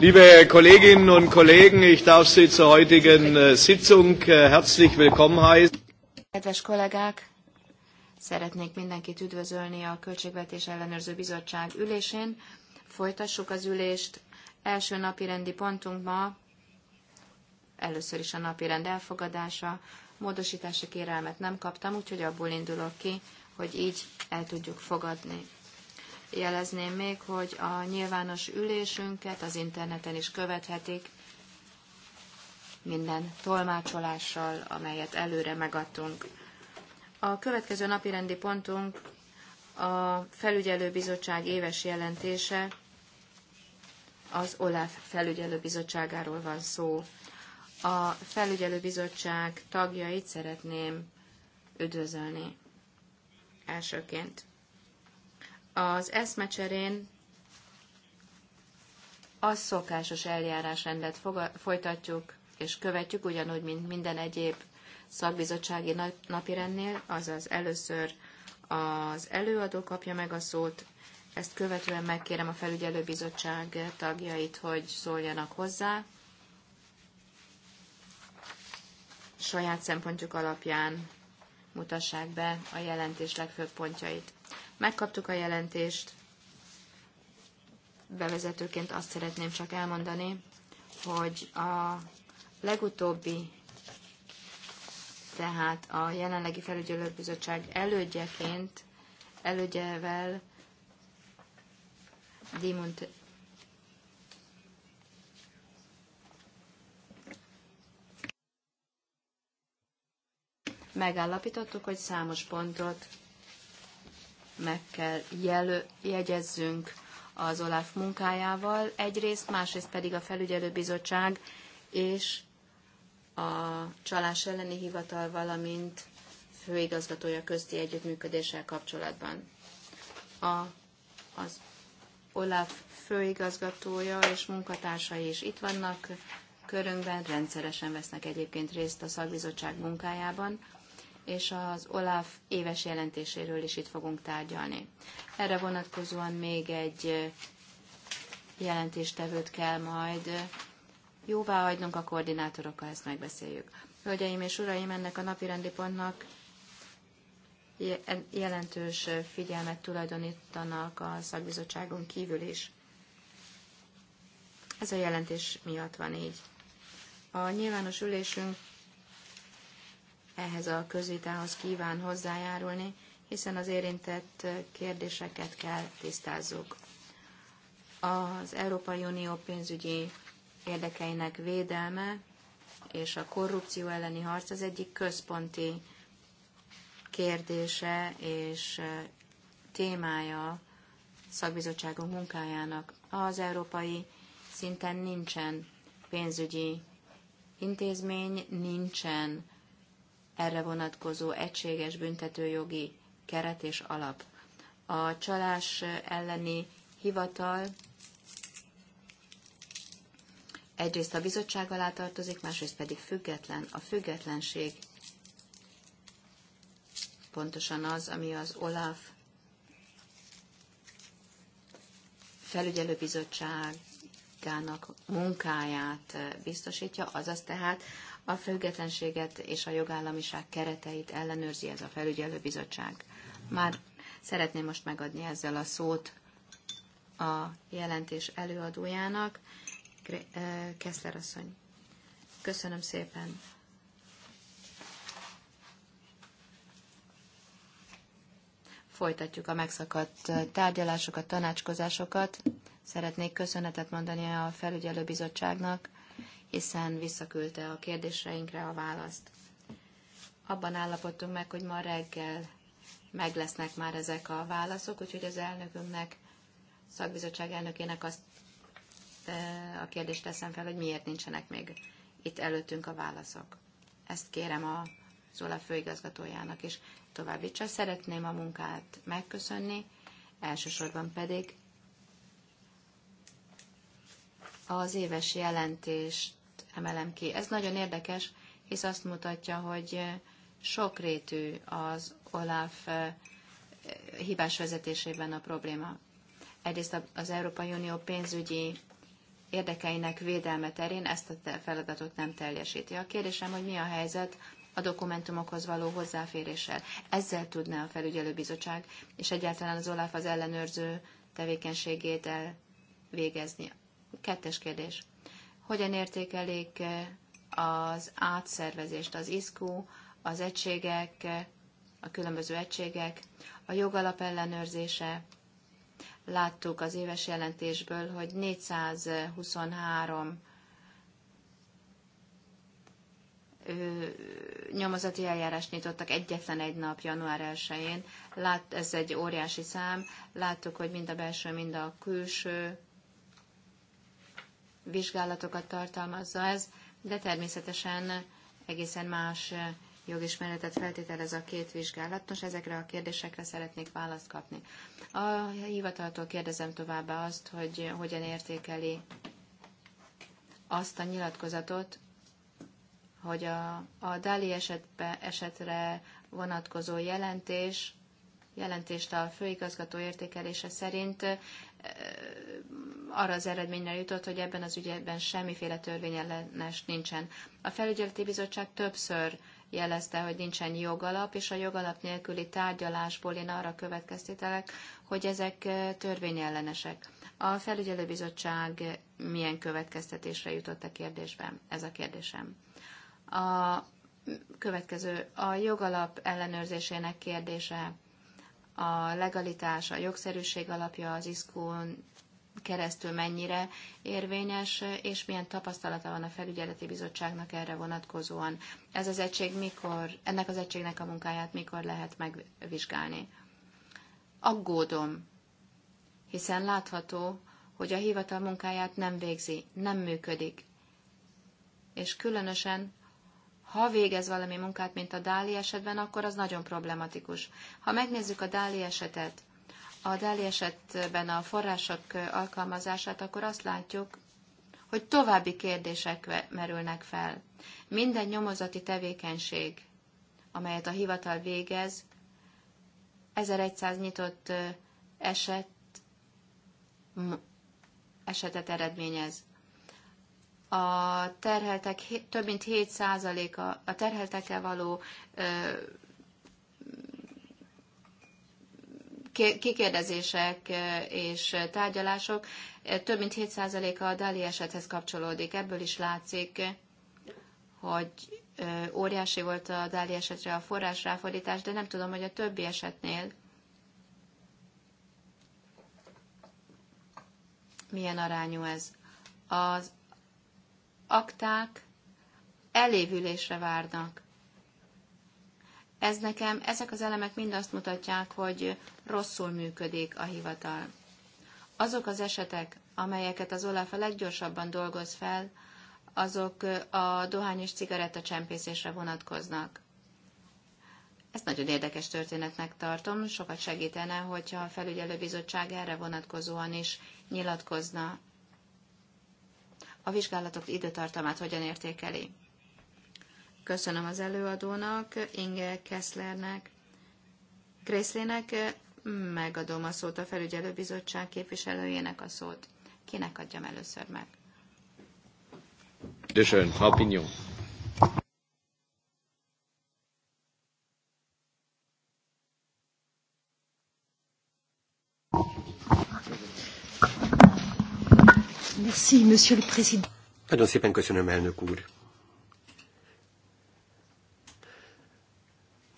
Liebe Kolleginnen und Kollegen, ich darf Sie zur heutigen äh, Sitzung äh, herzlich willkommen heißen. Kedves kollégák, szeretnék mindenkit üdvözölni a Költségvetés Ellenőrző Bizottság ülésén. Folytassuk az ülést. Első napi rendi pontunk ma először is a napi rend elfogadása. Módosítási kérelmet nem kaptam, úgyhogy abból indulok ki, hogy így el tudjuk fogadni. Jelezném még, hogy a nyilvános ülésünket az interneten is követhetik minden tolmácsolással, amelyet előre megadtunk. A következő napi rendi pontunk a felügyelőbizottság éves jelentése, az OLAF felügyelőbizottságáról van szó. A felügyelőbizottság tagjait szeretném üdvözölni elsőként. Az eszmecserén az szokásos eljárásrendet folytatjuk és követjük, ugyanúgy, mint minden egyéb szakbizottsági napirendnél, azaz először az előadó kapja meg a szót, ezt követően megkérem a felügyelőbizottság tagjait, hogy szóljanak hozzá. Saját szempontjuk alapján mutassák be a jelentés legfőbb pontjait. Megkaptuk a jelentést, bevezetőként azt szeretném csak elmondani, hogy a legutóbbi, tehát a jelenlegi felügyelőbizottság elődjeként, elődjevel Dimont megállapítottuk, hogy számos pontot meg kell jelö, jegyezzünk az OLAF munkájával egyrészt, másrészt pedig a felügyelőbizottság és a csalás elleni hivatal, valamint főigazgatója közti együttműködéssel kapcsolatban. A, az OLAF főigazgatója és munkatársai is itt vannak körünkben, rendszeresen vesznek egyébként részt a szakbizottság munkájában, és az OLAF éves jelentéséről is itt fogunk tárgyalni. Erre vonatkozóan még egy jelentéstevőt kell majd jóvá hagynunk a koordinátorokkal, ezt megbeszéljük. Hölgyeim és uraim, ennek a napirendi pontnak jelentős figyelmet tulajdonítanak a szakbizottságon kívül is. Ez a jelentés miatt van így. A nyilvános ülésünk ehhez a közvitához kíván hozzájárulni, hiszen az érintett kérdéseket kell tisztázzuk. Az Európai Unió pénzügyi érdekeinek védelme és a korrupció elleni harc az egyik központi kérdése és témája szakbizottságunk munkájának. Az európai szinten nincsen pénzügyi intézmény, nincsen erre vonatkozó egységes büntetőjogi keret és alap. A csalás elleni hivatal egyrészt a bizottság alá tartozik, másrészt pedig független. A függetlenség pontosan az, ami az OLAF felügyelőbizottságának munkáját biztosítja, azaz tehát a függetlenséget és a jogállamiság kereteit ellenőrzi ez a felügyelőbizottság. Már szeretném most megadni ezzel a szót a jelentés előadójának, eh, Keszler asszony. Köszönöm szépen. Folytatjuk a megszakadt tárgyalásokat, tanácskozásokat. Szeretnék köszönetet mondani a felügyelőbizottságnak hiszen visszaküldte a kérdéseinkre a választ. Abban állapodtunk meg, hogy ma reggel meg lesznek már ezek a válaszok, úgyhogy az elnökünknek, szakbizottság elnökének azt e, a kérdést teszem fel, hogy miért nincsenek még itt előttünk a válaszok. Ezt kérem a Zola főigazgatójának is továbbítsa. Szeretném a munkát megköszönni, elsősorban pedig az éves jelentést emelem ki. Ez nagyon érdekes, hisz azt mutatja, hogy eh, sokrétű az OLAF eh, hibás vezetésében a probléma. Egyrészt az Európai Unió pénzügyi érdekeinek védelme terén ezt a feladatot nem teljesíti. A kérdésem, hogy mi a helyzet a dokumentumokhoz való hozzáféréssel. Ezzel tudná a felügyelőbizottság, és egyáltalán az OLAF az ellenőrző tevékenységét elvégezni. Kettes kérdés. Hogyan értékelik eh, az átszervezést az ISKU, az egységek, eh, a különböző egységek, a jogalap ellenőrzése. Láttuk az éves jelentésből, hogy 423 nyomozati eljárást nyitottak egyetlen egy nap január 1-én. Lát, ez egy óriási szám. Láttuk, hogy mind a belső, mind a külső vizsgálatokat tartalmazza ez, de természetesen egészen más jogismeretet feltételez a két vizsgálat. Most ezekre a kérdésekre szeretnék választ kapni. A hivataltól kérdezem továbbá azt, hogy hogyan értékeli azt a nyilatkozatot, hogy a, a Dali esetbe, esetre vonatkozó jelentés, jelentést a főigazgató értékelése szerint arra az eredményre jutott, hogy ebben az ügyben semmiféle törvényellenes nincsen. A felügyeleti bizottság többször jelezte, hogy nincsen jogalap, és a jogalap nélküli tárgyalásból én arra következtételek, hogy ezek törvényellenesek. A felügyelőbizottság milyen következtetésre jutott a kérdésben? Ez a kérdésem. A következő, a jogalap ellenőrzésének kérdése, a legalitás, a jogszerűség alapja az iszkón keresztül mennyire érvényes, és milyen tapasztalata van a felügyeleti bizottságnak erre vonatkozóan. Ez az egység mikor, ennek az egységnek a munkáját mikor lehet megvizsgálni. Aggódom, hiszen látható, hogy a hivatal munkáját nem végzi, nem működik. És különösen, ha végez valami munkát, mint a Dáli esetben, akkor az nagyon problematikus. Ha megnézzük a Dáli esetet, a Dáli esetben a források alkalmazását, akkor azt látjuk, hogy további kérdések merülnek fel. Minden nyomozati tevékenység, amelyet a hivatal végez, 1100 nyitott eset, esetet eredményez. A terheltek több mint 7%-a, a terheltekkel való kikérdezések és tárgyalások több mint 7%-a a Dali esethez kapcsolódik. Ebből is látszik, hogy óriási volt a Dali esetre a forrás ráfordítás, de nem tudom, hogy a többi esetnél milyen arányú ez. Az akták elévülésre várnak. Ez nekem, ezek az elemek mind azt mutatják, hogy rosszul működik a hivatal. Azok az esetek, amelyeket az OLAF a leggyorsabban dolgoz fel, azok a dohány és cigaretta csempészésre vonatkoznak. Ezt nagyon érdekes történetnek tartom, sokat segítene, hogyha a felügyelőbizottság erre vonatkozóan is nyilatkozna. A vizsgálatok időtartamát hogyan értékeli? Köszönöm az előadónak, Inge Kesslernek, Grészlének, megadom a szót a felügyelőbizottság képviselőjének a szót. Kinek adjam először meg? Köszönöm, opinion. Merci, Monsieur le Président. Nagyon szépen köszönöm, elnök úr.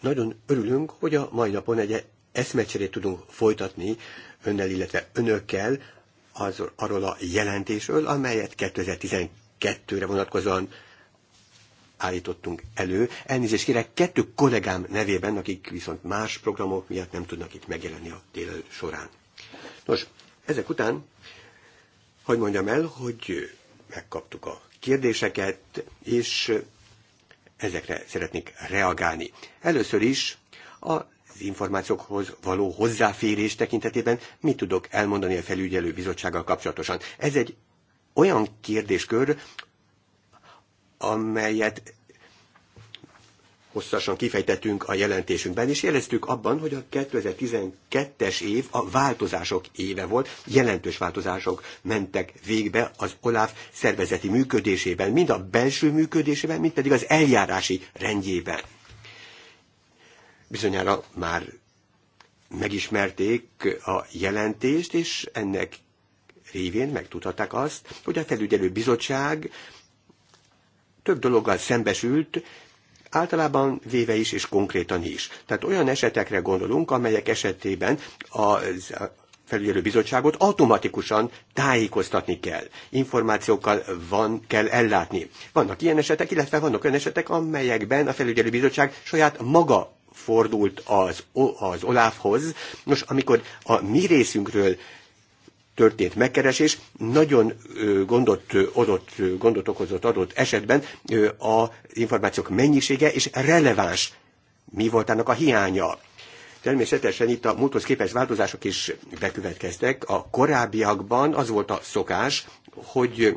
Nagyon örülünk, hogy a mai napon egy eszmecserét tudunk folytatni önnel, illetve önökkel az, arról a jelentésről, amelyet 2012-re vonatkozóan állítottunk elő. Elnézést kérek kettő kollégám nevében, akik viszont más programok miatt nem tudnak itt megjelenni a délelőtt során. Nos, ezek után, hogy mondjam el, hogy megkaptuk a kérdéseket, és ezekre szeretnék reagálni. Először is a az információkhoz való hozzáférés tekintetében mit tudok elmondani a felügyelő bizottsággal kapcsolatosan. Ez egy olyan kérdéskör, amelyet hosszasan kifejtettünk a jelentésünkben, és jeleztük abban, hogy a 2012-es év a változások éve volt, jelentős változások mentek végbe az OLAF szervezeti működésében, mind a belső működésében, mind pedig az eljárási rendjében. Bizonyára már megismerték a jelentést, és ennek révén megtudhatták azt, hogy a felügyelő bizottság több dologgal szembesült, általában véve is és konkrétan is. Tehát olyan esetekre gondolunk, amelyek esetében az felügyelő bizottságot automatikusan tájékoztatni kell. Információkkal van, kell ellátni. Vannak ilyen esetek, illetve vannak olyan esetek, amelyekben a felügyelő bizottság saját maga fordult az, az Olafhoz. Nos, amikor a mi részünkről történt megkeresés nagyon gondot, adott, gondot okozott adott esetben a információk mennyisége és releváns mi volt annak a hiánya. Természetesen itt a múlthoz képest változások is bekövetkeztek. A korábbiakban az volt a szokás, hogy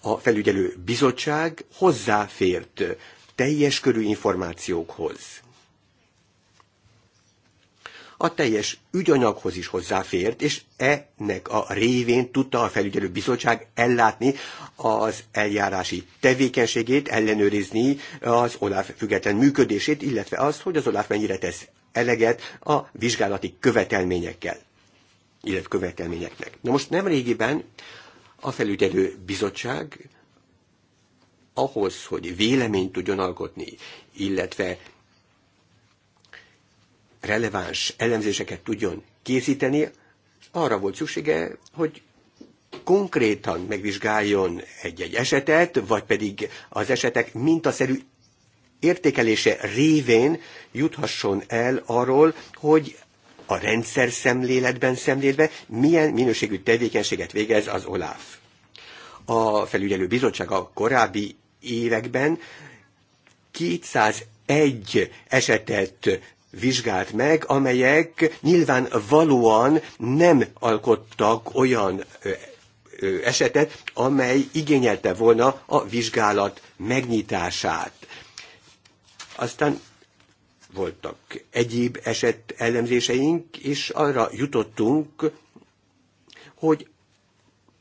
a felügyelő bizottság hozzáfért teljes körű információkhoz a teljes ügyanyaghoz is hozzáfért, és ennek a révén tudta a felügyelő bizottság ellátni az eljárási tevékenységét, ellenőrizni az OLAF független működését, illetve azt, hogy az OLAF mennyire tesz eleget a vizsgálati követelményekkel, illetve követelményeknek. Na most nem régiben a felügyelő bizottság ahhoz, hogy véleményt tudjon alkotni, illetve releváns elemzéseket tudjon készíteni, arra volt szüksége, hogy konkrétan megvizsgáljon egy-egy esetet, vagy pedig az esetek mintaszerű értékelése révén juthasson el arról, hogy a rendszer szemléletben szemlélve milyen minőségű tevékenységet végez az OLAF. A felügyelő bizottság a korábbi években 201 esetet vizsgált meg, amelyek nyilván valóan nem alkottak olyan esetet, amely igényelte volna a vizsgálat megnyitását. Aztán voltak egyéb eset ellenzéseink, és arra jutottunk, hogy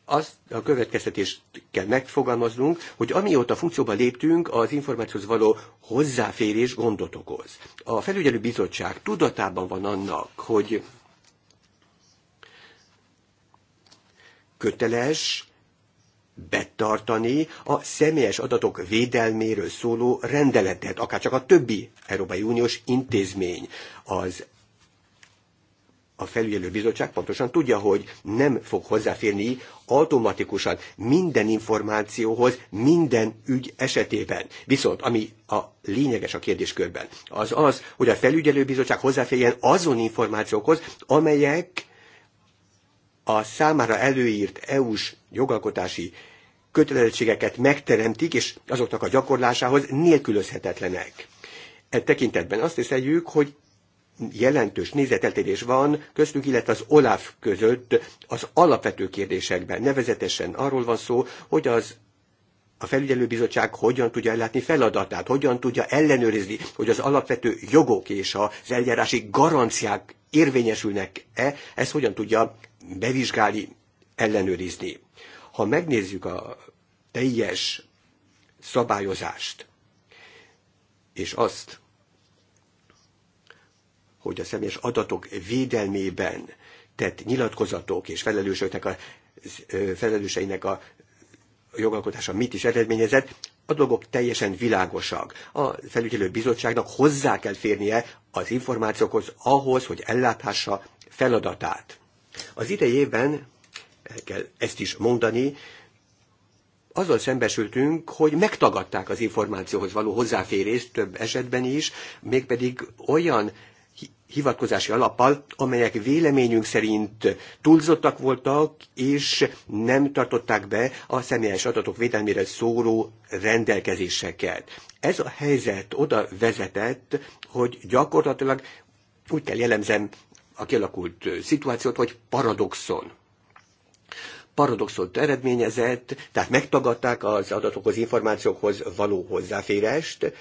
azt a következtetést kell megfogalmaznunk, hogy amióta funkcióba léptünk, az információhoz való hozzáférés gondot okoz. A felügyelő bizottság tudatában van annak, hogy köteles betartani a személyes adatok védelméről szóló rendeletet, akár csak a többi Európai Uniós intézmény. Az a felügyelő bizottság pontosan tudja, hogy nem fog hozzáférni automatikusan minden információhoz, minden ügy esetében. Viszont ami a lényeges a kérdéskörben, az az, hogy a felügyelő bizottság hozzáférjen azon információkhoz, amelyek a számára előírt EU-s jogalkotási kötelezettségeket megteremtik, és azoknak a gyakorlásához nélkülözhetetlenek. E tekintetben azt észleljük, hogy jelentős nézeteltérés van köztük illetve az OLAF között az alapvető kérdésekben. Nevezetesen arról van szó, hogy az a felügyelőbizottság hogyan tudja ellátni feladatát, hogyan tudja ellenőrizni, hogy az alapvető jogok és az eljárási garanciák érvényesülnek-e, ezt hogyan tudja bevizsgálni, ellenőrizni. Ha megnézzük a teljes szabályozást, és azt, hogy a személyes adatok védelmében tett nyilatkozatok és felelőseinek a, felelőseinek a jogalkotása mit is eredményezett, a dolgok teljesen világosak. A felügyelő bizottságnak hozzá kell férnie az információkhoz ahhoz, hogy ellátása feladatát. Az idejében, kell ezt is mondani, azzal szembesültünk, hogy megtagadták az információhoz való hozzáférést több esetben is, mégpedig olyan hivatkozási alappal, amelyek véleményünk szerint túlzottak voltak, és nem tartották be a személyes adatok védelmére szóló rendelkezéseket. Ez a helyzet oda vezetett, hogy gyakorlatilag úgy kell jellemzem a kialakult szituációt, hogy paradoxon paradoxot eredményezett, tehát megtagadták az adatokhoz, információkhoz való hozzáférést,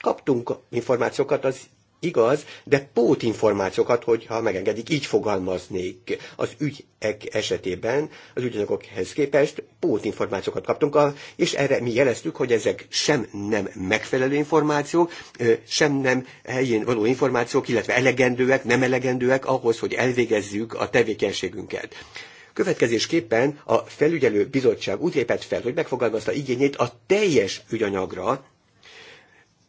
kaptunk információkat az igaz, de pótinformációkat, hogyha megengedik, így fogalmaznék. Az ügyek esetében az ügyanyagokhez képest pótinformációkat kaptunk, és erre mi jeleztük, hogy ezek sem nem megfelelő információk, sem nem helyén való információk, illetve elegendőek, nem elegendőek ahhoz, hogy elvégezzük a tevékenységünket. Következésképpen a felügyelő bizottság úgy lépett fel, hogy megfogalmazta igényét a teljes ügyanyagra,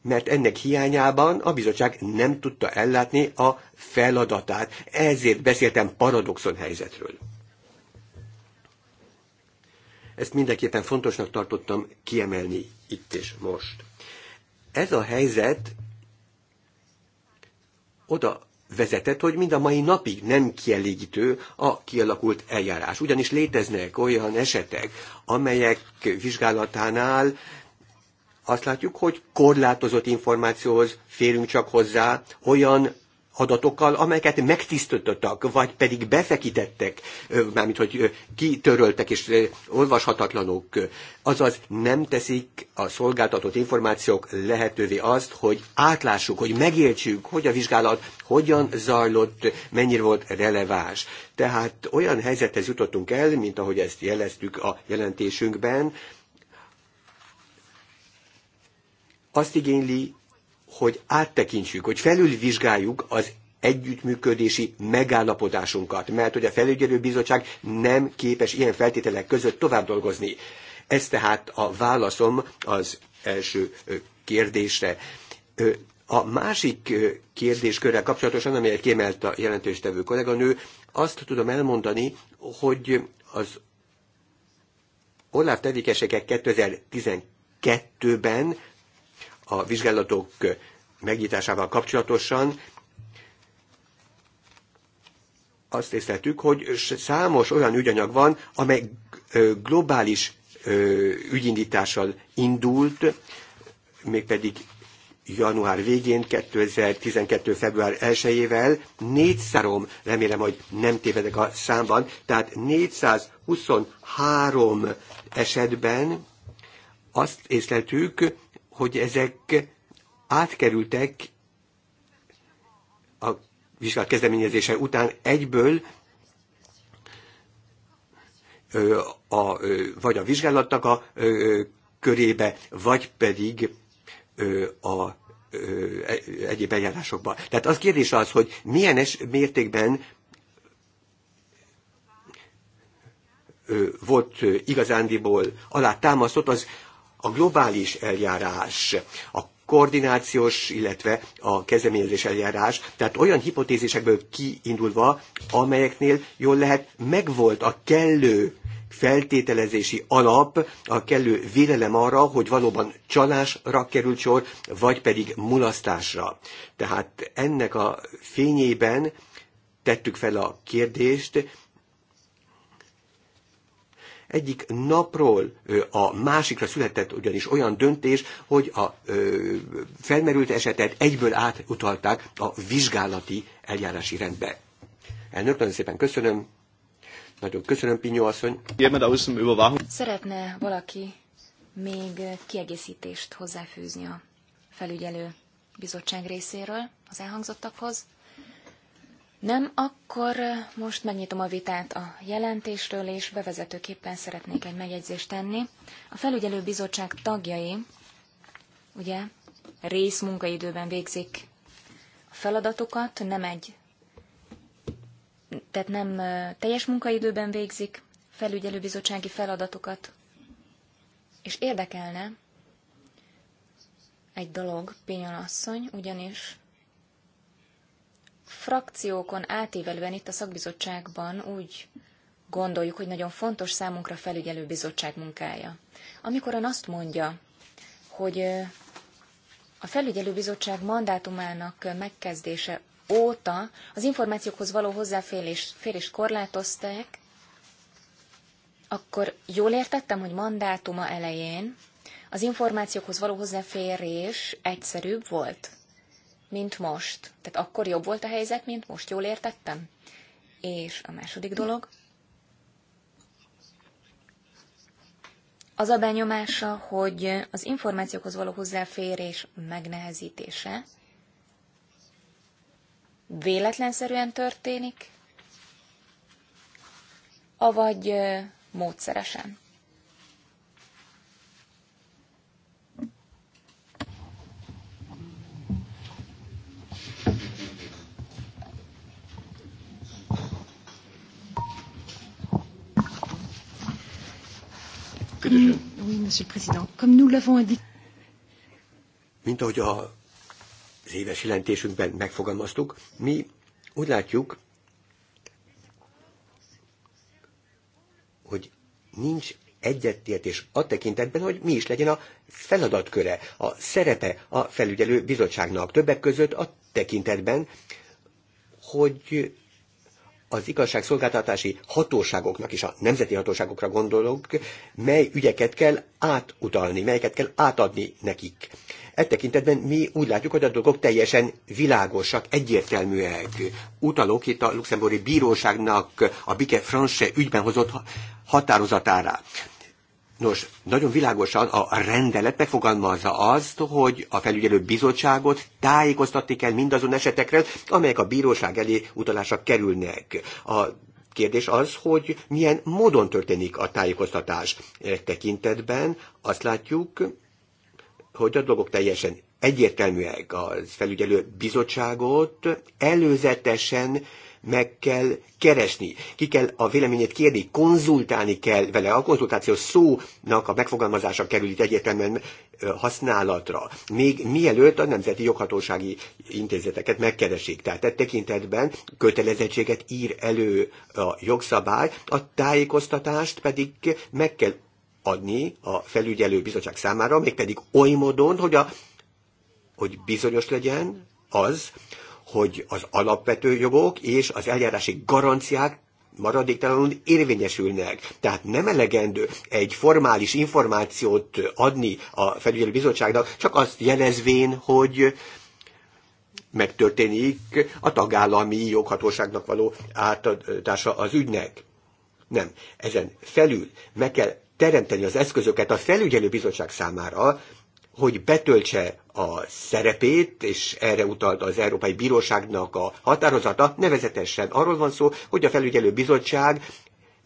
mert ennek hiányában a bizottság nem tudta ellátni a feladatát. Ezért beszéltem paradoxon helyzetről. Ezt mindenképpen fontosnak tartottam kiemelni itt és most. Ez a helyzet oda vezetett, hogy mind a mai napig nem kielégítő a kialakult eljárás. Ugyanis léteznek olyan esetek, amelyek vizsgálatánál azt látjuk, hogy korlátozott információhoz férünk csak hozzá, olyan adatokkal, amelyeket megtisztítottak, vagy pedig befekítettek, mármint hogy kitöröltek és olvashatatlanok, azaz nem teszik a szolgáltatott információk lehetővé azt, hogy átlássuk, hogy megértsük, hogy a vizsgálat hogyan zajlott, mennyire volt releváns. Tehát olyan helyzethez jutottunk el, mint ahogy ezt jeleztük a jelentésünkben, azt igényli, hogy áttekintsük, hogy felülvizsgáljuk az együttműködési megállapodásunkat, mert hogy a felügyelőbizottság nem képes ilyen feltételek között tovább dolgozni. Ez tehát a válaszom az első kérdésre. A másik kérdéskörrel kapcsolatosan, amelyet kiemelt a jelentőstevő kolléganő, azt tudom elmondani, hogy az Olaf tevékenységek 2012-ben a vizsgálatok megnyitásával kapcsolatosan azt észleltük, hogy számos olyan ügyanyag van, amely globális ügyindítással indult, mégpedig január végén, 2012. február 1-ével, 400, remélem, hogy nem tévedek a számban, tehát 423 esetben azt észleltük, hogy ezek átkerültek a vizsgálat kezdeményezése után egyből a, vagy a vizsgálatnak a körébe, vagy pedig a e-, egyéb eljárásokba. Tehát az kérdés az, hogy milyen es mértékben volt igazándiból alátámasztott az a globális eljárás, a koordinációs, illetve a kezdeményezés eljárás, tehát olyan hipotézisekből kiindulva, amelyeknél jól lehet megvolt a kellő feltételezési alap, a kellő vélelem arra, hogy valóban csalásra került sor, vagy pedig mulasztásra. Tehát ennek a fényében tettük fel a kérdést, egyik napról a másikra született ugyanis olyan döntés, hogy a felmerült esetet egyből átutalták a vizsgálati eljárási rendbe. Elnök, nagyon szépen köszönöm. Nagyon köszönöm, Pinyó asszony. Szeretne valaki még kiegészítést hozzáfűzni a felügyelő bizottság részéről az elhangzottakhoz? Nem, akkor eh, most megnyitom a vitát a jelentésről, és bevezetőképpen szeretnék egy megjegyzést tenni. A felügyelő bizottság tagjai, ugye, részmunkaidőben végzik a feladatokat, nem egy, tehát nem eh, teljes munkaidőben végzik felügyelőbizottsági feladatokat, és érdekelne egy dolog, Pinyon asszony, ugyanis frakciókon átívelően itt a szakbizottságban úgy gondoljuk, hogy nagyon fontos számunkra felügyelő bizottság munkája. Amikor ön azt mondja, hogy a felügyelő bizottság mandátumának megkezdése óta az információkhoz való hozzáférést korlátozták, akkor jól értettem, hogy mandátuma elején az információkhoz való hozzáférés egyszerűbb volt? mint most. Tehát akkor jobb volt a helyzet, mint most, jól értettem? És a második dolog, az a benyomása, hogy az információkhoz való hozzáférés megnehezítése véletlenszerűen történik, avagy módszeresen. Mm, Mint ahogy a, az éves jelentésünkben megfogalmaztuk, mi úgy látjuk, hogy nincs egyetértés a tekintetben, hogy mi is legyen a feladatköre, a szerepe a felügyelő bizottságnak többek között a tekintetben, hogy az igazságszolgáltatási hatóságoknak és a nemzeti hatóságokra gondolok, mely ügyeket kell átutalni, melyeket kell átadni nekik. E tekintetben mi úgy látjuk, hogy a dolgok teljesen világosak, egyértelműek. Utalok itt a luxemburgi bíróságnak a Bike France ügyben hozott határozatára. Nos, nagyon világosan a rendelet megfogalmazza azt, hogy a felügyelő bizottságot tájékoztatni kell mindazon esetekre, amelyek a bíróság elé utalásra kerülnek. A Kérdés az, hogy milyen módon történik a tájékoztatás e tekintetben. Azt látjuk, hogy a dolgok teljesen egyértelműek. Az felügyelő bizottságot előzetesen meg kell keresni. Ki kell a véleményét kérni, konzultálni kell vele. A konzultáció szónak a megfogalmazása kerül itt egyértelműen használatra. Még mielőtt a nemzeti joghatósági intézeteket megkeresik. Tehát e tekintetben kötelezettséget ír elő a jogszabály, a tájékoztatást pedig meg kell adni a felügyelő bizottság számára, mégpedig oly módon, hogy, a, hogy bizonyos legyen az, hogy az alapvető jogok és az eljárási garanciák maradéktalanul érvényesülnek. Tehát nem elegendő egy formális információt adni a felügyelő bizottságnak, csak azt jelezvén, hogy megtörténik a tagállami joghatóságnak való átadása az ügynek. Nem. Ezen felül meg kell teremteni az eszközöket a felügyelő bizottság számára, hogy betöltse a szerepét, és erre utalt az Európai Bíróságnak a határozata, nevezetesen arról van szó, hogy a felügyelő bizottság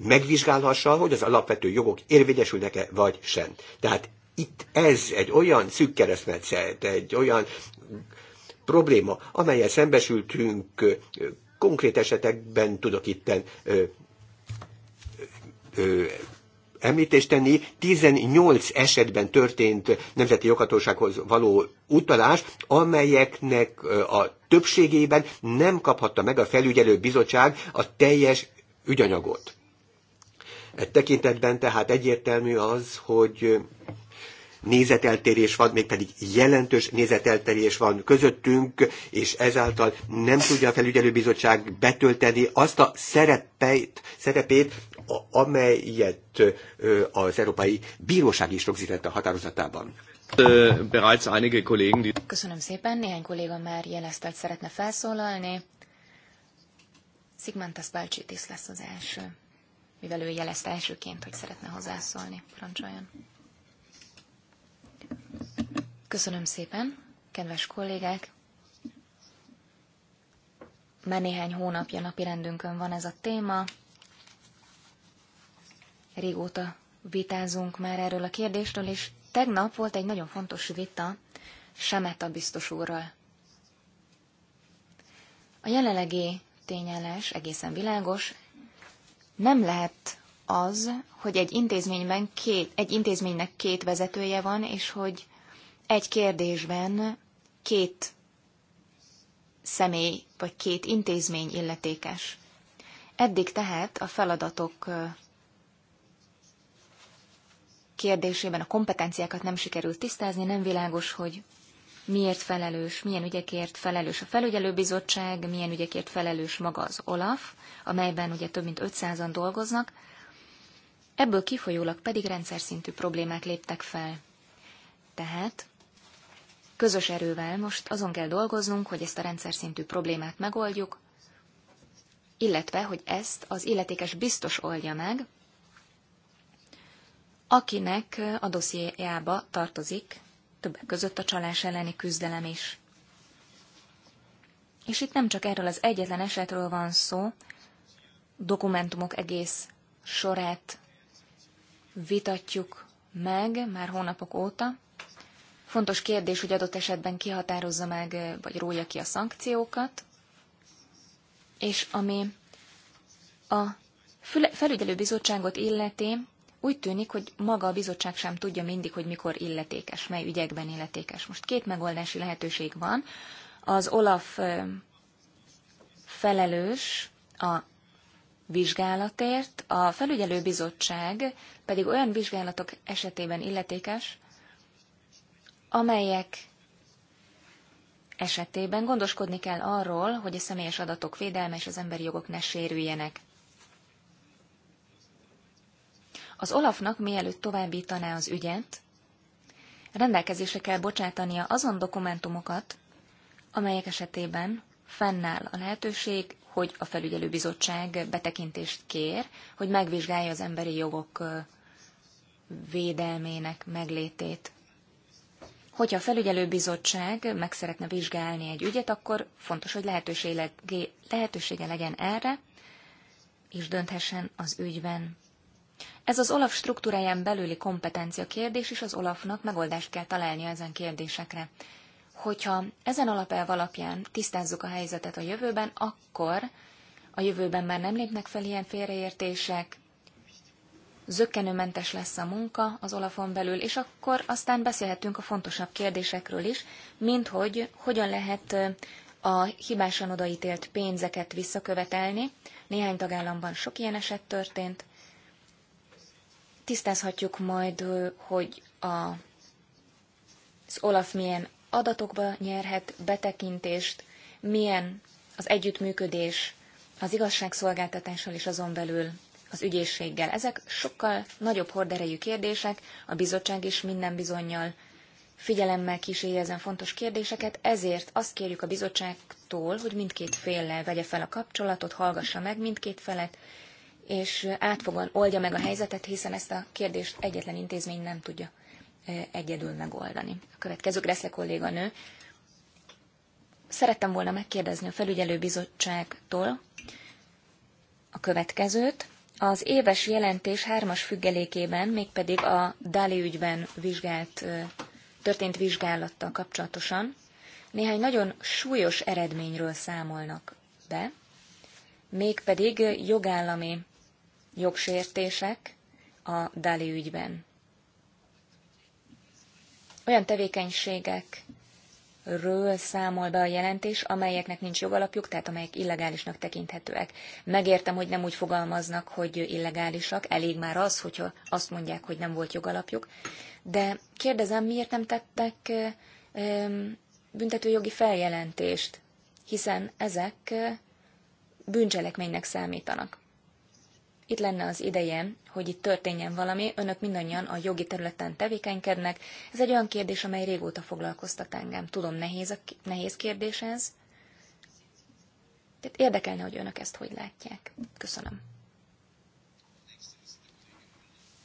megvizsgálhassa, hogy az alapvető jogok érvényesülnek-e vagy sem. Tehát itt ez egy olyan szűk keresztmetszet, egy olyan probléma, amelyel szembesültünk konkrét esetekben tudok itten ö, ö, említést tenni, 18 esetben történt nemzeti joghatósághoz való utalás, amelyeknek a többségében nem kaphatta meg a felügyelő bizottság a teljes ügyanyagot. E tekintetben tehát egyértelmű az, hogy nézeteltérés van, mégpedig jelentős nézeteltérés van közöttünk, és ezáltal nem tudja a felügyelőbizottság betölteni azt a szerepeit, szerepét, amelyet az Európai Bíróság is rögzített a határozatában. Köszönöm szépen, néhány kolléga már jelezte, hogy szeretne felszólalni. Szigmantas Balcsitis lesz az első, mivel ő jelezte elsőként, hogy szeretne hozzászólni. Parancsoljon. Köszönöm szépen, kedves kollégák! Már néhány hónapja napirendünkön van ez a téma, Régóta vitázunk már erről a kérdésről, és tegnap volt egy nagyon fontos vita Semeta biztos úrral. A jelenlegi tényállás egészen világos. Nem lehet az, hogy egy, intézményben két, egy intézménynek két vezetője van, és hogy egy kérdésben két személy vagy két intézmény illetékes. Eddig tehát a feladatok kérdésében a kompetenciákat nem sikerült tisztázni, nem világos, hogy miért felelős, milyen ügyekért felelős a felügyelőbizottság, milyen ügyekért felelős maga az OLAF, amelyben ugye több mint 500-an dolgoznak, ebből kifolyólag pedig rendszer szintű problémák léptek fel. Tehát közös erővel most azon kell dolgoznunk, hogy ezt a rendszer szintű problémát megoldjuk, illetve, hogy ezt az illetékes biztos oldja meg, akinek a dossziéjába tartozik többek között a csalás elleni küzdelem is. És itt nem csak erről az egyetlen esetről van szó, dokumentumok egész sorát vitatjuk meg már hónapok óta. Fontos kérdés, hogy adott esetben kihatározza meg, vagy rója ki a szankciókat, és ami a felügyelőbizottságot illeti, úgy tűnik, hogy maga a bizottság sem tudja mindig, hogy mikor illetékes, mely ügyekben illetékes. Most két megoldási lehetőség van. Az Olaf felelős a vizsgálatért, a felügyelőbizottság pedig olyan vizsgálatok esetében illetékes, amelyek esetében gondoskodni kell arról, hogy a személyes adatok védelme és az emberi jogok ne sérüljenek. Az Olafnak mielőtt továbbítaná az ügyet, rendelkezésre kell bocsátania azon dokumentumokat, amelyek esetében fennáll a lehetőség, hogy a felügyelőbizottság betekintést kér, hogy megvizsgálja az emberi jogok védelmének meglétét. Hogyha a felügyelőbizottság meg szeretne vizsgálni egy ügyet, akkor fontos, hogy lehetősége legyen erre, és dönthessen az ügyben. Ez az Olaf struktúráján belüli kompetencia kérdés, is az Olafnak megoldást kell találnia ezen kérdésekre. Hogyha ezen alapelv alapján tisztázzuk a helyzetet a jövőben, akkor a jövőben már nem lépnek fel ilyen félreértések, zöggenőmentes lesz a munka az Olafon belül, és akkor aztán beszélhetünk a fontosabb kérdésekről is, mint hogy hogyan lehet a hibásan odaítélt pénzeket visszakövetelni. Néhány tagállamban sok ilyen eset történt tisztázhatjuk majd, hogy a, az Olaf milyen adatokba nyerhet betekintést, milyen az együttműködés az igazságszolgáltatással és azon belül az ügyészséggel. Ezek sokkal nagyobb horderejű kérdések, a bizottság is minden bizonyal figyelemmel kíséri ezen fontos kérdéseket, ezért azt kérjük a bizottságtól, hogy mindkét féllel vegye fel a kapcsolatot, hallgassa meg mindkét felet, és átfogóan oldja meg a helyzetet, hiszen ezt a kérdést egyetlen intézmény nem tudja egyedül megoldani. A következő Greszle kolléganő. Szerettem volna megkérdezni a felügyelőbizottságtól a következőt. Az éves jelentés hármas függelékében, mégpedig a Dali ügyben vizsgált, történt vizsgálattal kapcsolatosan, néhány nagyon súlyos eredményről számolnak be, mégpedig jogállami jogsértések a Dali ügyben. Olyan tevékenységekről számol be a jelentés, amelyeknek nincs jogalapjuk, tehát amelyek illegálisnak tekinthetőek. Megértem, hogy nem úgy fogalmaznak, hogy illegálisak, elég már az, hogyha azt mondják, hogy nem volt jogalapjuk, de kérdezem, miért nem tettek büntetőjogi feljelentést, hiszen ezek bűncselekménynek számítanak itt lenne az ideje, hogy itt történjen valami. Önök mindannyian a jogi területen tevékenykednek. Ez egy olyan kérdés, amely régóta foglalkoztat engem. Tudom, nehéz, a, nehéz kérdés ez. Tehát érdekelne, hogy önök ezt hogy látják. Köszönöm.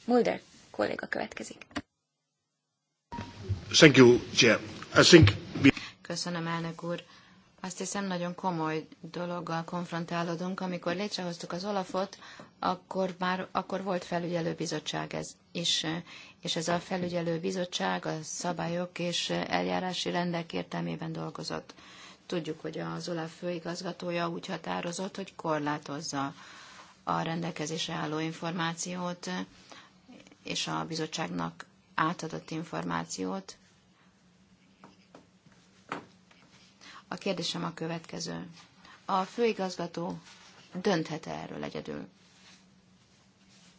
Mulder kolléga következik. Thank you, Chair. I think Köszönöm, elnök úr azt hiszem nagyon komoly dologgal konfrontálódunk. Amikor létrehoztuk az Olafot, akkor már akkor volt felügyelőbizottság ez is, és ez a felügyelőbizottság a szabályok és eljárási rendek értelmében dolgozott. Tudjuk, hogy az Olaf főigazgatója úgy határozott, hogy korlátozza a rendelkezésre álló információt és a bizottságnak átadott információt, A kérdésem a következő. A főigazgató dönthet -e erről egyedül?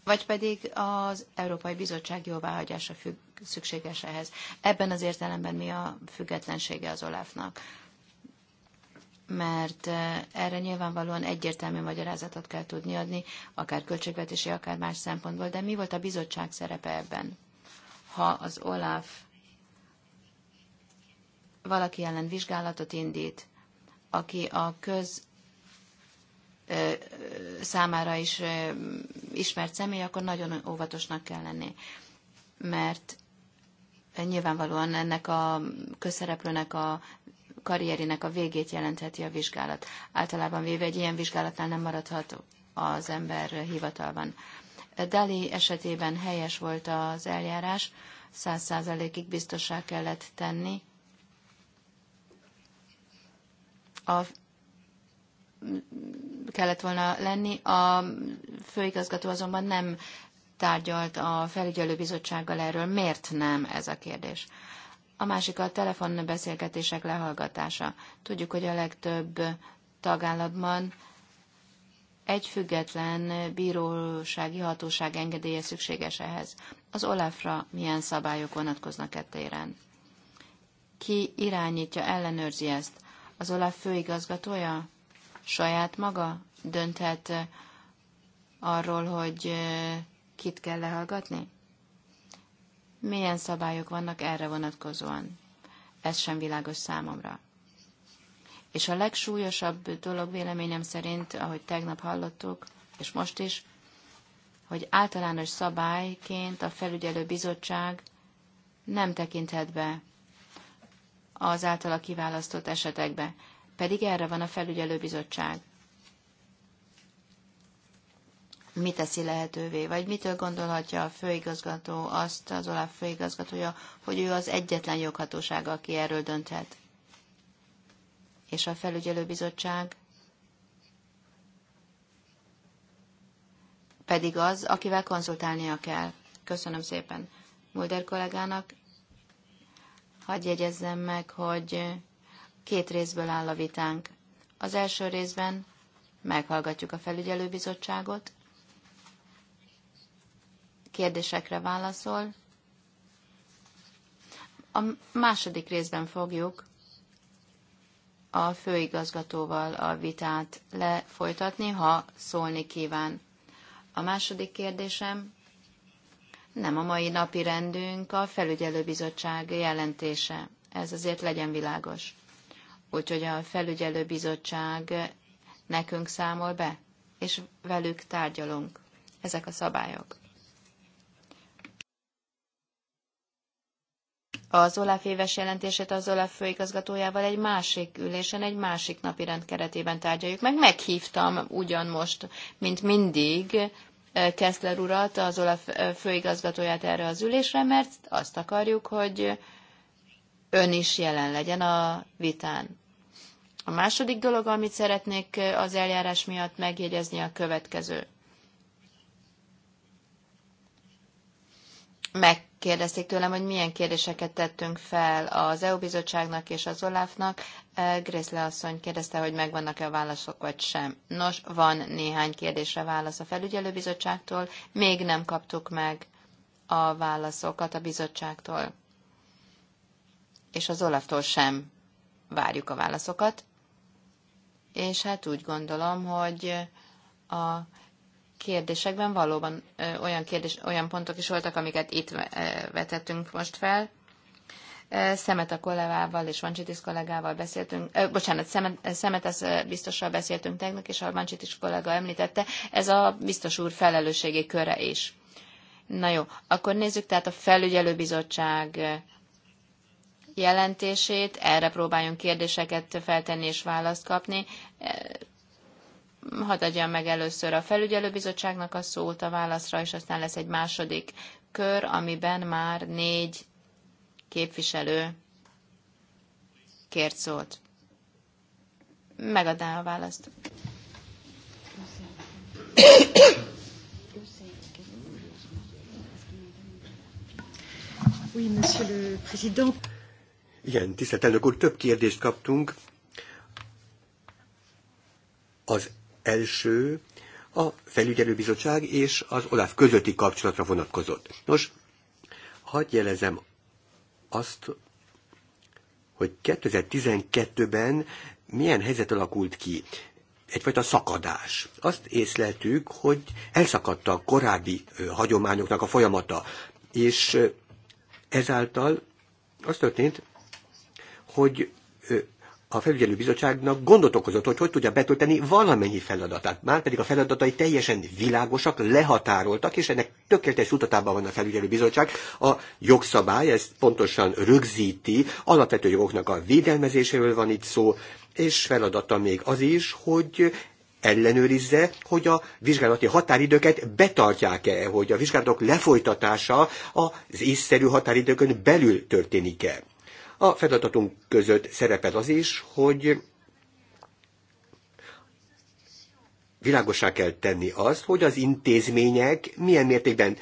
Vagy pedig az Európai Bizottság jóváhagyása függ, szükséges ehhez. Ebben az értelemben mi a függetlensége az Olafnak? mert eh, erre nyilvánvalóan egyértelmű magyarázatot kell tudni adni, akár költségvetési, akár más szempontból, de mi volt a bizottság szerepe ebben? Ha az OLAF valaki ellen vizsgálatot indít, aki a köz számára is ismert személy, akkor nagyon óvatosnak kell lenni. Mert nyilvánvalóan ennek a közszereplőnek a karrierinek a végét jelentheti a vizsgálat. Általában véve egy ilyen vizsgálatnál nem maradhat az ember hivatalban. Dali esetében helyes volt az eljárás, száz százalékig biztossá kellett tenni, a kellett volna lenni. A főigazgató azonban nem tárgyalt a felügyelőbizottsággal erről. Miért nem ez a kérdés? A másik a telefonbeszélgetések lehallgatása. Tudjuk, hogy a legtöbb tagállamban egy független bírósági hatóság engedélye szükséges ehhez. Az Olafra milyen szabályok vonatkoznak ettéren? Ki irányítja, ellenőrzi ezt? Az Olaf főigazgatója saját maga dönthet eh, arról, hogy eh, kit kell lehallgatni? Milyen szabályok vannak erre vonatkozóan? Ez sem világos számomra. És a legsúlyosabb dolog véleményem szerint, ahogy tegnap hallottuk, és most is, hogy általános szabályként a felügyelő bizottság nem tekinthet be az általa kiválasztott esetekbe. Pedig erre van a felügyelőbizottság. Mi teszi lehetővé, vagy mitől gondolhatja a főigazgató azt, az Olaf főigazgatója, hogy ő az egyetlen joghatóság, aki erről dönthet. És a felügyelőbizottság pedig az, akivel konzultálnia kell. Köszönöm szépen Mulder kollégának, Hadd jegyezzem meg, hogy két részből áll a vitánk. Az első részben meghallgatjuk a felügyelőbizottságot, kérdésekre válaszol. A második részben fogjuk a főigazgatóval a vitát lefolytatni, ha szólni kíván. A második kérdésem nem a mai napi rendünk a felügyelőbizottság jelentése. Ez azért legyen világos. Úgyhogy a felügyelőbizottság nekünk számol be, és velük tárgyalunk. Ezek a szabályok. Az Olaf éves jelentését az Olaf főigazgatójával egy másik ülésen, egy másik napi rend keretében tárgyaljuk. Meg meghívtam ugyan most, mint mindig, Keszler urat, az Olaf főigazgatóját erre az ülésre, mert azt akarjuk, hogy ön is jelen legyen a vitán. A második dolog, amit szeretnék az eljárás miatt megjegyezni, a következő. Meg kérdezték tőlem, hogy milyen kérdéseket tettünk fel az EU bizottságnak és az Olafnak. E, Grészle asszony kérdezte, hogy megvannak-e a válaszok, vagy sem. Nos, van néhány kérdésre válasz a felügyelőbizottságtól, még nem kaptuk meg a válaszokat a bizottságtól. És az Olaftól sem várjuk a válaszokat. És hát úgy gondolom, hogy a kérdésekben valóban olyan, kérdés, olyan pontok is voltak, amiket itt vetettünk most fel. Szemet a kollégával és Vancsitis kollégával beszéltünk, ö, bocsánat, Szemet, Szemet az biztossal beszéltünk tegnap, és a Vancsitis kollega említette, ez a biztos úr felelősségi köre is. Na jó, akkor nézzük tehát a felügyelőbizottság jelentését, erre próbáljunk kérdéseket feltenni és választ kapni. Hadd adjam meg először a felügyelőbizottságnak a szót a válaszra, és aztán lesz egy második kör, amiben már négy képviselő kért szót. Megadná a választ. Igen, tisztelt elnök úr, több kérdést kaptunk. Az első a felügyelőbizottság és az OLAF közötti kapcsolatra vonatkozott. Nos, hadd jelezem azt, hogy 2012-ben milyen helyzet alakult ki. Egyfajta szakadás. Azt észleltük, hogy elszakadta a korábbi hagyományoknak a folyamata, és ezáltal az történt, hogy a felügyelőbizottságnak gondot okozott, hogy hogy tudja betölteni valamennyi feladatát. Már pedig a feladatai teljesen világosak, lehatároltak, és ennek tökéletes tudatában van a felügyelőbizottság. A jogszabály ezt pontosan rögzíti, alapvető jogoknak a védelmezéséről van itt szó, és feladata még az is, hogy ellenőrizze, hogy a vizsgálati határidőket betartják-e, hogy a vizsgálatok lefolytatása az észszerű határidőkön belül történik-e. A feladatunk között szerepel az is, hogy világosá kell tenni azt, hogy az intézmények milyen mértékben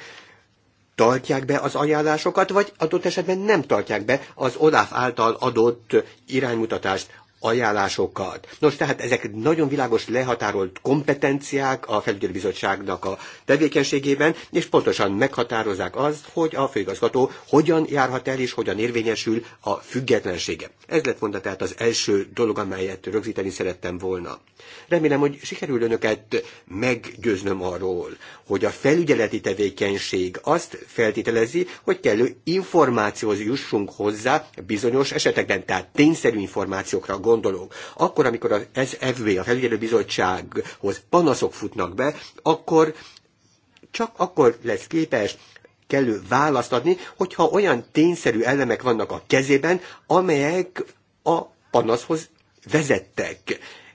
tartják be az ajánlásokat, vagy adott esetben nem tartják be az OLAF által adott iránymutatást ajánlásokat. Nos, tehát ezek nagyon világos lehatárolt kompetenciák a felügyelőbizottságnak a tevékenységében, és pontosan meghatározzák azt, hogy a főigazgató hogyan járhat el és hogyan érvényesül a függetlensége. Ez lett volna tehát az első dolog, amelyet rögzíteni szerettem volna. Remélem, hogy sikerül önöket meggyőznöm arról, hogy a felügyeleti tevékenység azt feltételezi, hogy kellő információhoz jussunk hozzá bizonyos esetekben, tehát tényszerű információkra gondolunk gondolunk. Akkor, amikor az FV, a bizottsághoz panaszok futnak be, akkor csak akkor lesz képes kellő választ adni, hogyha olyan tényszerű elemek vannak a kezében, amelyek a panaszhoz vezettek.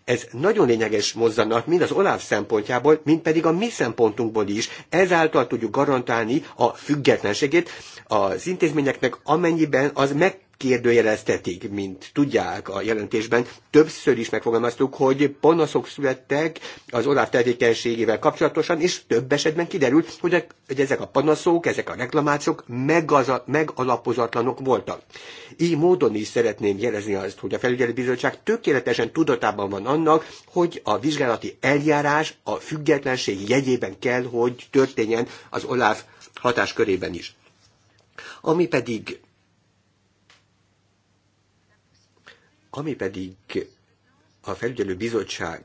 Ez nagyon lényeges mozzanat, mind az Oláv szempontjából, mind pedig a mi szempontunkból is. Ezáltal tudjuk garantálni a függetlenségét az intézményeknek, amennyiben az meg kérdőjeleztetik, mint tudják a jelentésben. Többször is megfogalmaztuk, hogy panaszok születtek az Olaf tevékenységével kapcsolatosan, és több esetben kiderült, hogy, hogy ezek a panaszok, ezek a reklamációk megalapozatlanok voltak. Így módon is szeretném jelezni azt, hogy a bizottság tökéletesen tudatában van annak, hogy a vizsgálati eljárás a függetlenség jegyében kell, hogy történjen az Olaf hatáskörében is. Ami pedig Ami pedig a felügyelő bizottság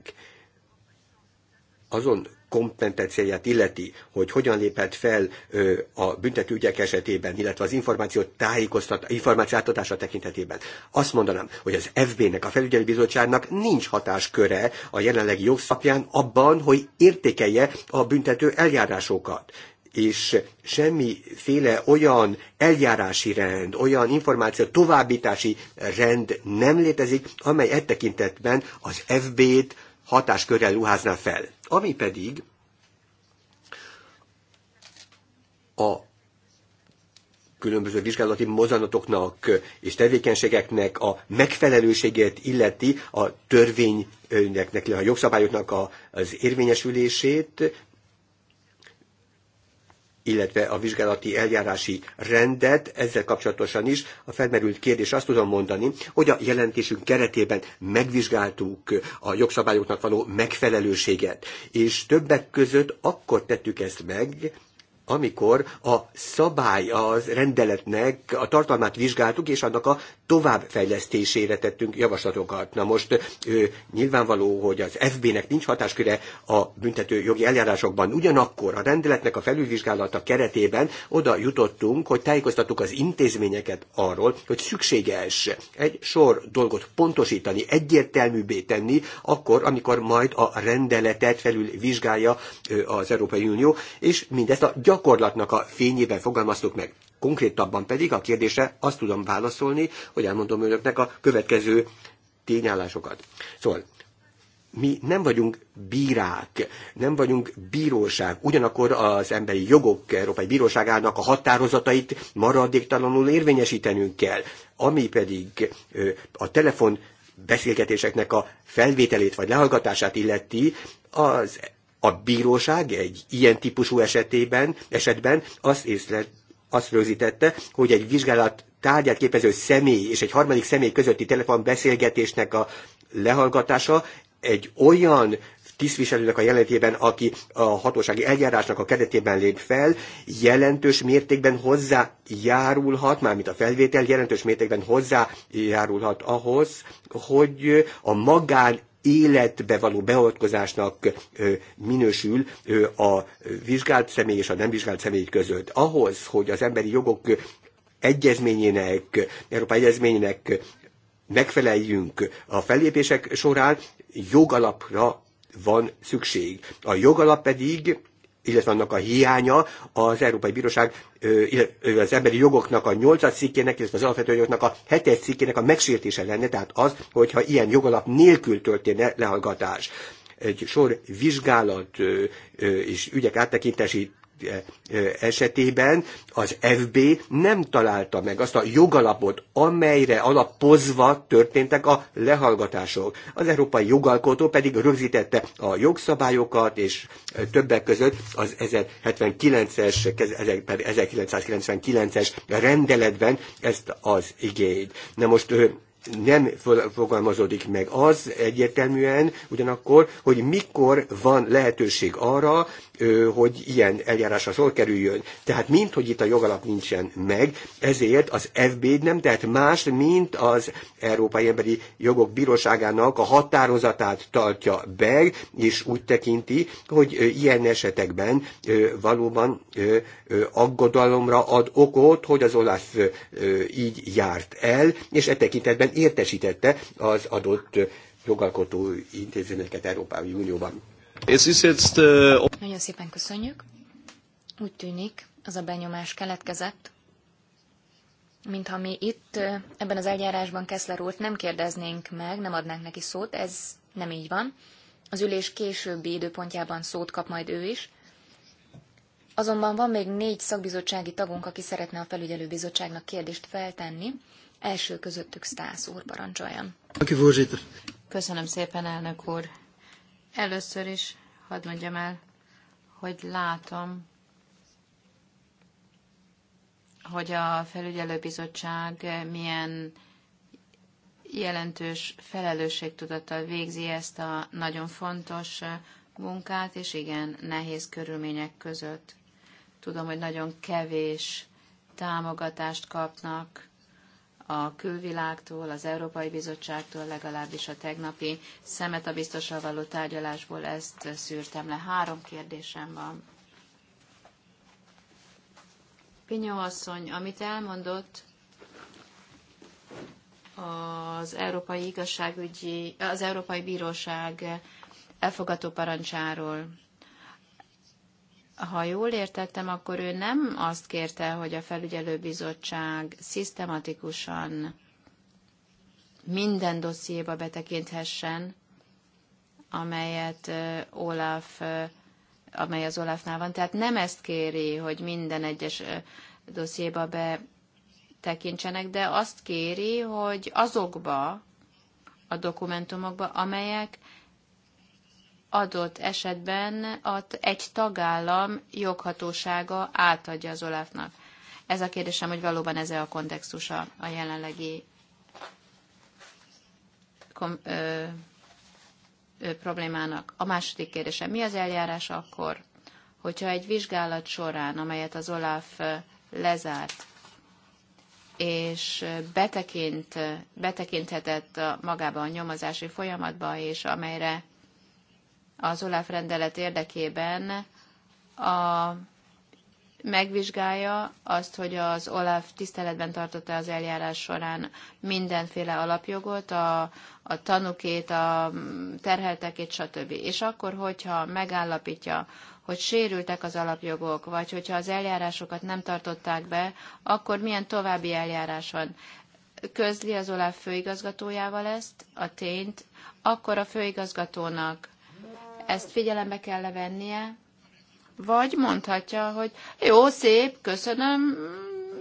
azon kompetenciáját illeti, hogy hogyan lépett fel ö, a ügyek esetében, illetve az információ tájékoztat, információ átadása tekintetében. Azt mondanám, hogy az FB-nek, a felügyelő bizottságnak nincs hatásköre a jelenlegi jogszabján abban, hogy értékelje a büntető eljárásokat és semmiféle olyan eljárási rend, olyan információ továbbítási rend nem létezik, amely e tekintetben az FB-t hatáskörrel ruházná fel. Ami pedig a különböző vizsgálati mozanatoknak és tevékenységeknek a megfelelőséget illeti a törvényeknek, a jogszabályoknak az érvényesülését, illetve a vizsgálati eljárási rendet, ezzel kapcsolatosan is a felmerült kérdés azt tudom mondani, hogy a jelentésünk keretében megvizsgáltuk a jogszabályoknak való megfelelőséget, és többek között akkor tettük ezt meg, amikor a szabály az rendeletnek a tartalmát vizsgáltuk, és annak a továbbfejlesztésére tettünk javaslatokat. Na most ő, nyilvánvaló, hogy az FB-nek nincs hatásköre a büntető jogi eljárásokban. Ugyanakkor a rendeletnek a felülvizsgálata keretében oda jutottunk, hogy tájékoztattuk az intézményeket arról, hogy szükséges egy sor dolgot pontosítani, egyértelműbbé tenni, akkor, amikor majd a rendeletet felülvizsgálja az Európai Unió, és mindezt a gyak gyakorlatnak a fényében fogalmaztuk meg. Konkrétabban pedig a kérdése, azt tudom válaszolni, hogy elmondom önöknek a következő tényállásokat. Szóval mi nem vagyunk bírák, nem vagyunk bíróság. Ugyanakkor az emberi jogok Európai Bíróságának a határozatait maradéktalanul érvényesítenünk kell, ami pedig a telefon beszélgetéseknek a felvételét vagy lehallgatását illeti, az a bíróság egy ilyen típusú esetében, esetben azt észre, azt rögzítette, hogy egy vizsgálat tárgyát képező személy és egy harmadik személy közötti telefonbeszélgetésnek a lehallgatása egy olyan tisztviselőnek a jelentében, aki a hatósági eljárásnak a keretében lép fel, jelentős mértékben hozzájárulhat, mármint a felvétel jelentős mértékben hozzájárulhat ahhoz, hogy a magán életbe való beavatkozásnak minősül a vizsgált személy és a nem vizsgált személy között. Ahhoz, hogy az emberi jogok egyezményének, Európa egyezményének megfeleljünk a fellépések során, jogalapra van szükség. A jogalap pedig illetve annak a hiánya az Európai Bíróság az emberi jogoknak a 8 cikkének, illetve az alapvető jogoknak a 7 cikkének a megsértése lenne, tehát az, hogyha ilyen jogalap nélkül történne lehallgatás egy sor vizsgálat és ügyek áttekintési esetében az FB nem találta meg azt a jogalapot, amelyre alapozva történtek a lehallgatások. Az európai jogalkotó pedig rögzítette a jogszabályokat, és többek között az 1079-es, 1999-es rendeletben ezt az igényt. Na most nem fogalmazódik meg az egyértelműen, ugyanakkor, hogy mikor van lehetőség arra, hogy ilyen eljárásra sor kerüljön. Tehát mint, hogy itt a jogalap nincsen meg, ezért az FB nem tehet más, mint az Európai Emberi Jogok Bíróságának a határozatát tartja be, és úgy tekinti, hogy ilyen esetekben valóban aggodalomra ad okot, hogy az Olaf így járt el, és e tekintetben értesítette az adott jogalkotó intézményeket Európai Unióban. Nagyon szépen köszönjük. Úgy tűnik, az a benyomás keletkezett, mintha mi itt ebben az eljárásban Keszler úrt nem kérdeznénk meg, nem adnánk neki szót, ez nem így van. Az ülés későbbi időpontjában szót kap majd ő is. Azonban van még négy szakbizottsági tagunk, aki szeretne a felügyelőbizottságnak kérdést feltenni. Első közöttük Stász úr parancsoljon. Köszönöm szépen, elnök úr. Először is hadd mondjam el, hogy látom, hogy a felügyelőbizottság milyen jelentős felelősségtudattal végzi ezt a nagyon fontos munkát, és igen, nehéz körülmények között. Tudom, hogy nagyon kevés támogatást kapnak a külvilágtól, az Európai Bizottságtól, legalábbis a tegnapi szemet a biztosra való tárgyalásból ezt szűrtem le. Három kérdésem van. Pinyó asszony, amit elmondott az Európai Igazságügyi, az Európai Bíróság elfogató parancsáról, ha jól értettem, akkor ő nem azt kérte, hogy a felügyelőbizottság szisztematikusan minden dossziéba betekinthessen, amelyet Olaf, amely az Olafnál van. Tehát nem ezt kéri, hogy minden egyes dossziéba betekintsenek, de azt kéri, hogy azokba a dokumentumokba, amelyek adott esetben ad egy tagállam joghatósága átadja az Olafnak. Ez a kérdésem, hogy valóban ez -e a kontextusa a jelenlegi kom, ö, ö, problémának. A második kérdésem, mi az eljárás akkor, hogyha egy vizsgálat során, amelyet az Olaf lezárt, és betekint, betekinthetett magába a nyomozási folyamatba, és amelyre az OLAF rendelet érdekében a, megvizsgálja azt, hogy az OLAF tiszteletben tartotta az eljárás során mindenféle alapjogot, a, a tanukét, a terheltekét, stb. És akkor, hogyha megállapítja, hogy sérültek az alapjogok, vagy hogyha az eljárásokat nem tartották be, akkor milyen további eljárás van. Közli az OLAF főigazgatójával ezt, a tényt, akkor a főigazgatónak ezt figyelembe kell vennie, vagy mondhatja, hogy jó, szép, köszönöm,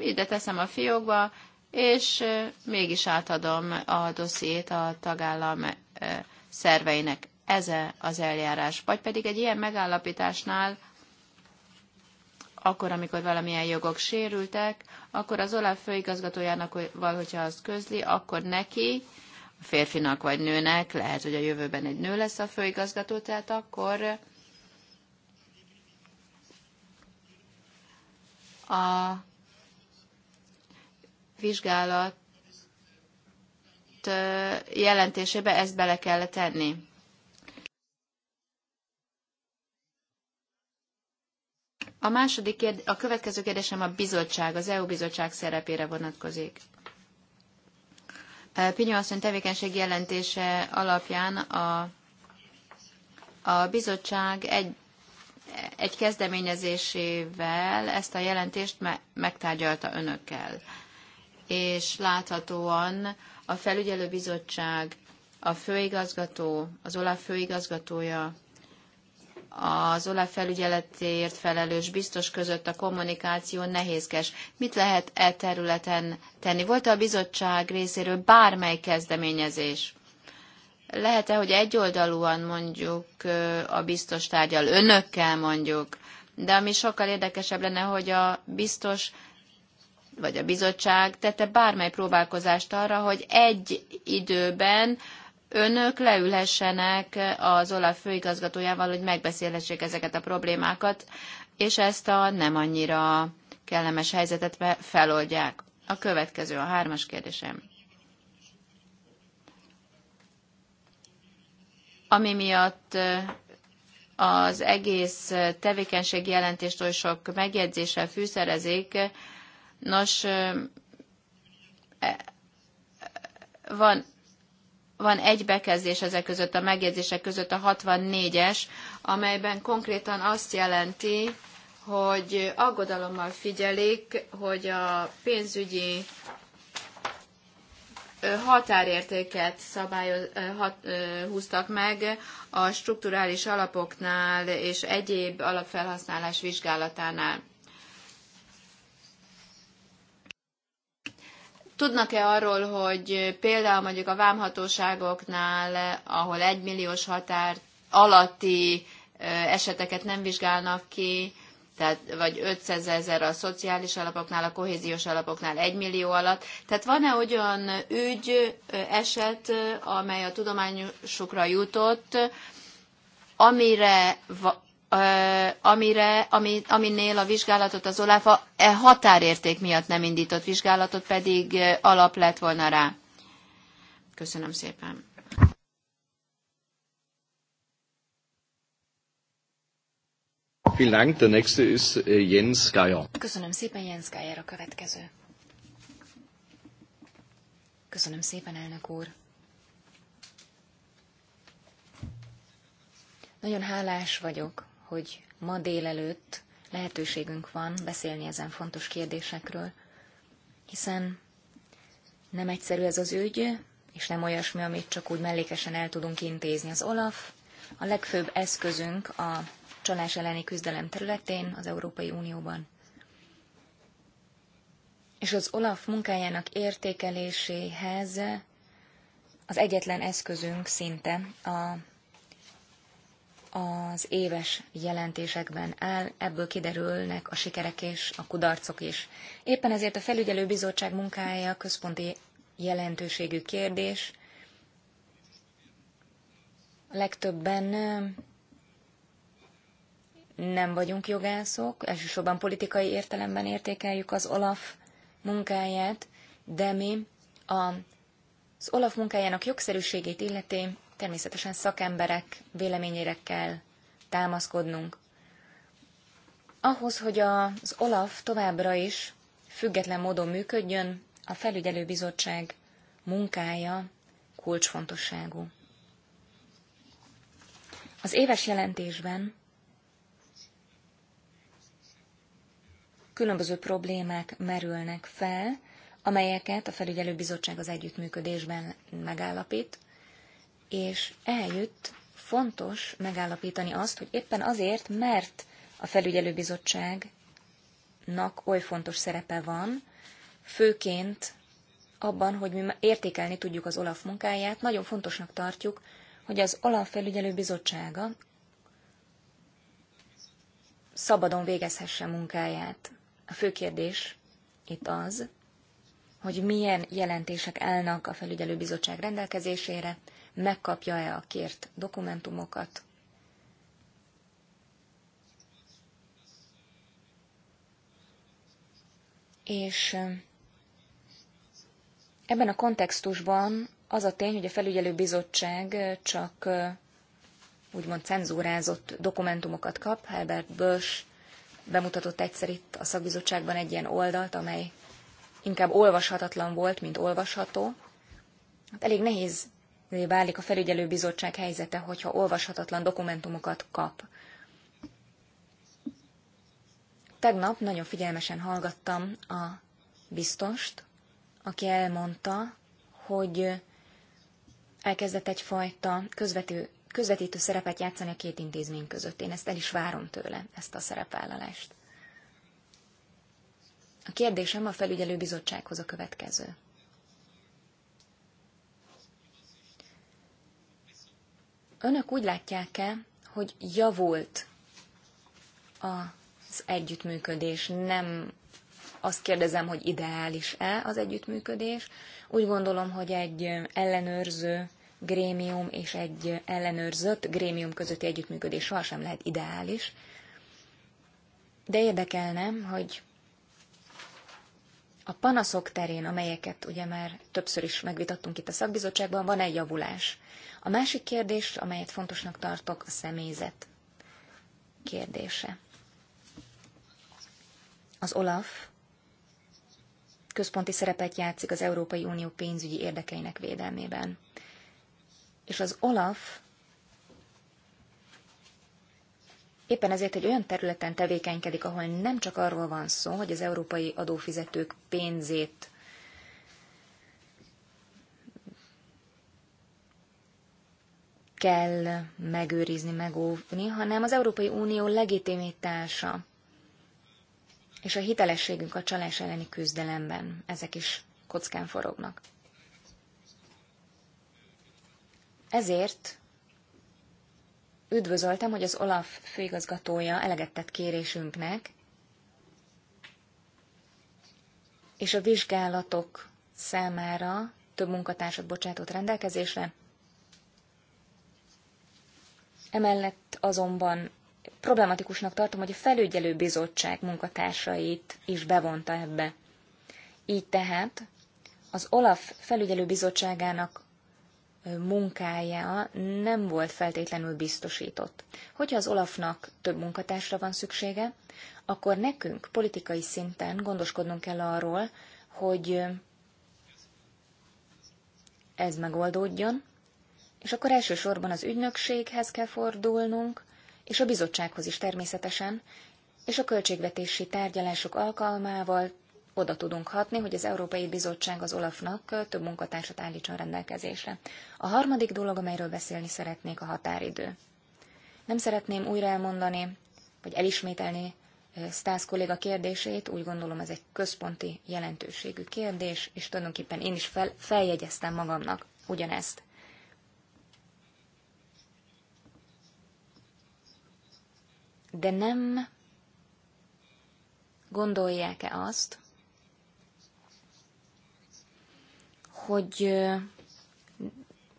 ide teszem a fiókba, és mégis átadom a dossziét a tagállam szerveinek. Ez -e az eljárás. Vagy pedig egy ilyen megállapításnál, akkor, amikor valamilyen jogok sérültek, akkor az OLAF főigazgatójának, hogyha azt közli, akkor neki férfinak vagy nőnek, lehet, hogy a jövőben egy nő lesz a főigazgató, tehát akkor a vizsgálat jelentésébe ezt bele kell tenni. A második kérd- a következő kérdésem a bizottság, az EU bizottság szerepére vonatkozik asszony tevékenység jelentése alapján a, a bizottság egy, egy kezdeményezésével ezt a jelentést me, megtárgyalta önökkel. És láthatóan a felügyelőbizottság, a főigazgató, az OLAF főigazgatója az olaj felügyeletéért felelős biztos között a kommunikáció nehézkes. Mit lehet e területen tenni? Volt-e a bizottság részéről bármely kezdeményezés? Lehet-e, hogy egyoldalúan mondjuk a biztos tárgyal, önökkel mondjuk, de ami sokkal érdekesebb lenne, hogy a biztos vagy a bizottság tette bármely próbálkozást arra, hogy egy időben önök leülhessenek az OLAF főigazgatójával, hogy megbeszélhessék ezeket a problémákat, és ezt a nem annyira kellemes helyzetet feloldják. A következő, a hármas kérdésem. Ami miatt az egész tevékenység jelentést oly sok megjegyzéssel fűszerezik, nos, e, van, van egy bekezdés ezek között, a megjegyzések között a 64-es, amelyben konkrétan azt jelenti, hogy aggodalommal figyelik, hogy a pénzügyi határértéket szabályoz, hat, húztak meg a strukturális alapoknál és egyéb alapfelhasználás vizsgálatánál. Tudnak-e arról, hogy például mondjuk a vámhatóságoknál, ahol egymilliós határ alatti eseteket nem vizsgálnak ki, tehát vagy 500 ezer a szociális alapoknál, a kohéziós alapoknál 1 millió alatt. Tehát van-e olyan ügy, eset, amely a tudományosokra jutott, amire amire, ami, aminél a vizsgálatot az OLAF a e határérték miatt nem indított vizsgálatot, pedig alap lett volna rá. Köszönöm szépen. Äh, Köszönöm szépen, Jens Geier a következő. Köszönöm szépen, elnök úr. Nagyon hálás vagyok hogy ma délelőtt lehetőségünk van beszélni ezen fontos kérdésekről, hiszen nem egyszerű ez az ügy, és nem olyasmi, amit csak úgy mellékesen el tudunk intézni. Az OLAF a legfőbb eszközünk a csalás elleni küzdelem területén az Európai Unióban. És az OLAF munkájának értékeléséhez az egyetlen eszközünk szinte a az éves jelentésekben áll, ebből kiderülnek a sikerek és a kudarcok is. Éppen ezért a felügyelőbizottság munkája központi jelentőségű kérdés. Legtöbben eh, nem vagyunk jogászok, elsősorban politikai értelemben értékeljük az OLAF munkáját, de mi az OLAF munkájának jogszerűségét illeti természetesen szakemberek véleményére kell támaszkodnunk. Ahhoz, hogy az OLAF továbbra is független módon működjön, a felügyelőbizottság munkája kulcsfontosságú. Az éves jelentésben különböző problémák merülnek fel, amelyeket a felügyelőbizottság az együttműködésben megállapít, és eljött, fontos megállapítani azt, hogy éppen azért, mert a felügyelőbizottságnak oly fontos szerepe van, főként abban, hogy mi értékelni tudjuk az OLAF munkáját, nagyon fontosnak tartjuk, hogy az OLAF felügyelőbizottsága szabadon végezhesse munkáját. A fő kérdés itt az, hogy milyen jelentések állnak a felügyelőbizottság rendelkezésére, megkapja-e a kért dokumentumokat. És eh, ebben a kontextusban az a tény, hogy a felügyelőbizottság eh, csak eh, úgymond cenzúrázott dokumentumokat kap. Herbert Bösch bemutatott egyszer itt a szakbizottságban egy ilyen oldalt, amely inkább olvashatatlan volt, mint olvasható. Hát elég nehéz válik a felügyelőbizottság helyzete, hogyha olvashatatlan dokumentumokat kap. Tegnap nagyon figyelmesen hallgattam a biztost, aki elmondta, hogy elkezdett egyfajta közvető, közvetítő szerepet játszani a két intézmény között. Én ezt el is várom tőle, ezt a szerepvállalást. A kérdésem a felügyelőbizottsághoz a következő. Önök úgy látják-e, hogy javult az együttműködés? Nem azt kérdezem, hogy ideális-e az együttműködés. Úgy gondolom, hogy egy ellenőrző grémium és egy ellenőrzött grémium közötti együttműködés sohasem lehet ideális. De érdekelne, hogy a panaszok terén, amelyeket ugye már többször is megvitattunk itt a szakbizottságban, van egy javulás. A másik kérdés, amelyet fontosnak tartok, a személyzet kérdése. Az OLAF központi szerepet játszik az Európai Unió pénzügyi érdekeinek védelmében. És az OLAF Éppen ezért egy olyan területen tevékenykedik, ahol nem csak arról van szó, hogy az európai adófizetők pénzét kell megőrizni, megóvni, hanem az Európai Unió legitimitása és a hitelességünk a csalás elleni küzdelemben. Ezek is kockán forognak. Ezért Üdvözöltem, hogy az Olaf főigazgatója eleget tett kérésünknek, és a vizsgálatok számára több munkatársat bocsátott rendelkezésre. Emellett azonban problematikusnak tartom, hogy a felügyelő bizottság munkatársait is bevonta ebbe. Így tehát az OLAF felügyelő bizottságának munkája nem volt feltétlenül biztosított. Hogyha az Olafnak több munkatársra van szüksége, akkor nekünk politikai szinten gondoskodnunk kell arról, hogy ez megoldódjon, és akkor elsősorban az ügynökséghez kell fordulnunk, és a bizottsághoz is természetesen, és a költségvetési tárgyalások alkalmával oda tudunk hatni, hogy az Európai Bizottság az Olafnak több munkatársat állítson rendelkezésre. A harmadik dolog, amelyről beszélni szeretnék, a határidő. Nem szeretném újra elmondani, vagy elismételni Stász kolléga kérdését, úgy gondolom ez egy központi jelentőségű kérdés, és tulajdonképpen én is fel, feljegyeztem magamnak ugyanezt. De nem gondolják-e azt, hogy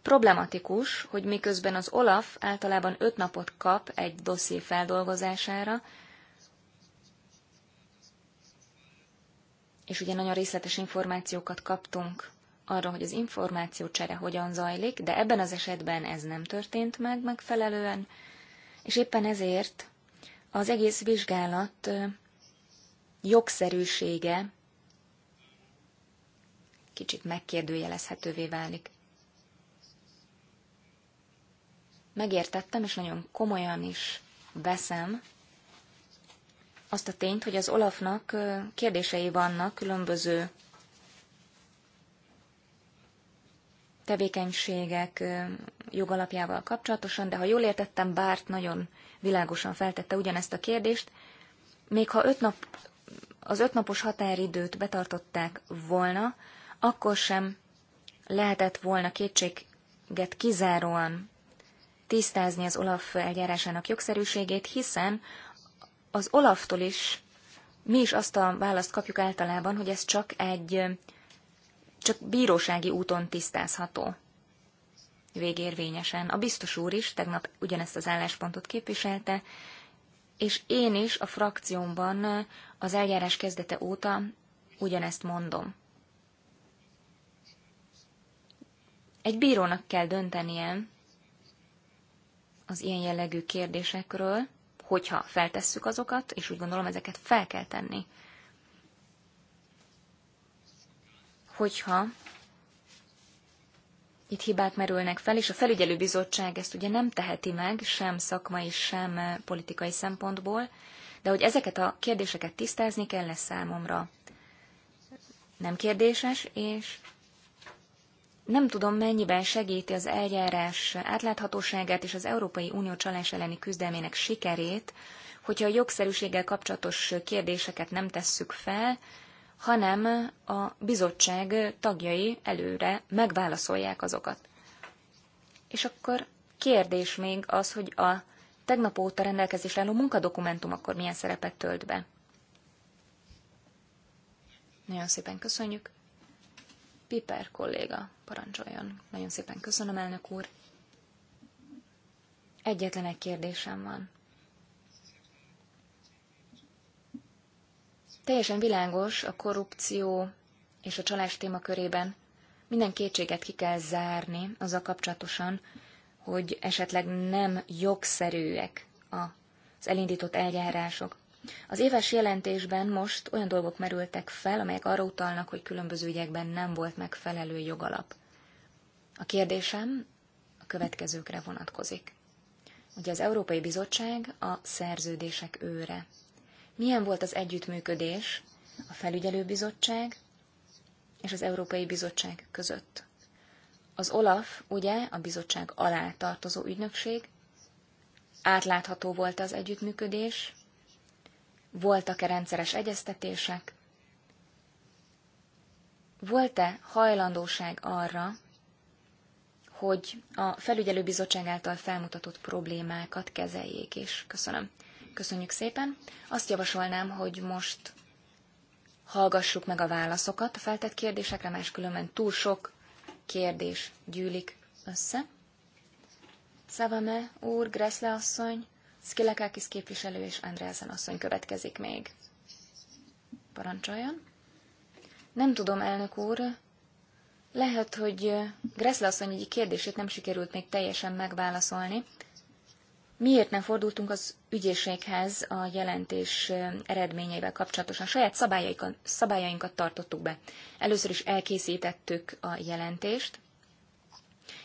problematikus, hogy miközben az Olaf általában öt napot kap egy dosszié feldolgozására, és ugye nagyon részletes információkat kaptunk arról, hogy az információ csere hogyan zajlik, de ebben az esetben ez nem történt meg megfelelően, és éppen ezért az egész vizsgálat jogszerűsége kicsit megkérdőjelezhetővé válik. Megértettem, és nagyon komolyan is veszem azt a tényt, hogy az Olafnak kérdései vannak különböző tevékenységek jogalapjával kapcsolatosan, de ha jól értettem, Bárt nagyon világosan feltette ugyanezt a kérdést, még ha öt nap, az ötnapos határidőt betartották volna, akkor sem lehetett volna kétséget kizáróan tisztázni az Olaf eljárásának jogszerűségét, hiszen az Olaftól is mi is azt a választ kapjuk általában, hogy ez csak egy csak bírósági úton tisztázható végérvényesen. A biztos úr is tegnap ugyanezt az álláspontot képviselte, és én is a frakciómban az eljárás kezdete óta ugyanezt mondom. Egy bírónak kell döntenie az ilyen jellegű kérdésekről, hogyha feltesszük azokat, és úgy gondolom, ezeket fel kell tenni. Hogyha itt hibák merülnek fel, és a felügyelőbizottság ezt ugye nem teheti meg, sem szakmai, sem politikai szempontból, de hogy ezeket a kérdéseket tisztázni kell lesz számomra nem kérdéses, és nem tudom, mennyiben segíti az eljárás átláthatóságát és az Európai Unió csalás elleni küzdelmének sikerét, hogyha a jogszerűséggel kapcsolatos kérdéseket nem tesszük fel, hanem a bizottság tagjai előre megválaszolják azokat. És akkor kérdés még az, hogy a tegnap óta rendelkezésre álló munkadokumentum akkor milyen szerepet tölt be. Nagyon szépen köszönjük. Piper kolléga, parancsoljon. Nagyon szépen köszönöm, elnök úr. Egyetlen egy kérdésem van. Teljesen világos a korrupció és a csalás témakörében. Minden kétséget ki kell zárni azzal kapcsolatosan, hogy esetleg nem jogszerűek az elindított eljárások. Az éves jelentésben most olyan dolgok merültek fel, amelyek arra utalnak, hogy különböző ügyekben nem volt megfelelő jogalap. A kérdésem a következőkre vonatkozik. Ugye az Európai Bizottság a szerződések őre. Milyen volt az együttműködés a felügyelőbizottság és az Európai Bizottság között? Az OLAF, ugye, a bizottság alá tartozó ügynökség, átlátható volt az együttműködés, voltak-e rendszeres egyeztetések? Volt-e hajlandóság arra, hogy a felügyelőbizottság által felmutatott problémákat kezeljék is? Köszönöm. Köszönjük szépen. Azt javasolnám, hogy most hallgassuk meg a válaszokat a feltett kérdésekre, máskülönben túl sok kérdés gyűlik össze. Szavame úr, Greszle asszony, Szkilekákis képviselő és Andreasen asszony következik még. Parancsoljon. Nem tudom, elnök úr. Lehet, hogy Gressle asszony egyik kérdését nem sikerült még teljesen megválaszolni. Miért nem fordultunk az ügyészséghez a jelentés eredményeivel kapcsolatosan? Saját szabályainkat, szabályainkat tartottuk be. Először is elkészítettük a jelentést,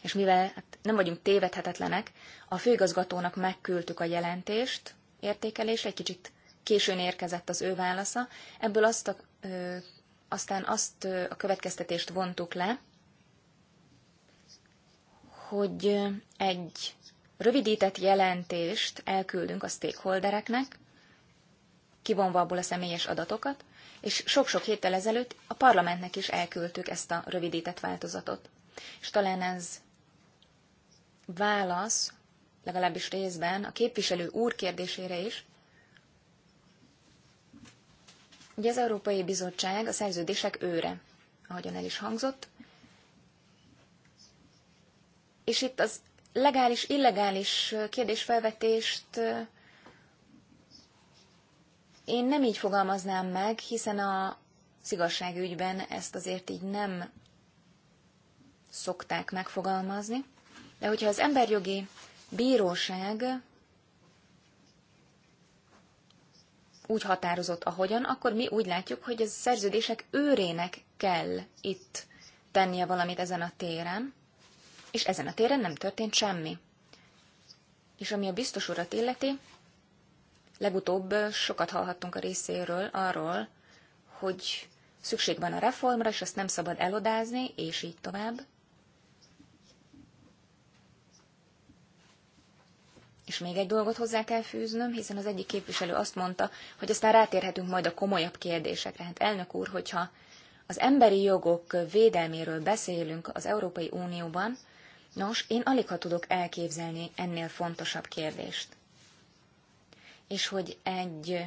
és mivel hát nem vagyunk tévedhetetlenek, a főigazgatónak megküldtük a jelentést, értékelés, egy kicsit későn érkezett az ő válasza, ebből azt a, ö, aztán azt ö, a következtetést vontuk le, hogy egy rövidített jelentést elküldünk a stakeholdereknek, kivonva abból a személyes adatokat, és sok-sok héttel ezelőtt a parlamentnek is elküldtük ezt a rövidített változatot. És talán ez válasz, legalábbis részben, a képviselő úr kérdésére is. Ugye az Európai Bizottság a szerződések őre, ahogyan el is hangzott, és itt az legális-illegális kérdésfelvetést én nem így fogalmaznám meg, hiszen a szigasságügyben ezt azért így nem szokták megfogalmazni. De hogyha az emberjogi bíróság úgy határozott, ahogyan, akkor mi úgy látjuk, hogy a szerződések őrének kell itt tennie valamit ezen a téren, és ezen a téren nem történt semmi. És ami a biztos urat illeti, legutóbb sokat hallhattunk a részéről arról, hogy szükség van a reformra, és azt nem szabad elodázni, és így tovább. És még egy dolgot hozzá kell fűznöm, hiszen az egyik képviselő azt mondta, hogy aztán rátérhetünk majd a komolyabb kérdésekre. Hát elnök úr, hogyha az emberi jogok védelméről beszélünk az Európai Unióban, nos, én alig ha tudok elképzelni ennél fontosabb kérdést. És hogy egy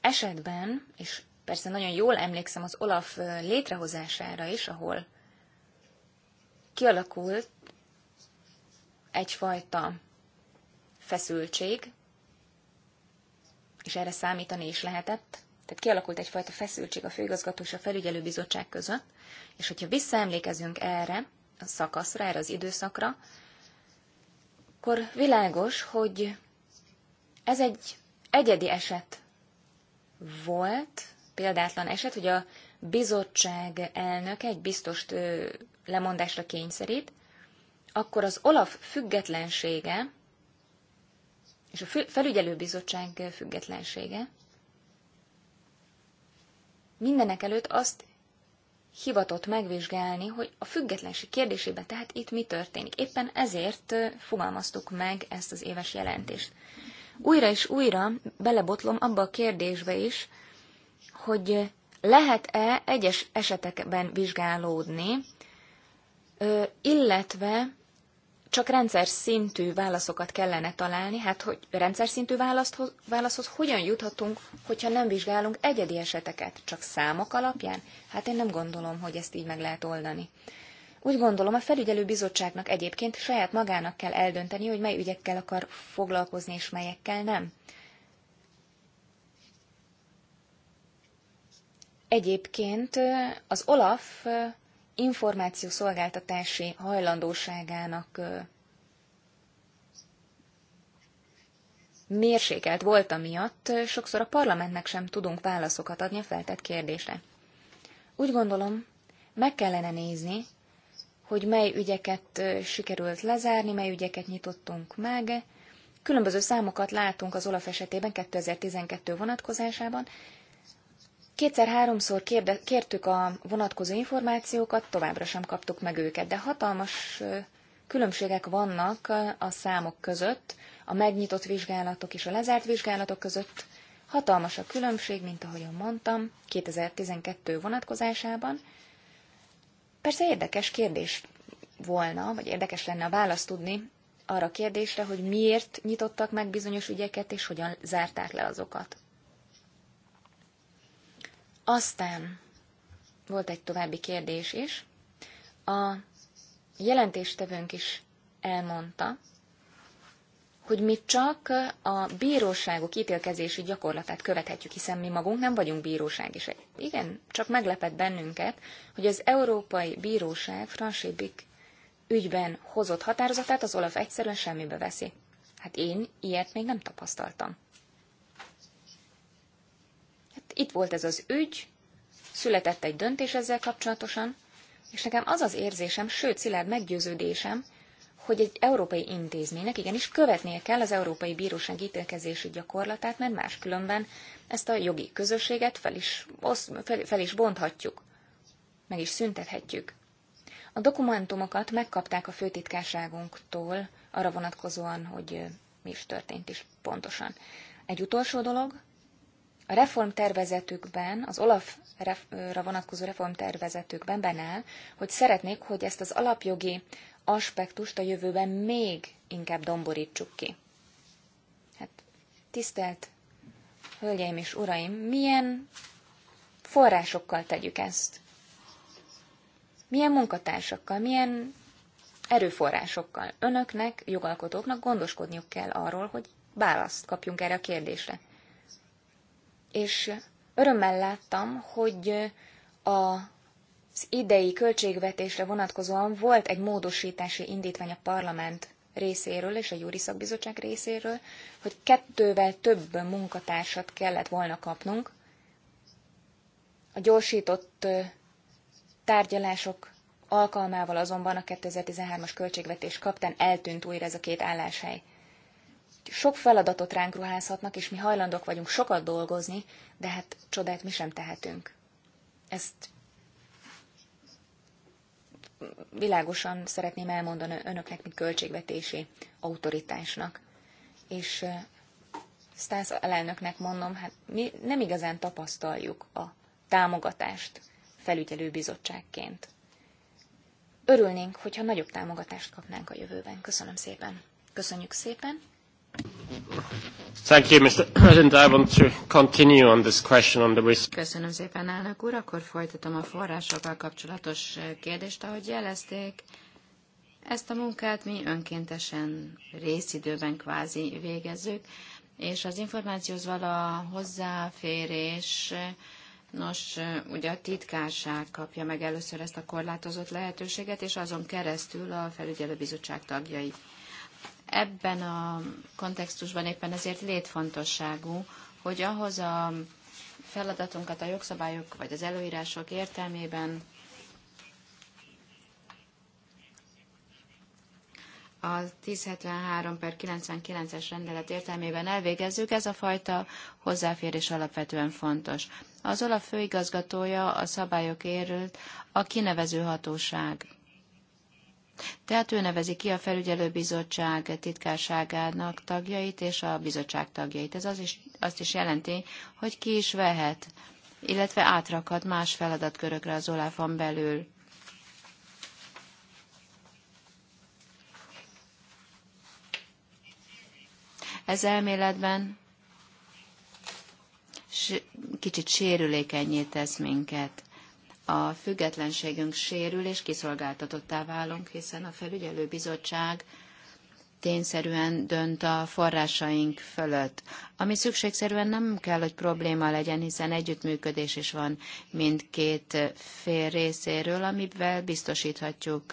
esetben, és persze nagyon jól emlékszem az Olaf létrehozására is, ahol kialakult egyfajta feszültség, és erre számítani is lehetett, tehát kialakult egyfajta feszültség a főigazgató és a felügyelőbizottság között, és hogyha visszaemlékezünk erre a szakaszra, erre az időszakra, akkor világos, hogy ez egy egyedi eset volt, példátlan eset, hogy a bizottság elnöke egy biztos lemondásra kényszerít, akkor az OLAF függetlensége és a felügyelőbizottság függetlensége mindenek előtt azt hivatott megvizsgálni, hogy a függetlenség kérdésében tehát itt mi történik. Éppen ezért fogalmaztuk meg ezt az éves jelentést. Újra és újra belebotlom abba a kérdésbe is, hogy lehet-e egyes esetekben vizsgálódni, illetve csak rendszer szintű válaszokat kellene találni, hát hogy rendszer szintű válaszhoz, válaszhoz hogyan juthatunk, hogyha nem vizsgálunk egyedi eseteket, csak számok alapján? Hát én nem gondolom, hogy ezt így meg lehet oldani. Úgy gondolom, a felügyelő bizottságnak egyébként saját magának kell eldönteni, hogy mely ügyekkel akar foglalkozni, és melyekkel nem. Egyébként az Olaf információszolgáltatási hajlandóságának mérsékelt volt miatt sokszor a parlamentnek sem tudunk válaszokat adni a feltett kérdésre. Úgy gondolom, meg kellene nézni, hogy mely ügyeket sikerült lezárni, mely ügyeket nyitottunk meg. Különböző számokat látunk az Olaf esetében 2012 vonatkozásában, Kétszer-háromszor kértük a vonatkozó információkat, továbbra sem kaptuk meg őket, de hatalmas különbségek vannak a számok között, a megnyitott vizsgálatok és a lezárt vizsgálatok között. Hatalmas a különbség, mint ahogyan mondtam, 2012 vonatkozásában. Persze érdekes kérdés volna, vagy érdekes lenne a választ tudni arra a kérdésre, hogy miért nyitottak meg bizonyos ügyeket, és hogyan zárták le azokat. Aztán volt egy további kérdés is. A jelentéstevőnk is elmondta, hogy mi csak a bíróságok ítélkezési gyakorlatát követhetjük, hiszen mi magunk nem vagyunk bíróság is. Igen, csak meglepett bennünket, hogy az Európai Bíróság Fransébik ügyben hozott határozatát az Olaf egyszerűen semmibe veszi. Hát én ilyet még nem tapasztaltam. Itt volt ez az ügy, született egy döntés ezzel kapcsolatosan, és nekem az az érzésem, sőt, szilárd meggyőződésem, hogy egy európai intézménynek igenis követnie kell az Európai Bíróság ítélkezési gyakorlatát, mert máskülönben ezt a jogi közösséget fel is, osz, fel, fel is bonthatjuk, meg is szüntethetjük. A dokumentumokat megkapták a főtitkárságunktól arra vonatkozóan, hogy mi is történt is pontosan. Egy utolsó dolog, a reformtervezetükben, az Olafra vonatkozó reformtervezetükben benne áll, hogy szeretnék, hogy ezt az alapjogi aspektust a jövőben még inkább domborítsuk ki. Hát, tisztelt Hölgyeim és uraim, milyen forrásokkal tegyük ezt? Milyen munkatársakkal, milyen erőforrásokkal? Önöknek, jogalkotóknak gondoskodniuk kell arról, hogy választ kapjunk erre a kérdésre és örömmel láttam, hogy az idei költségvetésre vonatkozóan volt egy módosítási indítvány a parlament részéről és a júri szakbizottság részéről, hogy kettővel több munkatársat kellett volna kapnunk. A gyorsított tárgyalások alkalmával azonban a 2013-as költségvetés kaptán eltűnt újra ez a két álláshely sok feladatot ránk ruházhatnak, és mi hajlandók vagyunk sokat dolgozni, de hát csodát mi sem tehetünk. Ezt világosan szeretném elmondani önöknek, mint költségvetési autoritásnak. És Stász elnöknek mondom, hát mi nem igazán tapasztaljuk a támogatást felügyelőbizottságként. Örülnénk, hogyha nagyobb támogatást kapnánk a jövőben. Köszönöm szépen. Köszönjük szépen. Thank you, Mr. President. I want to continue on this question on the risk. Köszönöm szépen, elnök úr. Akkor folytatom a forrásokkal kapcsolatos kérdést. Ahogy jelezték, ezt a munkát mi önkéntesen részidőben kvázi végezzük, és az információhoz való hozzáférés, nos, ugye a titkárság kapja meg először ezt a korlátozott lehetőséget, és azon keresztül a felügyelőbizottság tagjai. Ebben a kontextusban éppen ezért létfontosságú, hogy ahhoz a feladatunkat a jogszabályok vagy az előírások értelmében a 1073 per 99-es rendelet értelmében elvégezzük, ez a fajta hozzáférés alapvetően fontos. Az OLAF főigazgatója a szabályok érült a kinevező hatóság. Tehát ő nevezi ki a felügyelőbizottság titkárságának tagjait és a bizottság tagjait. Ez az is, azt is jelenti, hogy ki is vehet, illetve átrakhat más feladatkörökre az Olafon belül. Ez elméletben kicsit sérülékenyé tesz minket a függetlenségünk sérül, és kiszolgáltatottá válunk, hiszen a felügyelőbizottság tényszerűen dönt a forrásaink fölött. Ami szükségszerűen nem kell, hogy probléma legyen, hiszen együttműködés is van mindkét fél részéről, amivel biztosíthatjuk,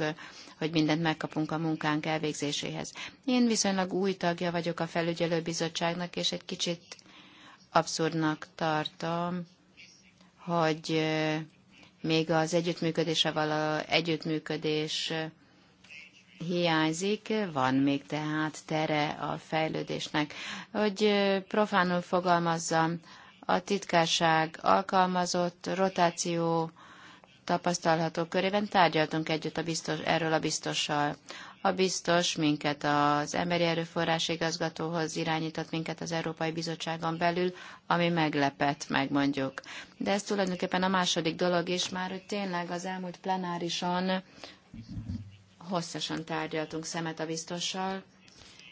hogy mindent megkapunk a munkánk elvégzéséhez. Én viszonylag új tagja vagyok a felügyelőbizottságnak, és egy kicsit abszurdnak tartom, hogy még az együttműködése való együttműködés hiányzik, van még tehát tere a fejlődésnek. Hogy profánul fogalmazzam, a titkárság alkalmazott rotáció tapasztalható körében tárgyaltunk együtt a biztos, erről a biztossal a biztos minket az emberi erőforrás igazgatóhoz irányított minket az Európai Bizottságon belül, ami meglepett, megmondjuk. De ez tulajdonképpen a második dolog is már, hogy tényleg az elmúlt plenárison hosszasan tárgyaltunk szemet a biztossal,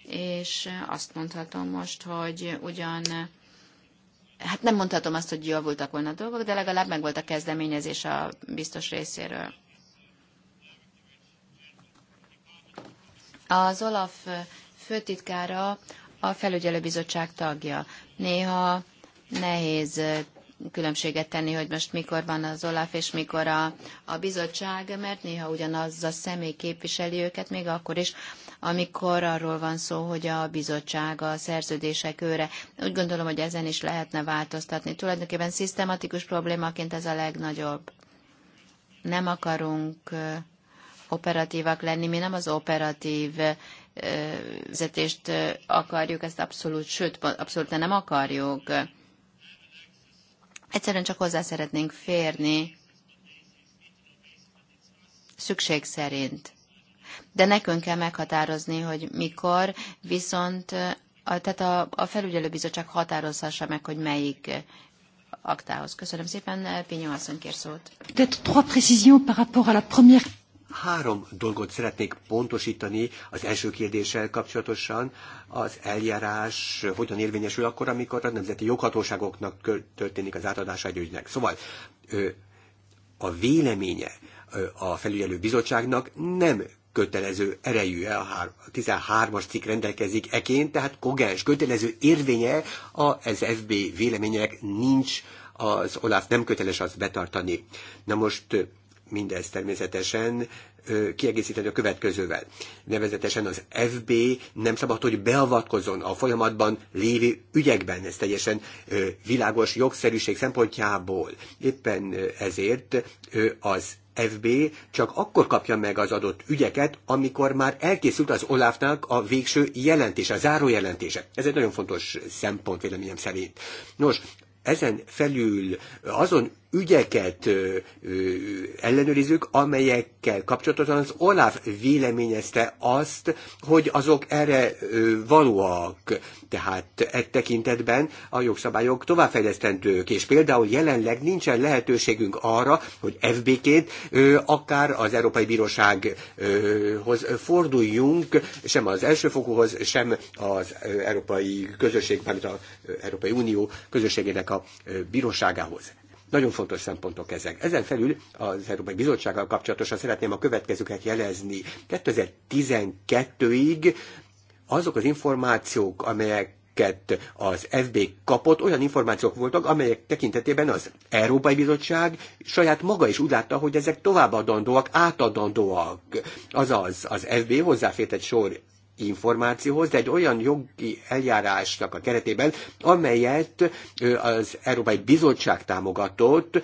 és azt mondhatom most, hogy ugyan hát nem mondhatom azt, hogy javultak volna a dolgok, de legalább megvolt a kezdeményezés a biztos részéről. Az Olaf főtitkára a felügyelőbizottság tagja. Néha nehéz különbséget tenni, hogy most mikor van az Olaf és mikor a, a bizottság, mert néha ugyanaz a személy képviseli őket, még akkor is, amikor arról van szó, hogy a bizottság a szerződések őre. Úgy gondolom, hogy ezen is lehetne változtatni. Tulajdonképpen szisztematikus problémaként ez a legnagyobb. Nem akarunk operatívak lenni. Mi nem az operatív vezetést akarjuk, ezt abszolút, sőt, abszolút nem akarjuk. Egyszerűen csak hozzá szeretnénk férni szükség szerint. De nekünk kell meghatározni, hogy mikor, viszont a, tehát a, a felügyelőbizottság határozhassa meg, hogy melyik aktához. Köszönöm szépen, Pinyó asszony kér szót. Peut-être trois précisions par rapport à la première Három dolgot szeretnék pontosítani az első kérdéssel kapcsolatosan. Az eljárás hogyan érvényesül akkor, amikor a nemzeti joghatóságoknak történik az átadása egy ügynek. Szóval a véleménye a felügyelő bizottságnak nem kötelező erejű, a 13-as cikk rendelkezik eként, tehát kogens, kötelező érvénye az FB vélemények nincs, az Olaf nem köteles azt betartani. Na most mindez természetesen kiegészíteni a következővel. Nevezetesen az FB nem szabad, hogy beavatkozzon a folyamatban lévő ügyekben, ez teljesen világos jogszerűség szempontjából. Éppen ezért az FB csak akkor kapja meg az adott ügyeket, amikor már elkészült az Olafnak a végső jelentése, a záró jelentése. Ez egy nagyon fontos szempont véleményem szerint. Nos, ezen felül azon ügyeket ellenőrizzük, amelyekkel kapcsolatosan az Olaf véleményezte azt, hogy azok erre valóak. Tehát e tekintetben a jogszabályok továbbfejlesztendők, és például jelenleg nincsen lehetőségünk arra, hogy FB-ként akár az Európai Bírósághoz forduljunk, sem az elsőfokúhoz, sem az Európai Közösség, mármint az Európai Unió közösségének a bíróságához. Nagyon fontos szempontok ezek. Ezen felül az Európai Bizottsággal kapcsolatosan szeretném a következőket jelezni. 2012-ig azok az információk, amelyek az FB kapott, olyan információk voltak, amelyek tekintetében az Európai Bizottság saját maga is úgy látta, hogy ezek továbbadandóak, átadandóak. Azaz, az FB hozzáfért egy sor információhoz, de egy olyan jogi eljárásnak a keretében, amelyet az Európai Bizottság támogatott,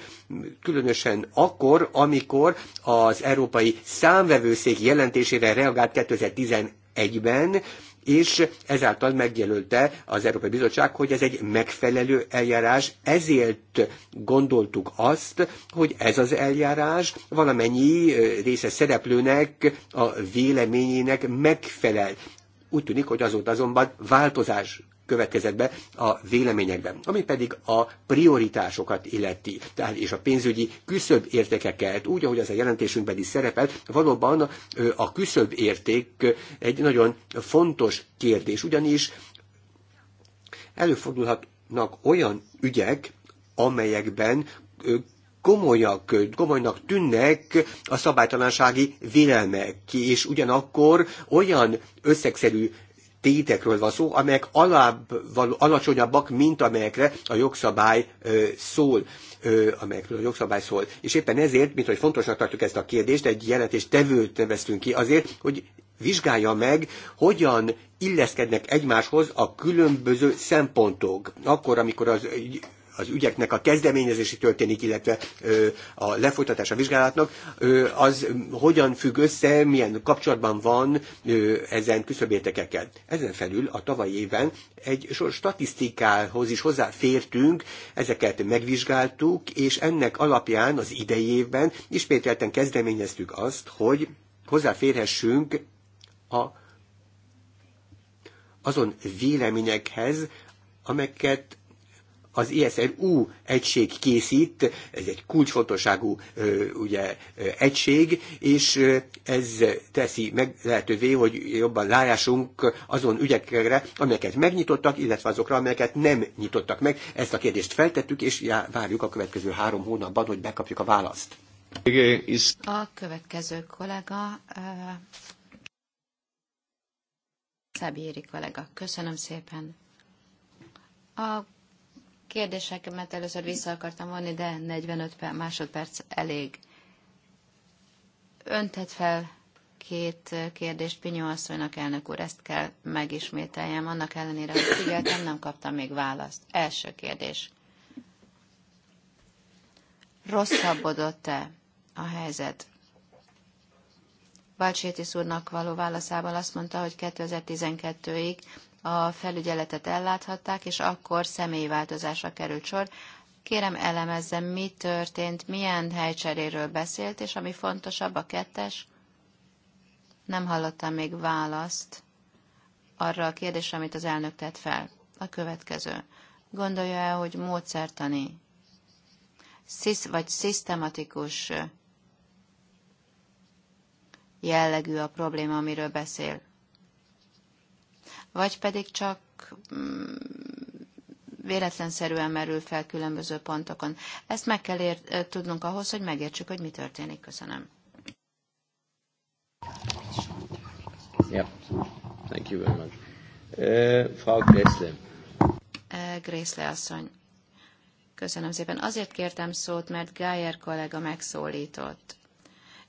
különösen akkor, amikor az Európai Számvevőszék jelentésére reagált 2011-ben, és ezáltal megjelölte az Európai Bizottság, hogy ez egy megfelelő eljárás, ezért gondoltuk azt, hogy ez az eljárás valamennyi része szereplőnek a véleményének megfelel. Úgy tűnik, hogy azóta azonban változás következett be a véleményekben, ami pedig a prioritásokat illeti, tehát és a pénzügyi küszöbb értékeket, úgy, ahogy az a jelentésünkben is szerepel, valóban a küszöbb érték egy nagyon fontos kérdés, ugyanis előfordulhatnak olyan ügyek, amelyekben komolyak, komolynak tűnnek a szabálytalansági vélelmek, és ugyanakkor olyan összegszerű tétekről van szó, amelyek alább, alacsonyabbak, mint amelyekre a jogszabály ö, szól amelyekről a jogszabály szól. És éppen ezért, mint hogy fontosnak tartjuk ezt a kérdést, egy jelentést tevőt neveztünk ki azért, hogy vizsgálja meg, hogyan illeszkednek egymáshoz a különböző szempontok. Akkor, amikor az az ügyeknek a kezdeményezési történik, illetve a lefolytatása vizsgálatnak, az hogyan függ össze, milyen kapcsolatban van ezen küszöbértekekkel. Ezen felül a tavalyi évben egy sor statisztikához is hozzáfértünk, ezeket megvizsgáltuk, és ennek alapján az idei évben ismételten kezdeményeztük azt, hogy hozzáférhessünk a, azon véleményekhez, amelyeket az ISRU egység készít, ez egy kulcsfontosságú ugye, egység, és ez teszi meg lehetővé, hogy jobban lájásunk azon ügyekre, amelyeket megnyitottak, illetve azokra, amelyeket nem nyitottak meg. Ezt a kérdést feltettük, és já, várjuk a következő három hónapban, hogy bekapjuk a választ. A következő kollega, uh, Érik, kollega, köszönöm szépen. A kérdésemet először vissza akartam vonni, de 45 másodperc elég. Ön fel két kérdést Pinyó asszonynak, elnök úr, ezt kell megismételjem. Annak ellenére, hogy figyeltem, nem kaptam még választ. Első kérdés. Rosszabbodott-e a helyzet? Balcsétis úrnak való válaszával azt mondta, hogy 2012-ig a felügyeletet elláthatták, és akkor személyi változásra került sor. Kérem elemezzem, mi történt, milyen helycseréről beszélt, és ami fontosabb, a kettes, nem hallottam még választ arra a kérdésre, amit az elnök tett fel. A következő. Gondolja el, hogy módszertani, szisz, vagy szisztematikus jellegű a probléma, amiről beszél vagy pedig csak mm, véletlenszerűen merül fel különböző pontokon. Ezt meg kell ér- tudnunk ahhoz, hogy megértsük, hogy mi történik. Köszönöm. Yeah. Thank you very much. Uh, Frau Gressle. Uh, Gressle asszony. Köszönöm szépen. Azért kértem szót, mert Gájer kollega megszólított.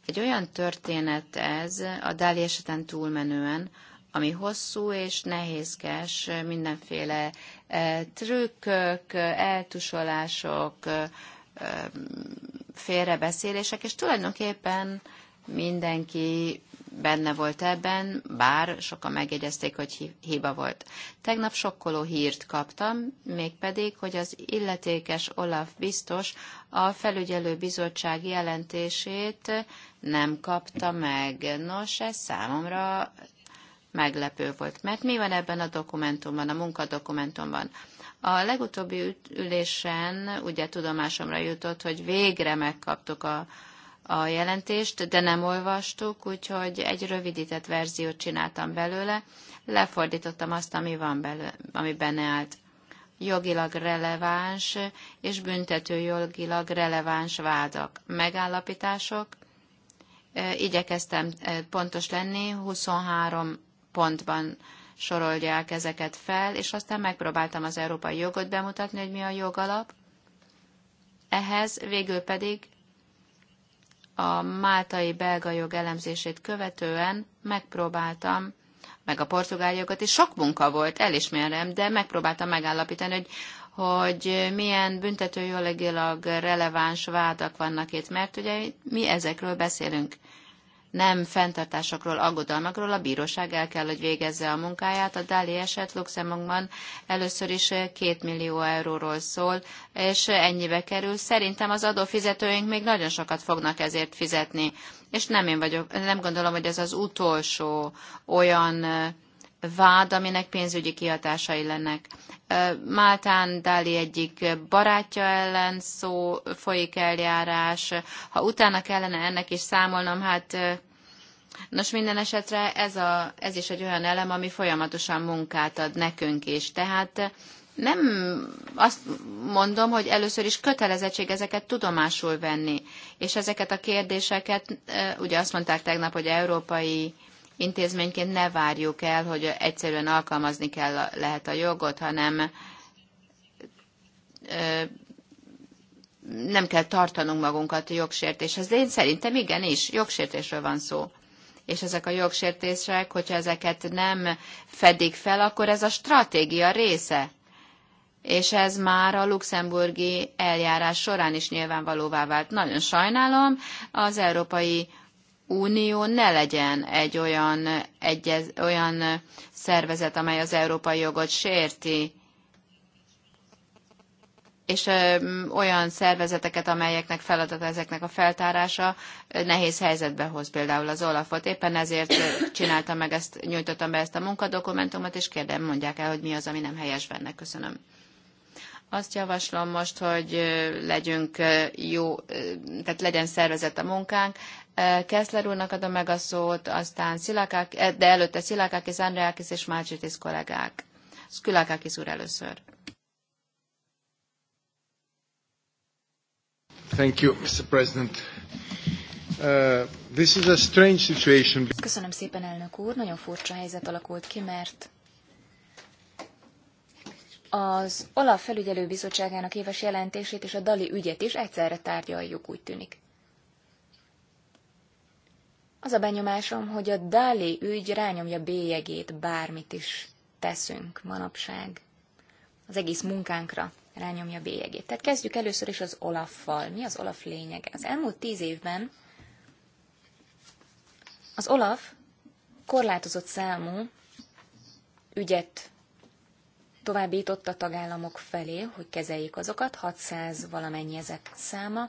Egy olyan történet ez, a Dáli eseten túlmenően, ami hosszú és nehézkes, mindenféle eh, trükkök, eltusolások, eh, eh, félrebeszélések, és tulajdonképpen mindenki benne volt ebben, bár sokan megjegyezték, hogy hiba volt. Tegnap sokkoló hírt kaptam, mégpedig, hogy az illetékes Olaf biztos a felügyelő bizottság jelentését nem kapta meg. Nos, ez számomra meglepő volt. Mert mi van ebben a dokumentumban, a munkadokumentumban? A legutóbbi ülésen ugye tudomásomra jutott, hogy végre megkaptuk a, a jelentést, de nem olvastuk, úgyhogy egy rövidített verziót csináltam belőle, lefordítottam azt, ami, van belőle, ami benne állt. Jogilag releváns és büntető jogilag releváns vádak, megállapítások. Igyekeztem pontos lenni, 23 pontban sorolják ezeket fel, és aztán megpróbáltam az európai jogot bemutatni, hogy mi a jogalap. Ehhez végül pedig a máltai belga jog elemzését követően megpróbáltam, meg a portugál jogot, és sok munka volt, elismerem, de megpróbáltam megállapítani, hogy hogy milyen büntetőjogilag releváns vádak vannak itt, mert ugye mi ezekről beszélünk nem fenntartásokról, aggodalmakról, a bíróság el kell, hogy végezze a munkáját. A Dáli eset Luxemburgban először is két millió euróról szól, és ennyibe kerül. Szerintem az adófizetőink még nagyon sokat fognak ezért fizetni, és nem én vagyok, nem gondolom, hogy ez az utolsó olyan vád, aminek pénzügyi kihatásai lennek. Máltán Dáli egyik barátja ellen szó folyik eljárás. Ha utána kellene ennek is számolnom, hát Nos, minden esetre ez, a, ez is egy olyan elem, ami folyamatosan munkát ad nekünk is. Tehát nem azt mondom, hogy először is kötelezettség ezeket tudomásul venni, és ezeket a kérdéseket, ugye azt mondták tegnap, hogy európai intézményként ne várjuk el, hogy egyszerűen alkalmazni kell lehet a jogot, hanem nem kell tartanunk magunkat a jogsértéshez. De én szerintem igenis, jogsértésről van szó. És ezek a jogsértések, hogyha ezeket nem fedik fel, akkor ez a stratégia része. És ez már a luxemburgi eljárás során is nyilvánvalóvá vált. Nagyon sajnálom, az Európai Unió ne legyen egy olyan, egyez, olyan szervezet, amely az európai jogot sérti, és olyan szervezeteket, amelyeknek feladata ezeknek a feltárása nehéz helyzetbe hoz például az Olafot. Éppen ezért csináltam meg ezt, nyújtottam be ezt a munkadokumentumot, és kérdem, mondják el, hogy mi az, ami nem helyes benne. Köszönöm. Azt javaslom most, hogy legyünk jó, tehát legyen szervezett a munkánk. Keszler úrnak adom meg a szót, aztán Szilakák, de előtte Szilakákis, Andreakis és Márcsitis kollégák. Szkülakákis úr először. Thank you, Mr. President. Uh, this is a strange situation. Köszönöm szépen, elnök úr. Nagyon furcsa helyzet alakult ki, mert az Olaf bizottságának éves jelentését és a Dali ügyet is egyszerre tárgyaljuk, úgy tűnik. Az a benyomásom, hogy a Dali ügy rányomja bélyegét bármit is teszünk manapság. Az egész munkánkra rányomja bélyegét. Tehát kezdjük először is az Olaffal. Mi az Olaf lényege? Az elmúlt tíz évben az Olaf korlátozott számú ügyet továbbított a tagállamok felé, hogy kezeljék azokat, 600 valamennyi ezek száma.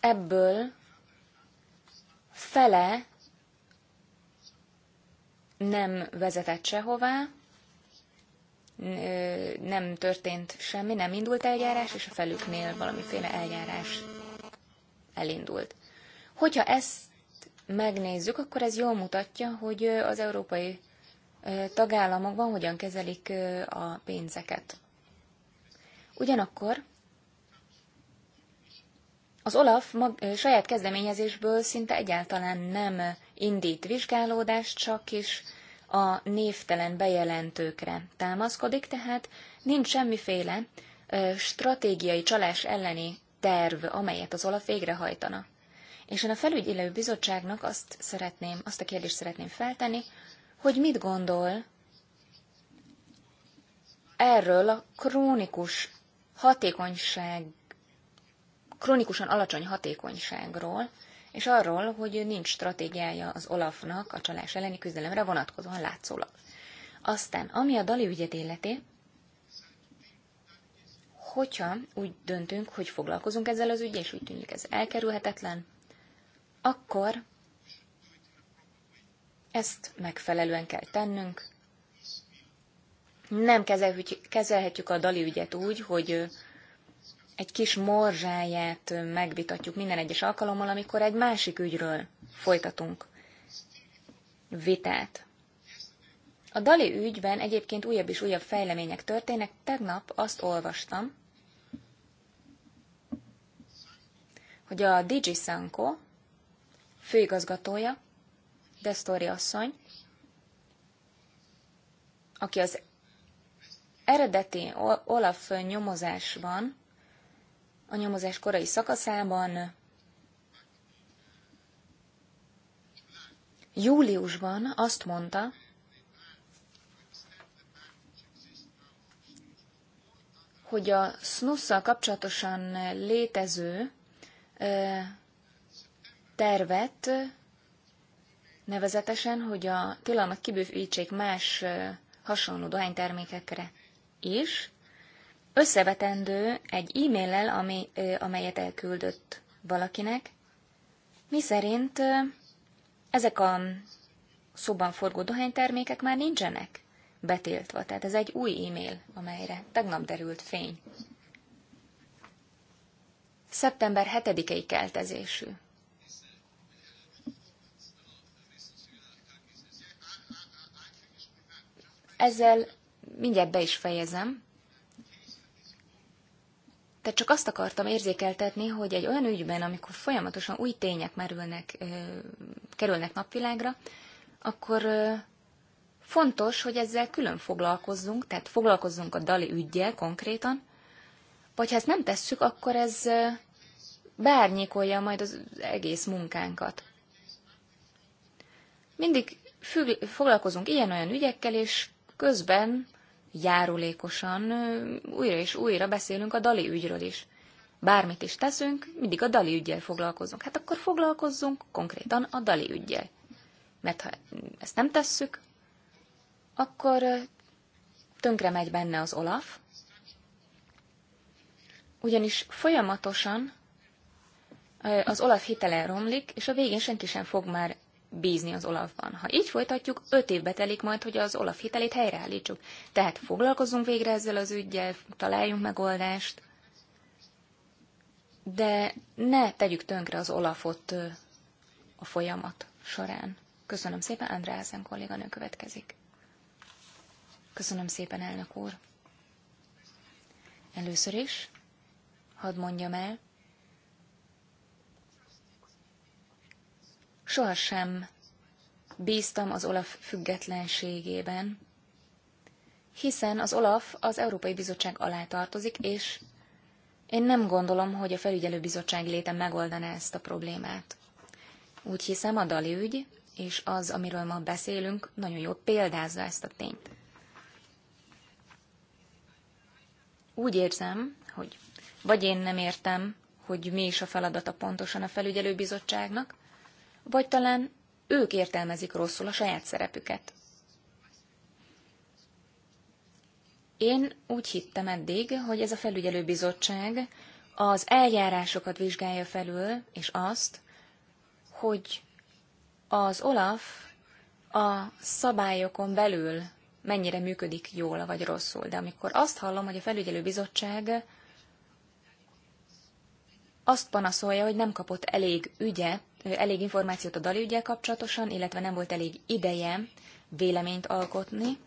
Ebből fele nem vezetett sehová, nem történt semmi, nem indult eljárás, és a felüknél valamiféle eljárás elindult. Hogyha ezt megnézzük, akkor ez jól mutatja, hogy az európai tagállamokban hogyan kezelik a pénzeket. Ugyanakkor az Olaf mag, saját kezdeményezésből szinte egyáltalán nem indít vizsgálódást, csak is a névtelen bejelentőkre támaszkodik, tehát nincs semmiféle stratégiai csalás elleni terv, amelyet az Olaf végrehajtana. És én a felügyelő bizottságnak azt szeretném, azt a kérdést szeretném feltenni, hogy mit gondol erről a krónikus hatékonyság, krónikusan alacsony hatékonyságról, és arról, hogy nincs stratégiája az Olafnak a csalás elleni küzdelemre vonatkozóan látszólag. Aztán, ami a Dali ügyet életé, hogyha úgy döntünk, hogy foglalkozunk ezzel az ügyel, és úgy tűnik ez elkerülhetetlen, akkor ezt megfelelően kell tennünk. Nem kezelhetjük a Dali ügyet úgy, hogy egy kis morzsáját megvitatjuk minden egyes alkalommal, amikor egy másik ügyről folytatunk vitát. A Dali ügyben egyébként újabb és újabb fejlemények történnek. Tegnap azt olvastam, hogy a Digi Sanko főigazgatója Desztori asszony, aki az eredeti Olaf nyomozásban, a nyomozás korai szakaszában júliusban azt mondta, hogy a snusszal kapcsolatosan létező tervet Nevezetesen, hogy a tilalmat kibővítsék más hasonló dohánytermékekre is, összevetendő egy e-maillel, ami, amelyet elküldött valakinek, mi szerint ezek a szóban forgó dohánytermékek már nincsenek betiltva. Tehát ez egy új e-mail, amelyre tegnap derült fény. Szeptember 7-i keltezésű Ezzel mindjárt be is fejezem. Tehát csak azt akartam érzékeltetni, hogy egy olyan ügyben, amikor folyamatosan új tények merülnek, kerülnek napvilágra, akkor fontos, hogy ezzel külön foglalkozzunk, tehát foglalkozzunk a Dali ügyjel konkrétan, vagy ha ezt nem tesszük, akkor ez beárnyékolja majd az egész munkánkat. Mindig függ, foglalkozunk ilyen-olyan ügyekkel, és közben járulékosan újra és újra beszélünk a Dali ügyről is. Bármit is teszünk, mindig a Dali ügyjel foglalkozunk. Hát akkor foglalkozzunk konkrétan a Dali ügyjel. Mert ha ezt nem tesszük, akkor tönkre megy benne az Olaf, ugyanis folyamatosan az Olaf hitele romlik, és a végén senki sem fog már bízni az Olafban. Ha így folytatjuk, öt évbe telik majd, hogy az Olaf hitelét helyreállítsuk. Tehát foglalkozzunk végre ezzel az ügyjel, találjunk megoldást, de ne tegyük tönkre az Olafot a folyamat során. Köszönöm szépen, Andrázen kolléganő következik. Köszönöm szépen, elnök úr. Először is, hadd mondjam el, sohasem bíztam az Olaf függetlenségében, hiszen az Olaf az Európai Bizottság alá tartozik, és én nem gondolom, hogy a felügyelőbizottság léte megoldaná ezt a problémát. Úgy hiszem, a Dali ügy és az, amiről ma beszélünk, nagyon jól példázza ezt a tényt. Úgy érzem, hogy vagy én nem értem, hogy mi is a feladata pontosan a felügyelőbizottságnak, vagy talán ők értelmezik rosszul a saját szerepüket. Én úgy hittem eddig, hogy ez a felügyelőbizottság az eljárásokat vizsgálja felül, és azt, hogy az Olaf a szabályokon belül mennyire működik jól vagy rosszul. De amikor azt hallom, hogy a felügyelőbizottság azt panaszolja, hogy nem kapott elég ügyet elég információt a Dali ügyel kapcsolatosan, illetve nem volt elég ideje véleményt alkotni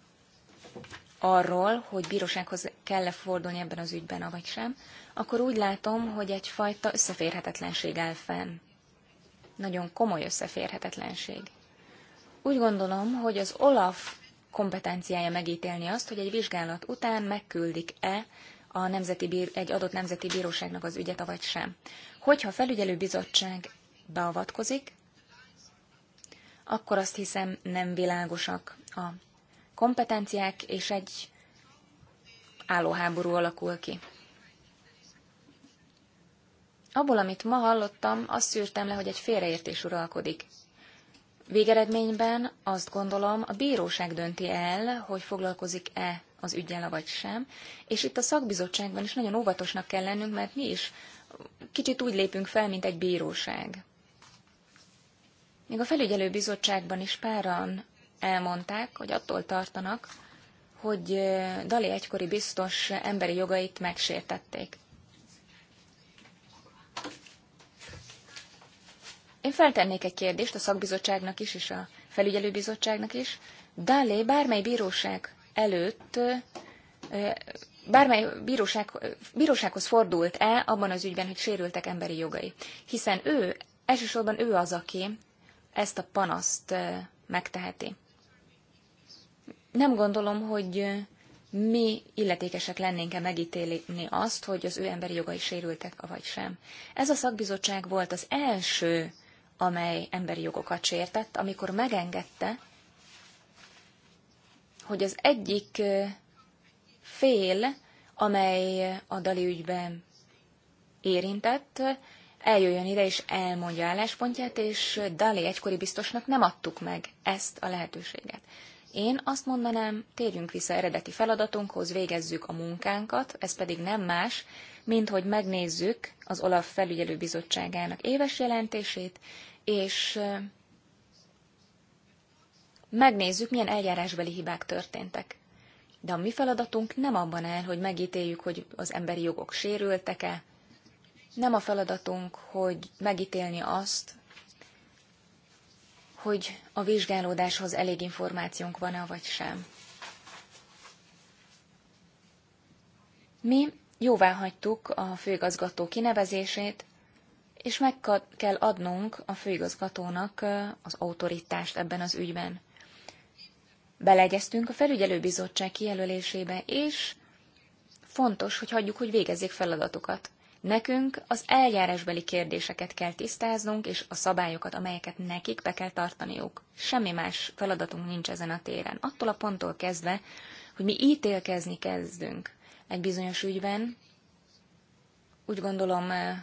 arról, hogy bírósághoz kell-e fordulni ebben az ügyben, avagy sem, akkor úgy látom, hogy egyfajta összeférhetetlenség áll fenn. Nagyon komoly összeférhetetlenség. Úgy gondolom, hogy az Olaf kompetenciája megítélni azt, hogy egy vizsgálat után megküldik-e a nemzeti egy adott nemzeti bíróságnak az ügyet, avagy sem. Hogyha a felügyelőbizottság beavatkozik, akkor azt hiszem nem világosak a kompetenciák, és egy állóháború alakul ki. Abból, amit ma hallottam, azt szűrtem le, hogy egy félreértés uralkodik. Végeredményben azt gondolom, a bíróság dönti el, hogy foglalkozik-e az ügyel, vagy sem, és itt a szakbizottságban is nagyon óvatosnak kell lennünk, mert mi is kicsit úgy lépünk fel, mint egy bíróság. Még a felügyelőbizottságban is páran elmondták, hogy attól tartanak, hogy Dali egykori biztos emberi jogait megsértették. Én feltennék egy kérdést a szakbizottságnak is, és a felügyelőbizottságnak is. Dali bármely bíróság előtt, bármely bíróság, bírósághoz fordult-e abban az ügyben, hogy sérültek emberi jogai. Hiszen ő, elsősorban ő az, aki ezt a panaszt megteheti. Nem gondolom, hogy mi illetékesek lennénk-e megítélni azt, hogy az ő emberi jogai sérültek, vagy sem. Ez a szakbizottság volt az első, amely emberi jogokat sértett, amikor megengedte, hogy az egyik fél, amely a Dali ügyben érintett, eljöjjön ide és elmondja álláspontját, és Dali egykori biztosnak nem adtuk meg ezt a lehetőséget. Én azt mondanám, térjünk vissza eredeti feladatunkhoz, végezzük a munkánkat, ez pedig nem más, mint hogy megnézzük az OLAF felügyelőbizottságának éves jelentését, és megnézzük, milyen eljárásbeli hibák történtek. De a mi feladatunk nem abban áll, hogy megítéljük, hogy az emberi jogok sérültek-e, nem a feladatunk, hogy megítélni azt, hogy a vizsgálódáshoz elég információnk van-e, vagy sem. Mi jóváhagytuk a főigazgató kinevezését, és meg kell adnunk a főigazgatónak az autoritást ebben az ügyben. Beleegyeztünk a felügyelőbizottság kijelölésébe, és fontos, hogy hagyjuk, hogy végezzék feladatukat. Nekünk az eljárásbeli kérdéseket kell tisztáznunk, és a szabályokat, amelyeket nekik be kell tartaniuk. Semmi más feladatunk nincs ezen a téren. Attól a ponttól kezdve, hogy mi ítélkezni kezdünk egy bizonyos ügyben, úgy gondolom, eh,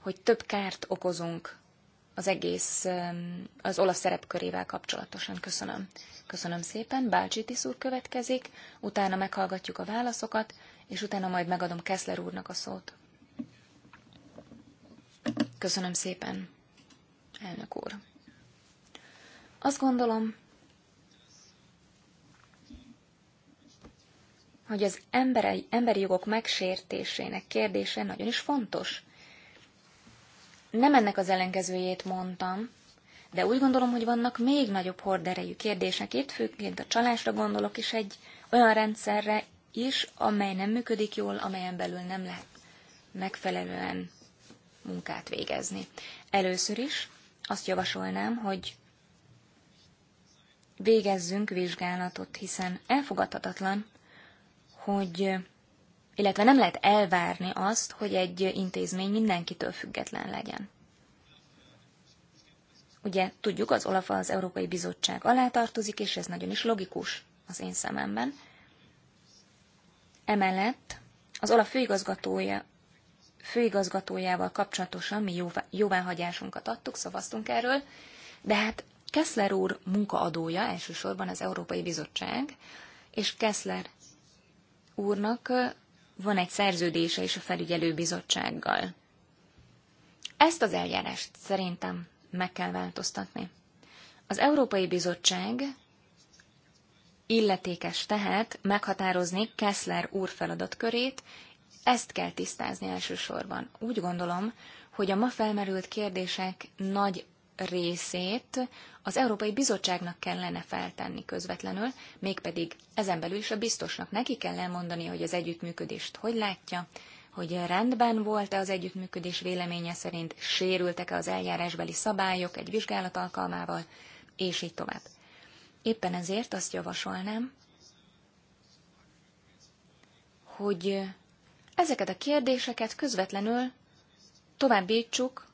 hogy több kárt okozunk az egész, az olasz szerepkörével kapcsolatosan. Köszönöm. Köszönöm szépen. Bácsi Tiszúr következik, utána meghallgatjuk a válaszokat, és utána majd megadom Keszler úrnak a szót. Köszönöm szépen, elnök úr. Azt gondolom, hogy az emberi, emberi jogok megsértésének kérdése nagyon is fontos. Nem ennek az ellenkezőjét mondtam, de úgy gondolom, hogy vannak még nagyobb horderejű kérdések itt, főként a csalásra gondolok is egy olyan rendszerre is, amely nem működik jól, amelyen belül nem lehet megfelelően munkát végezni. Először is azt javasolnám, hogy végezzünk vizsgálatot, hiszen elfogadhatatlan, hogy illetve nem lehet elvárni azt, hogy egy intézmény mindenkitől független legyen. Ugye tudjuk, az Olaf az Európai Bizottság alá tartozik, és ez nagyon is logikus az én szememben. Emellett az Olaf főigazgatója főigazgatójával kapcsolatosan mi jóváhagyásunkat adtuk, szavaztunk erről, de hát Kessler úr munkaadója elsősorban az Európai Bizottság, és Kessler úrnak van egy szerződése is a felügyelő bizottsággal. Ezt az eljárást szerintem meg kell változtatni. Az Európai Bizottság illetékes tehát meghatározni Kessler úr feladatkörét, ezt kell tisztázni elsősorban. Úgy gondolom, hogy a ma felmerült kérdések nagy részét az Európai Bizottságnak kellene feltenni közvetlenül, mégpedig ezen belül is a biztosnak neki kell elmondani, hogy az együttműködést hogy látja, hogy rendben volt-e az együttműködés véleménye szerint, sérültek-e az eljárásbeli szabályok egy vizsgálat alkalmával, és így tovább. Éppen ezért azt javasolnám, hogy ezeket a kérdéseket közvetlenül továbbítsuk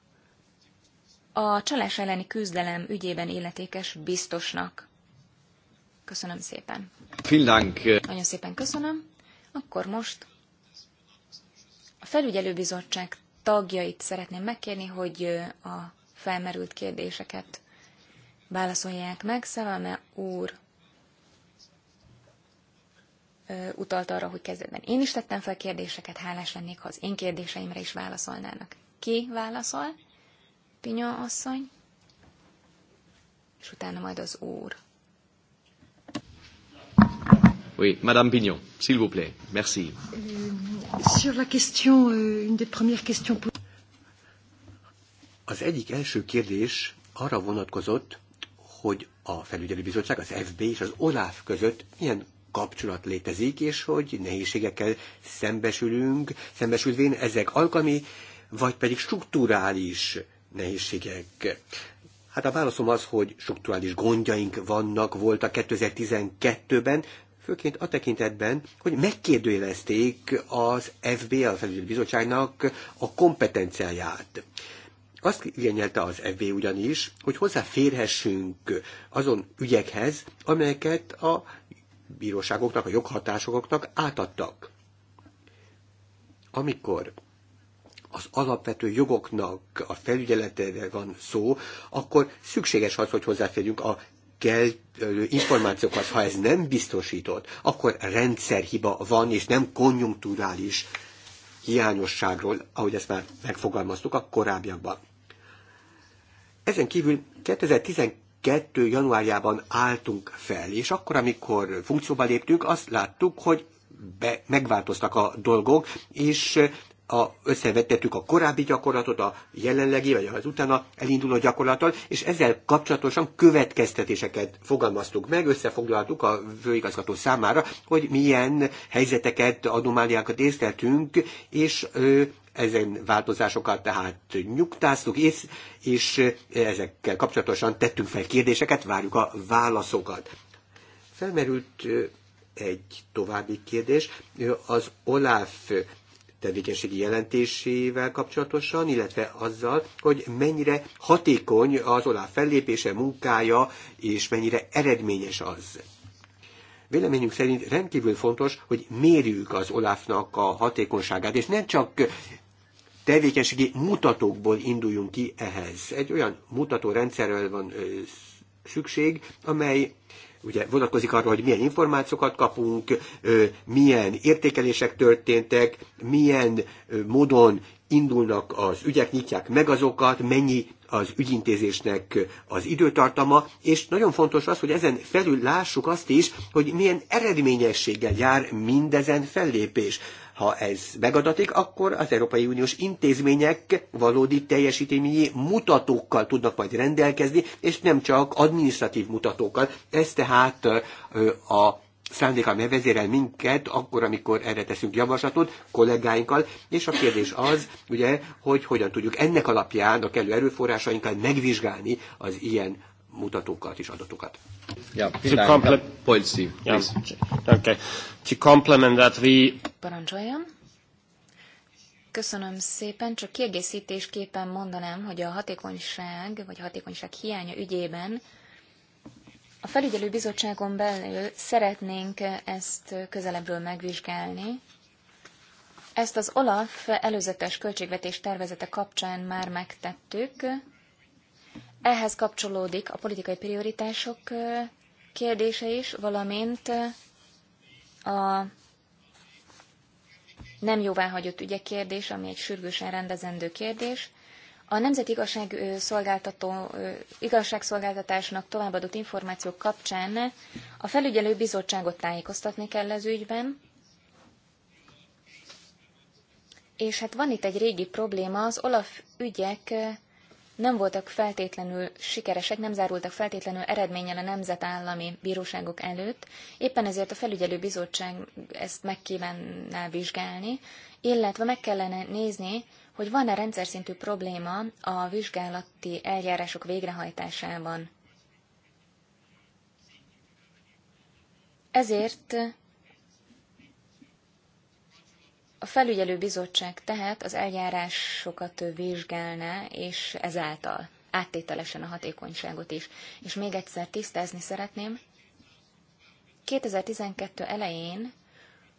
a csalás elleni küzdelem ügyében életékes biztosnak. Köszönöm szépen. Vielen Nagyon szépen köszönöm. Akkor most a felügyelőbizottság tagjait szeretném megkérni, hogy a felmerült kérdéseket válaszolják meg. Szalame úr utalt arra, hogy kezdetben én is tettem fel kérdéseket, hálás lennék, ha az én kérdéseimre is válaszolnának. Ki válaszol? Pinyó asszony, és utána majd az úr. Oui, Madame Pignon, s'il vous plaît. Merci. Euh, sur la question, euh, une des premières questions. Az egyik első kérdés arra vonatkozott, hogy a felügyelőbizottság, az FB és az OLAF között milyen kapcsolat létezik, és hogy nehézségekkel szembesülünk, szembesülvén ezek alkalmi, vagy pedig strukturális nehézségek. Hát a válaszom az, hogy strukturális gondjaink vannak, voltak 2012-ben, főként a tekintetben, hogy megkérdőjelezték az FBA, a Felügyelő Bizottságnak a kompetenciáját. Azt igényelte az FB ugyanis, hogy hozzáférhessünk azon ügyekhez, amelyeket a bíróságoknak, a joghatásoknak átadtak. Amikor az alapvető jogoknak a felügyeletére van szó, akkor szükséges az, hogy hozzáférjünk a kell információkhoz, ha ez nem biztosított, akkor rendszerhiba van, és nem konjunkturális hiányosságról, ahogy ezt már megfogalmaztuk a korábbiakban. Ezen kívül 2012 2002. januárjában álltunk fel, és akkor, amikor funkcióba léptünk, azt láttuk, hogy be, megváltoztak a dolgok, és a, összevettettük a korábbi gyakorlatot, a jelenlegi, vagy az utána elinduló gyakorlatot, és ezzel kapcsolatosan következtetéseket fogalmaztuk meg, összefoglaltuk a főigazgató számára, hogy milyen helyzeteket, anomáliákat észleltünk, és ö, ezen változásokat tehát nyugtáztuk, és, és ezekkel kapcsolatosan tettünk fel kérdéseket, várjuk a válaszokat. Felmerült egy további kérdés, az OLAF tevékenységi jelentésével kapcsolatosan, illetve azzal, hogy mennyire hatékony az OLAF fellépése, munkája, és mennyire eredményes az. Véleményünk szerint rendkívül fontos, hogy mérjük az Olafnak a hatékonyságát, és nem csak tevékenységi mutatókból induljunk ki ehhez. Egy olyan mutatórendszerrel van szükség, amely ugye vonatkozik arra, hogy milyen információkat kapunk, milyen értékelések történtek, milyen módon indulnak az ügyek, nyitják meg azokat, mennyi az ügyintézésnek az időtartama, és nagyon fontos az, hogy ezen felül lássuk azt is, hogy milyen eredményességgel jár mindezen fellépés. Ha ez megadatik, akkor az Európai Uniós intézmények valódi teljesítményi mutatókkal tudnak majd rendelkezni, és nem csak administratív mutatókkal. Ez tehát a szándéka vezérel minket, akkor, amikor erre teszünk javaslatot kollégáinkkal, és a kérdés az, ugye, hogy hogyan tudjuk ennek alapján a kellő erőforrásainkkal megvizsgálni az ilyen mutatókat és adatokat. Yeah, to Point, yeah. okay. To complement that we... Parancsoljon. Köszönöm szépen, csak kiegészítésképpen mondanám, hogy a hatékonyság vagy hatékonyság hiánya ügyében a felügyelő bizottságon belül szeretnénk ezt közelebbről megvizsgálni. Ezt az OLAF előzetes költségvetés tervezete kapcsán már megtettük, ehhez kapcsolódik a politikai prioritások kérdése is, valamint a nem jóváhagyott ügyek kérdés, ami egy sürgősen rendezendő kérdés. A Nemzeti Igazságszolgáltató, Igazságszolgáltatásnak továbbadott információk kapcsán a felügyelő bizottságot tájékoztatni kell az ügyben, és hát van itt egy régi probléma, az Olaf ügyek nem voltak feltétlenül sikeresek, nem zárultak feltétlenül eredménnyel a nemzetállami bíróságok előtt, éppen ezért a felügyelő bizottság ezt meg kívánná vizsgálni, illetve meg kellene nézni, hogy van-e rendszer szintű probléma a vizsgálati eljárások végrehajtásában. Ezért a felügyelő bizottság tehát az eljárásokat vizsgálná, és ezáltal áttételesen a hatékonyságot is. És még egyszer tisztázni szeretném, 2012 elején,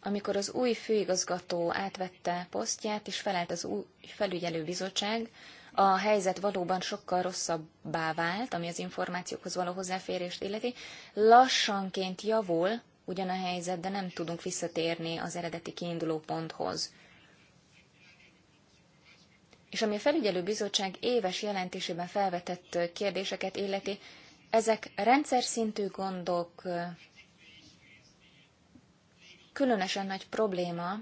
amikor az új főigazgató átvette posztját és felelt az új felügyelő bizottság, a helyzet valóban sokkal rosszabbá vált, ami az információkhoz való hozzáférést illeti, lassanként javul ugyan a helyzet, de nem tudunk visszatérni az eredeti kiinduló ponthoz. És ami a felügyelő bizottság éves jelentésében felvetett kérdéseket illeti, ezek rendszer szintű gondok, különösen nagy probléma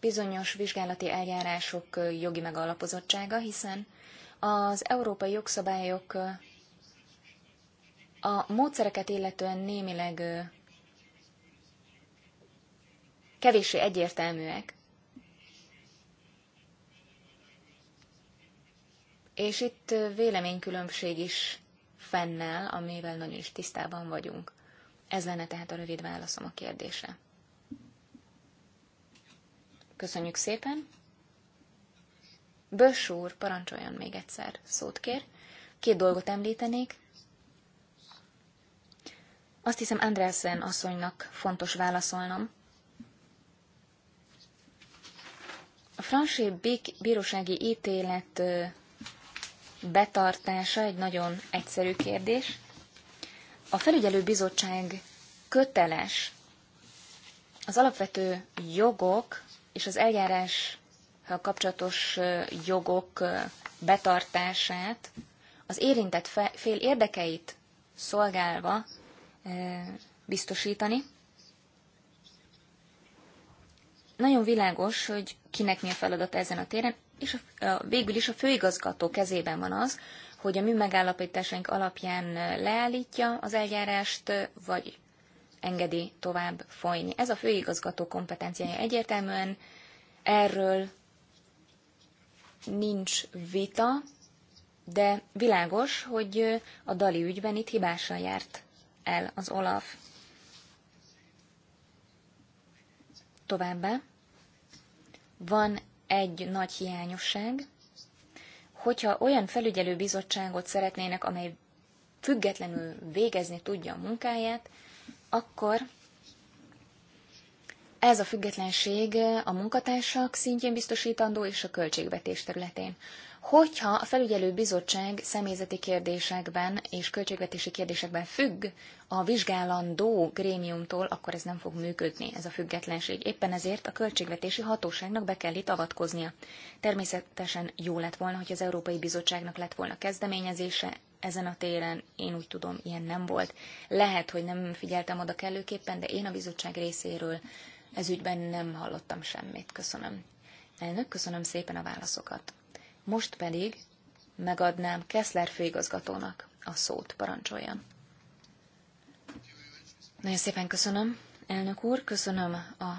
bizonyos vizsgálati eljárások jogi megalapozottsága, hiszen az európai jogszabályok a módszereket illetően némileg kevéssé egyértelműek. És itt véleménykülönbség is fennáll, amivel nagyon is tisztában vagyunk. Ez lenne tehát a rövid válaszom a kérdésre. Köszönjük szépen! Bös úr, parancsoljon még egyszer, szót kér. Két dolgot említenék. Azt hiszem Andrásen asszonynak fontos válaszolnom. Fransé bírósági ítélet betartása egy nagyon egyszerű kérdés. A felügyelőbizottság köteles az alapvető jogok és az eljárás kapcsolatos jogok betartását az érintett fél érdekeit szolgálva biztosítani, nagyon világos, hogy kinek mi a feladat ezen a téren, és a, a, végül is a főigazgató kezében van az, hogy a mi megállapításaink alapján leállítja az eljárást, vagy engedi tovább folyni. Ez a főigazgató kompetenciája egyértelműen, erről nincs vita, de világos, hogy a Dali ügyben itt hibással járt el az Olaf. Továbbá van egy nagy hiányosság, hogyha olyan bizottságot szeretnének, amely függetlenül végezni tudja a munkáját, akkor ez a függetlenség a munkatársak szintjén biztosítandó és a költségvetés területén. Hogyha a felügyelő bizottság személyzeti kérdésekben és költségvetési kérdésekben függ a vizsgálandó grémiumtól, akkor ez nem fog működni, ez a függetlenség. Éppen ezért a költségvetési hatóságnak be kell itt avatkoznia. Természetesen jó lett volna, hogy az Európai Bizottságnak lett volna kezdeményezése ezen a téren, én úgy tudom, ilyen nem volt. Lehet, hogy nem figyeltem oda kellőképpen, de én a bizottság részéről ez ügyben nem hallottam semmit. Köszönöm. Elnök, köszönöm szépen a válaszokat. Most pedig megadnám Kessler főigazgatónak a szót, parancsoljon. Nagyon szépen köszönöm, elnök úr, köszönöm a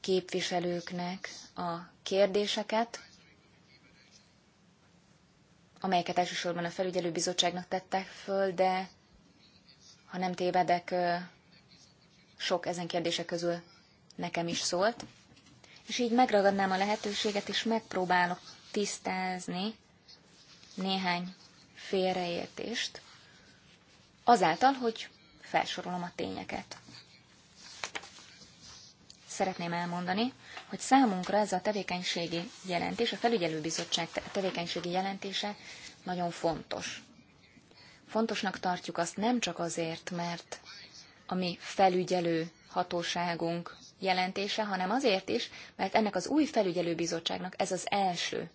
képviselőknek a kérdéseket, amelyeket elsősorban a felügyelőbizottságnak tettek föl, de ha nem tévedek, sok ezen kérdések közül nekem is szólt. És így megragadnám a lehetőséget, és megpróbálok tisztázni néhány félreértést, azáltal, hogy felsorolom a tényeket. Szeretném elmondani, hogy számunkra ez a tevékenységi jelentés, a felügyelőbizottság tevékenységi jelentése nagyon fontos. Fontosnak tartjuk azt nem csak azért, mert a mi felügyelő hatóságunk jelentése, hanem azért is, mert ennek az új felügyelőbizottságnak ez az első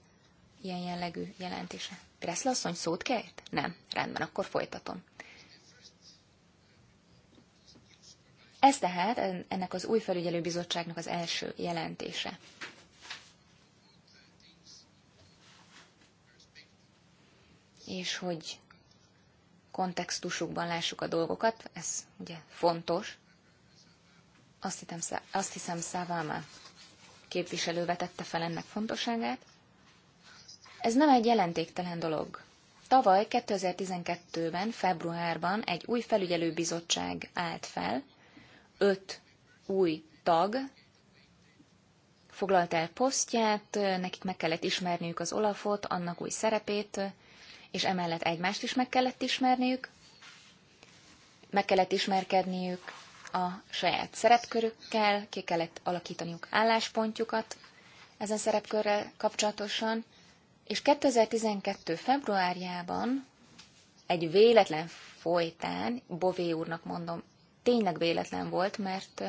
ilyen jellegű jelentése. Kressle asszony szót kért? Nem. Rendben, akkor folytatom. Ez tehát ennek az új felügyelőbizottságnak az első jelentése. És hogy kontextusukban lássuk a dolgokat, ez ugye fontos. Azt hiszem, azt hiszem Száváma képviselő vetette fel ennek fontosságát. Ez nem egy jelentéktelen dolog. Tavaly 2012-ben, februárban egy új felügyelőbizottság állt fel, öt új tag foglalt el posztját, nekik meg kellett ismerniük az Olafot, annak új szerepét, és emellett egymást is meg kellett ismerniük, meg kellett ismerkedniük a saját szerepkörükkel, ki kellett alakítaniuk álláspontjukat ezen szerepkörrel kapcsolatosan, és 2012. februárjában egy véletlen folytán, Bové úrnak mondom, tényleg véletlen volt, mert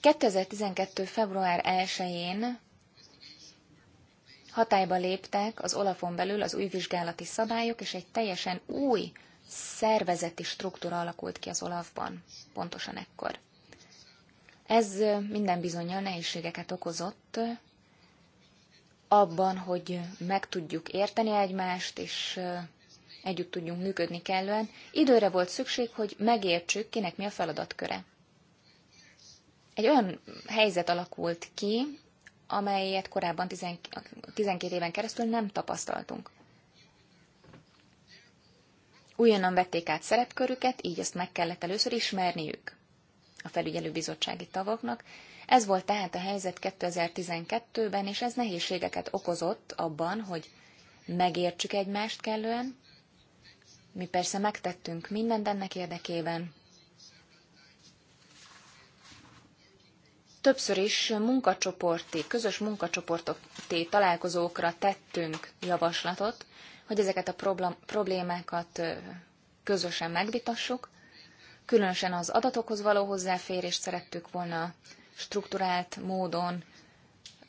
2012. február 1-én hatályba léptek az Olafon belül az új vizsgálati szabályok, és egy teljesen új szervezeti struktúra alakult ki az Olafban, pontosan ekkor. Ez minden bizonyal nehézségeket okozott abban, hogy meg tudjuk érteni egymást, és együtt tudjunk működni kellően. Időre volt szükség, hogy megértsük, kinek mi a feladatköre. Egy olyan helyzet alakult ki, amelyet korábban 12 éven keresztül nem tapasztaltunk. Újonnan vették át szerepkörüket, így ezt meg kellett először ismerniük a felügyelőbizottsági tagoknak. Ez volt tehát a helyzet 2012-ben, és ez nehézségeket okozott abban, hogy megértsük egymást kellően. Mi persze megtettünk mindent ennek érdekében. Többször is munkacsoporti, közös munkacsoporti találkozókra tettünk javaslatot, hogy ezeket a problémákat közösen megvitassuk, Különösen az adatokhoz való hozzáférést szerettük volna strukturált módon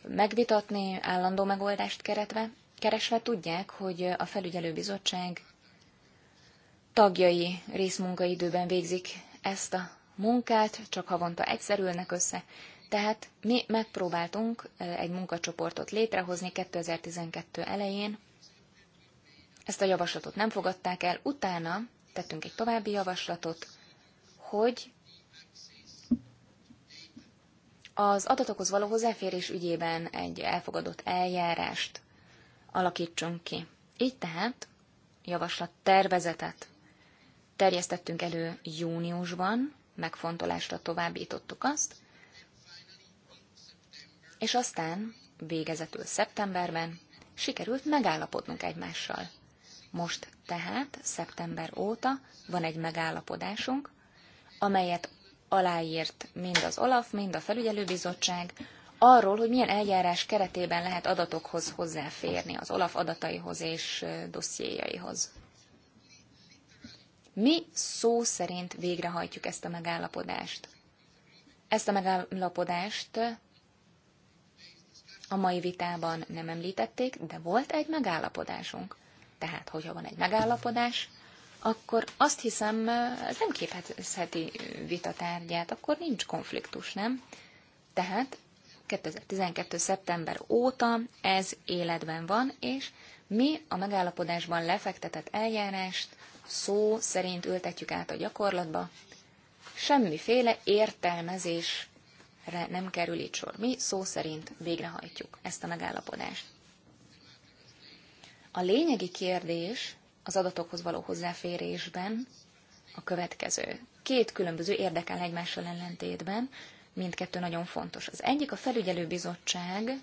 megvitatni, állandó megoldást keretve, keresve tudják, hogy a felügyelőbizottság tagjai részmunkaidőben végzik ezt a munkát, csak havonta egyszer ülnek össze, tehát mi megpróbáltunk egy munkacsoportot létrehozni 2012 elején. Ezt a javaslatot nem fogadták el, utána tettünk egy további javaslatot, hogy az adatokhoz való hozzáférés ügyében egy elfogadott eljárást alakítsunk ki. Így tehát javaslat tervezetet terjesztettünk elő júniusban, megfontolásra továbbítottuk azt, és aztán végezetül szeptemberben sikerült megállapodnunk egymással. Most tehát szeptember óta van egy megállapodásunk, amelyet aláírt mind az OLAF, mind a felügyelőbizottság, arról, hogy milyen eljárás keretében lehet adatokhoz hozzáférni, az OLAF adataihoz és dossziéjaihoz. Mi szó szerint végrehajtjuk ezt a megállapodást? Ezt a megállapodást a mai vitában nem említették, de volt egy megállapodásunk. Tehát, hogyha van egy megállapodás, akkor azt hiszem, ez nem képezheti tárgyát, akkor nincs konfliktus, nem? Tehát 2012. szeptember óta ez életben van, és mi a megállapodásban lefektetett eljárást szó szerint ültetjük át a gyakorlatba, semmiféle értelmezésre nem kerül itt sor. Mi szó szerint végrehajtjuk ezt a megállapodást. A lényegi kérdés az adatokhoz való hozzáférésben a következő. Két különböző érdekel egymással ellentétben, mindkettő nagyon fontos. Az egyik a felügyelőbizottság,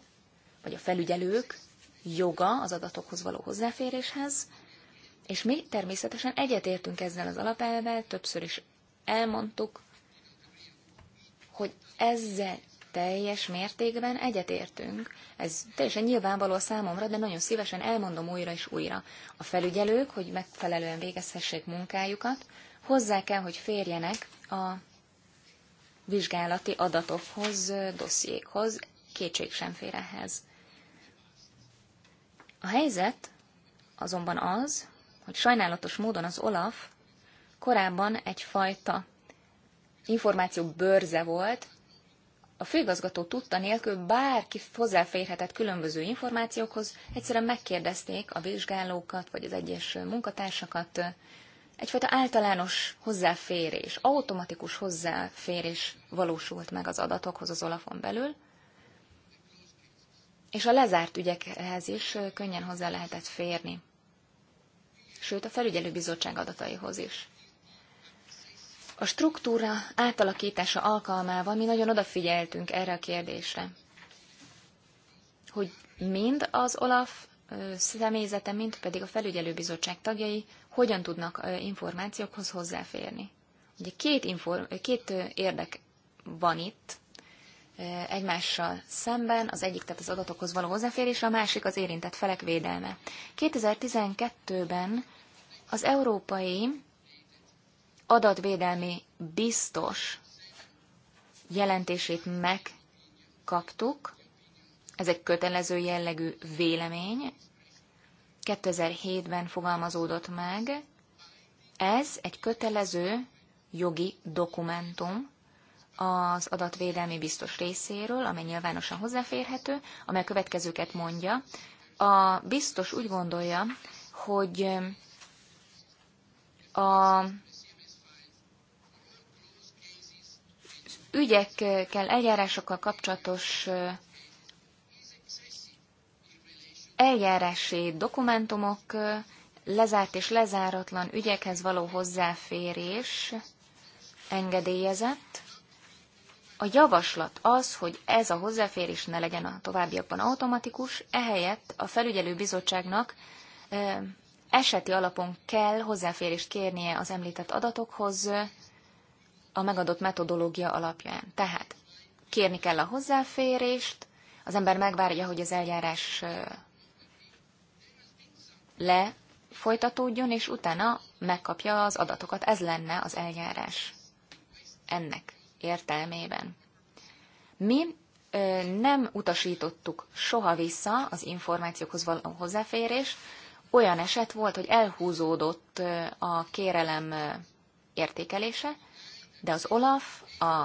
vagy a felügyelők joga az adatokhoz való hozzáféréshez, és mi természetesen egyetértünk ezzel az alapelvel, többször is elmondtuk, hogy ezzel teljes mértékben egyetértünk. Ez teljesen nyilvánvaló a számomra, de nagyon szívesen elmondom újra és újra. A felügyelők, hogy megfelelően végezhessék munkájukat, hozzá kell, hogy férjenek a vizsgálati adatokhoz, dossziékhoz, kétség sem fér ehhez. A helyzet azonban az, hogy sajnálatos módon az Olaf korábban egyfajta információ bőrze volt, a főigazgató tudta nélkül bárki hozzáférhetett különböző információkhoz, egyszerűen megkérdezték a vizsgálókat, vagy az egyes munkatársakat, egyfajta általános hozzáférés, automatikus hozzáférés valósult meg az adatokhoz az olafon belül, és a lezárt ügyekhez is könnyen hozzá lehetett férni. Sőt, a felügyelőbizottság adataihoz is. A struktúra átalakítása alkalmával mi nagyon odafigyeltünk erre a kérdésre, hogy mind az OLAF személyzete, mint pedig a felügyelőbizottság tagjai hogyan tudnak információkhoz hozzáférni. Ugye két, inform- két érdek van itt egymással szemben, az egyik tehát az adatokhoz való hozzáférés, a másik az érintett felek védelme. 2012-ben az európai adatvédelmi biztos jelentését megkaptuk. Ez egy kötelező jellegű vélemény. 2007-ben fogalmazódott meg. Ez egy kötelező jogi dokumentum az adatvédelmi biztos részéről, amely nyilvánosan hozzáférhető, amely a következőket mondja. A biztos úgy gondolja, hogy a ügyekkel, eljárásokkal kapcsolatos eljárási dokumentumok, lezárt és lezáratlan ügyekhez való hozzáférés engedélyezett. A javaslat az, hogy ez a hozzáférés ne legyen a továbbiakban automatikus, ehelyett a felügyelő bizottságnak eseti alapon kell hozzáférést kérnie az említett adatokhoz, a megadott metodológia alapján. Tehát kérni kell a hozzáférést, az ember megvárja, hogy az eljárás le folytatódjon, és utána megkapja az adatokat. Ez lenne az eljárás ennek értelmében. Mi ö, nem utasítottuk soha vissza az információkhoz való hozzáférés. Olyan eset volt, hogy elhúzódott a kérelem értékelése, de az OLAF a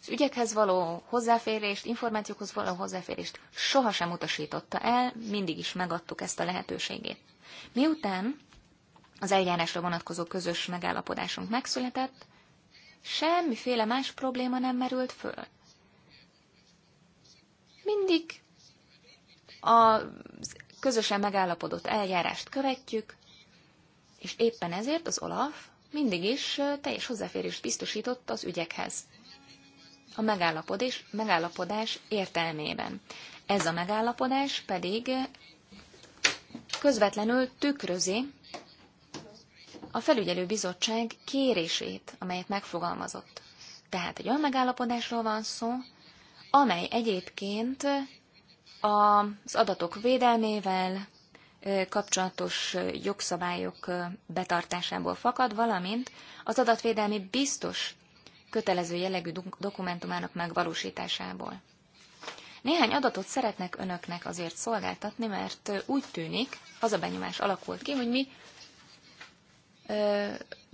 az ügyekhez való hozzáférést, információkhoz való hozzáférést sohasem utasította el, mindig is megadtuk ezt a lehetőségét. Miután az eljárásra vonatkozó közös megállapodásunk megszületett, semmiféle más probléma nem merült föl. Mindig a közösen megállapodott eljárást követjük, és éppen ezért az Olaf mindig is teljes hozzáférést biztosított az ügyekhez. A megállapodás, megállapodás értelmében. Ez a megállapodás pedig közvetlenül tükrözi a felügyelőbizottság kérését, amelyet megfogalmazott. Tehát egy olyan megállapodásról van szó, amely egyébként az adatok védelmével, kapcsolatos jogszabályok betartásából fakad, valamint az adatvédelmi biztos kötelező jellegű dokumentumának megvalósításából. Néhány adatot szeretnek önöknek azért szolgáltatni, mert úgy tűnik, az a benyomás alakult ki, hogy mi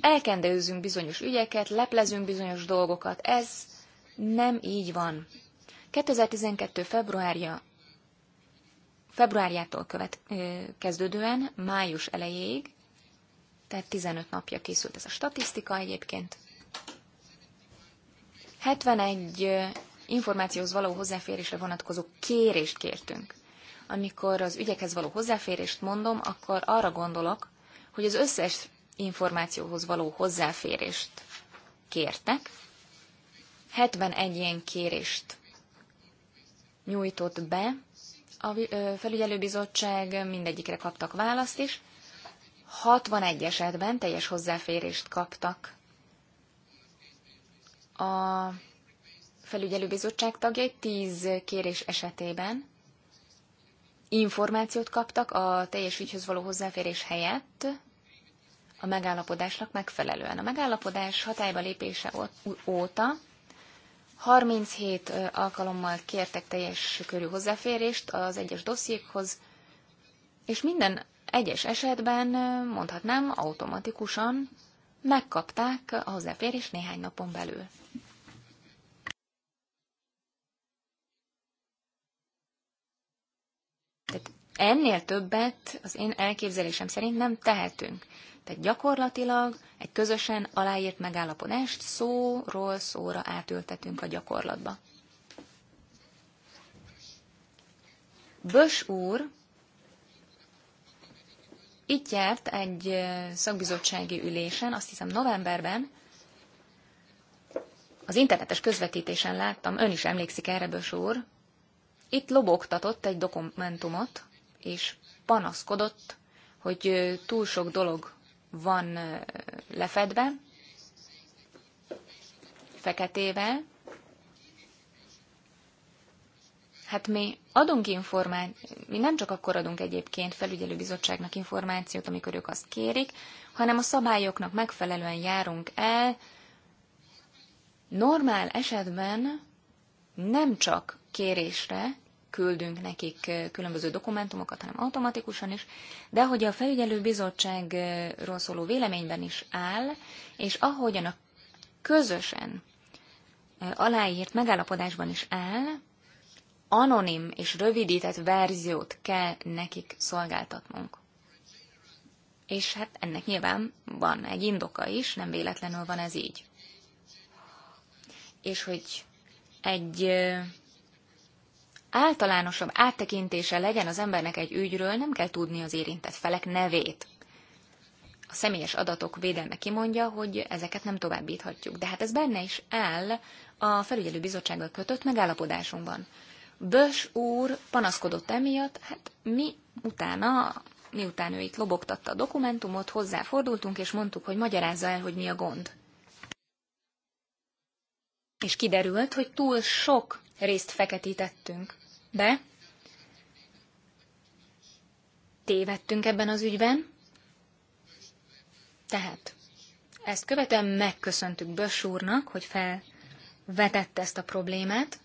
elkendőzünk bizonyos ügyeket, leplezünk bizonyos dolgokat. Ez nem így van. 2012. februárja februárjától követ, kezdődően május elejéig, tehát 15 napja készült ez a statisztika egyébként. 71 információhoz való hozzáférésre vonatkozó kérést kértünk. Amikor az ügyekhez való hozzáférést mondom, akkor arra gondolok, hogy az összes információhoz való hozzáférést kértek, 71 ilyen kérést nyújtott be a felügyelőbizottság, mindegyikre kaptak választ is. 61 esetben teljes hozzáférést kaptak a felügyelőbizottság tagjai 10 kérés esetében információt kaptak a teljes ügyhöz való hozzáférés helyett a megállapodásnak megfelelően. A megállapodás hatályba lépése óta 37 alkalommal kértek teljes körű hozzáférést az egyes dossziékhoz, és minden egyes esetben, mondhatnám, automatikusan megkapták a hozzáférést néhány napon belül. Tehát ennél többet az én elképzelésem szerint nem tehetünk. Tehát gyakorlatilag egy közösen aláírt megállapodást szóról szóra átültetünk a gyakorlatba. Bös úr itt járt egy szakbizottsági ülésen, azt hiszem novemberben, az internetes közvetítésen láttam, ön is emlékszik erre, Bös úr. Itt lobogtatott egy dokumentumot, és panaszkodott, hogy túl sok dolog van lefedve, feketével. Hát mi adunk információt, mi nem csak akkor adunk egyébként felügyelőbizottságnak információt, amikor ők azt kérik, hanem a szabályoknak megfelelően járunk el. Normál esetben nem csak kérésre, küldünk nekik különböző dokumentumokat, hanem automatikusan is, de hogy a felügyelő bizottságról szóló véleményben is áll, és ahogyan a közösen aláírt megállapodásban is áll, anonim és rövidített verziót kell nekik szolgáltatnunk. És hát ennek nyilván van egy indoka is, nem véletlenül van ez így. És hogy egy általánosabb áttekintése legyen az embernek egy ügyről, nem kell tudni az érintett felek nevét. A személyes adatok védelme kimondja, hogy ezeket nem továbbíthatjuk, de hát ez benne is áll a felügyelő bizottsággal kötött megállapodásunkban. Bös úr panaszkodott emiatt, hát mi utána, miután ő itt lobogtatta a dokumentumot, hozzáfordultunk és mondtuk, hogy magyarázza el, hogy mi a gond. És kiderült, hogy túl sok részt feketítettünk. Be? tévedtünk ebben az ügyben. Tehát ezt követően megköszöntük Bös úrnak, hogy felvetette ezt a problémát.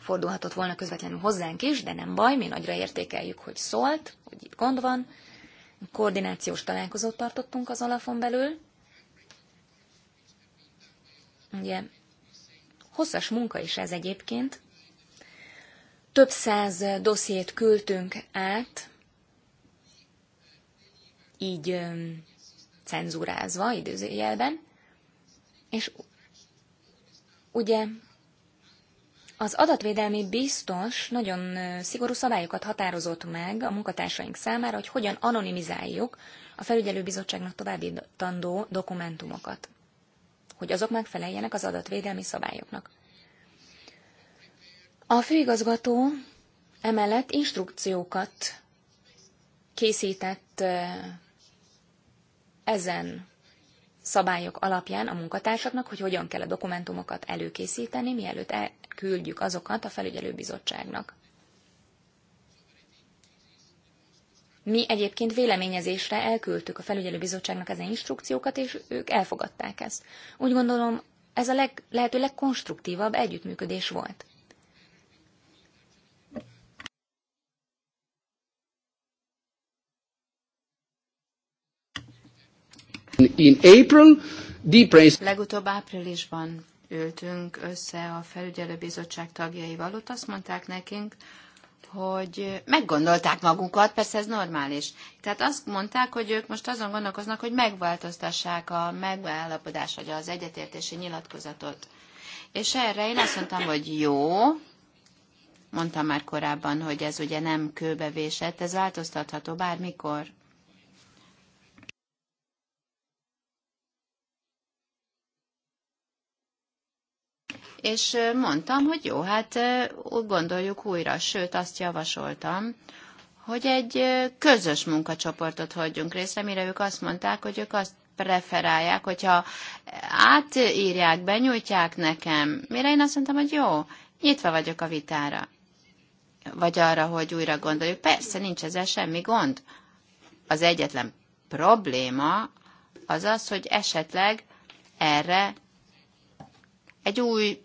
Fordulhatott volna közvetlenül hozzánk is, de nem baj, mi nagyra értékeljük, hogy szólt, hogy itt gond van. Koordinációs találkozót tartottunk az alapon belül. Ugye, hosszas munka is ez egyébként, több száz dossziét küldtünk át, így cenzúrázva időzőjelben, és ugye az adatvédelmi biztos nagyon szigorú szabályokat határozott meg a munkatársaink számára, hogy hogyan anonimizáljuk a felügyelőbizottságnak további tandó dokumentumokat, hogy azok megfeleljenek az adatvédelmi szabályoknak. A főigazgató emellett instrukciókat készített ezen szabályok alapján a munkatársaknak, hogy hogyan kell a dokumentumokat előkészíteni, mielőtt elküldjük azokat a felügyelőbizottságnak. Mi egyébként véleményezésre elküldtük a felügyelőbizottságnak ezen instrukciókat, és ők elfogadták ezt. Úgy gondolom, ez a leg, lehető legkonstruktívabb együttműködés volt. In April, the Legutóbb áprilisban ültünk össze a felügyelőbizottság tagjaival, ott azt mondták nekünk, hogy meggondolták magukat, persze ez normális. Tehát azt mondták, hogy ők most azon gondolkoznak, hogy megváltoztassák a megállapodás vagy az egyetértési nyilatkozatot. És erre én azt mondtam, hogy jó, mondtam már korábban, hogy ez ugye nem kőbevésett, ez változtatható bármikor. és mondtam, hogy jó, hát úgy gondoljuk újra, sőt azt javasoltam, hogy egy közös munkacsoportot hagyjunk részre, mire ők azt mondták, hogy ők azt preferálják, hogyha átírják, benyújtják nekem, mire én azt mondtam, hogy jó, nyitva vagyok a vitára. Vagy arra, hogy újra gondoljuk. Persze, nincs ezzel semmi gond. Az egyetlen probléma az az, hogy esetleg erre egy új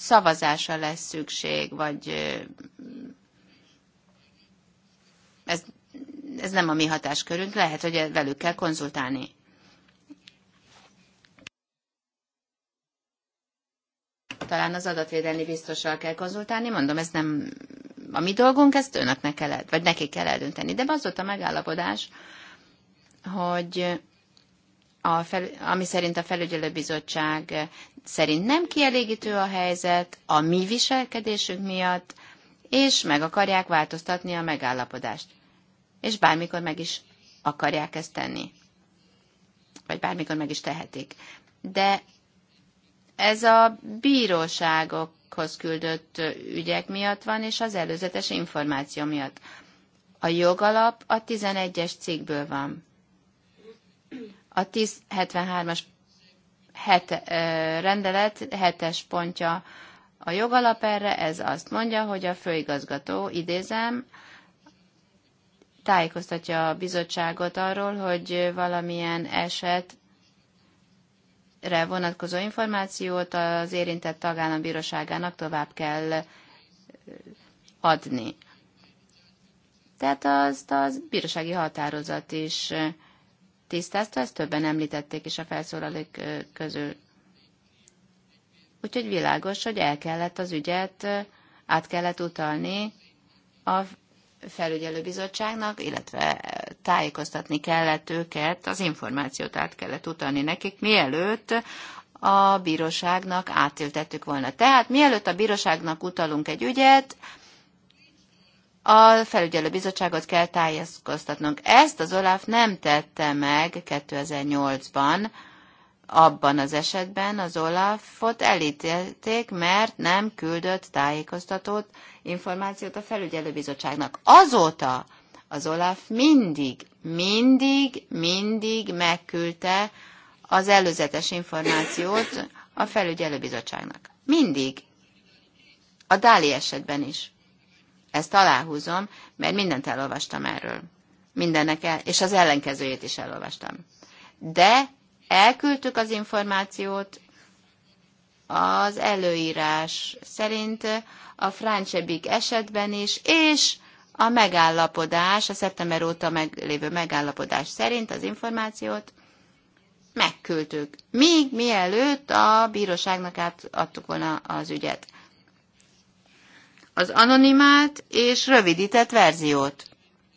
szavazásra lesz szükség, vagy ez, ez nem a mi hatáskörünk, lehet, hogy velük kell konzultálni. Talán az adatvédelmi biztossal kell konzultálni, mondom, ez nem a mi dolgunk, ezt ne kell, vagy neki kell eldönteni. De az volt a megállapodás, hogy a fel, ami szerint a felügyelőbizottság szerint nem kielégítő a helyzet a mi viselkedésünk miatt, és meg akarják változtatni a megállapodást. És bármikor meg is akarják ezt tenni. Vagy bármikor meg is tehetik. De ez a bíróságokhoz küldött ügyek miatt van, és az előzetes információ miatt. A jogalap a 11-es cikkből van. A 1073-as het, rendelet hetes pontja a jogalap erre, ez azt mondja, hogy a főigazgató, idézem, tájékoztatja a bizottságot arról, hogy valamilyen esetre vonatkozó információt az érintett tagállam bíróságának tovább kell adni. Tehát azt az bírósági határozat is tisztázta, ezt többen említették is a felszólalók közül. Úgyhogy világos, hogy el kellett az ügyet, át kellett utalni a felügyelőbizottságnak, illetve tájékoztatni kellett őket, az információt át kellett utalni nekik, mielőtt a bíróságnak átültettük volna. Tehát mielőtt a bíróságnak utalunk egy ügyet, a felügyelő bizottságot kell tájékoztatnunk. Ezt az Olaf nem tette meg 2008-ban, abban az esetben az Olafot elítélték, mert nem küldött tájékoztatót, információt a felügyelőbizottságnak. Azóta az Olaf mindig, mindig, mindig megküldte az előzetes információt a felügyelőbizottságnak. Mindig. A Dáli esetben is. Ezt aláhúzom, mert mindent elolvastam erről. Mindennek el, és az ellenkezőjét is elolvastam. De elküldtük az információt, az előírás szerint a Fráncsebik esetben is, és a megállapodás, a szeptember óta meglévő megállapodás szerint az információt megküldtük. Míg mielőtt a bíróságnak átadtuk volna az ügyet az anonimált és rövidített verziót,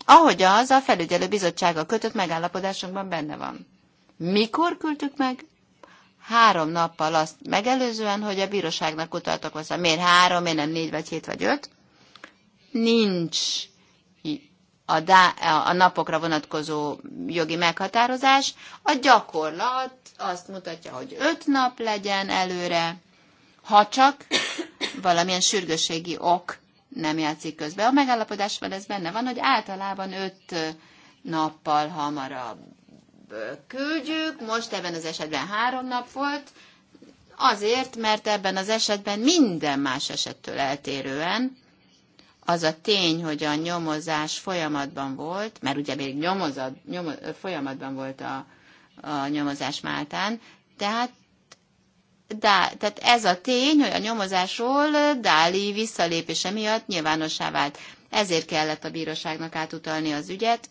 ahogy az a felügyelő bizottsága kötött megállapodásunkban benne van. Mikor küldtük meg? Három nappal azt megelőzően, hogy a bíróságnak utaltak hozzá. Miért három, miért nem négy, vagy hét, vagy öt? Nincs a, da, a napokra vonatkozó jogi meghatározás. A gyakorlat azt mutatja, hogy öt nap legyen előre, ha csak valamilyen sürgősségi ok nem játszik közbe. A megállapodásban ez benne van, hogy általában öt nappal hamarabb küldjük, most ebben az esetben három nap volt, azért, mert ebben az esetben minden más esettől eltérően az a tény, hogy a nyomozás folyamatban volt, mert ugye még nyomozat, nyomo, folyamatban volt a, a nyomozás Máltán, tehát Dá, tehát ez a tény, hogy a nyomozásról Dáli visszalépése miatt nyilvánossá vált. Ezért kellett a bíróságnak átutalni az ügyet,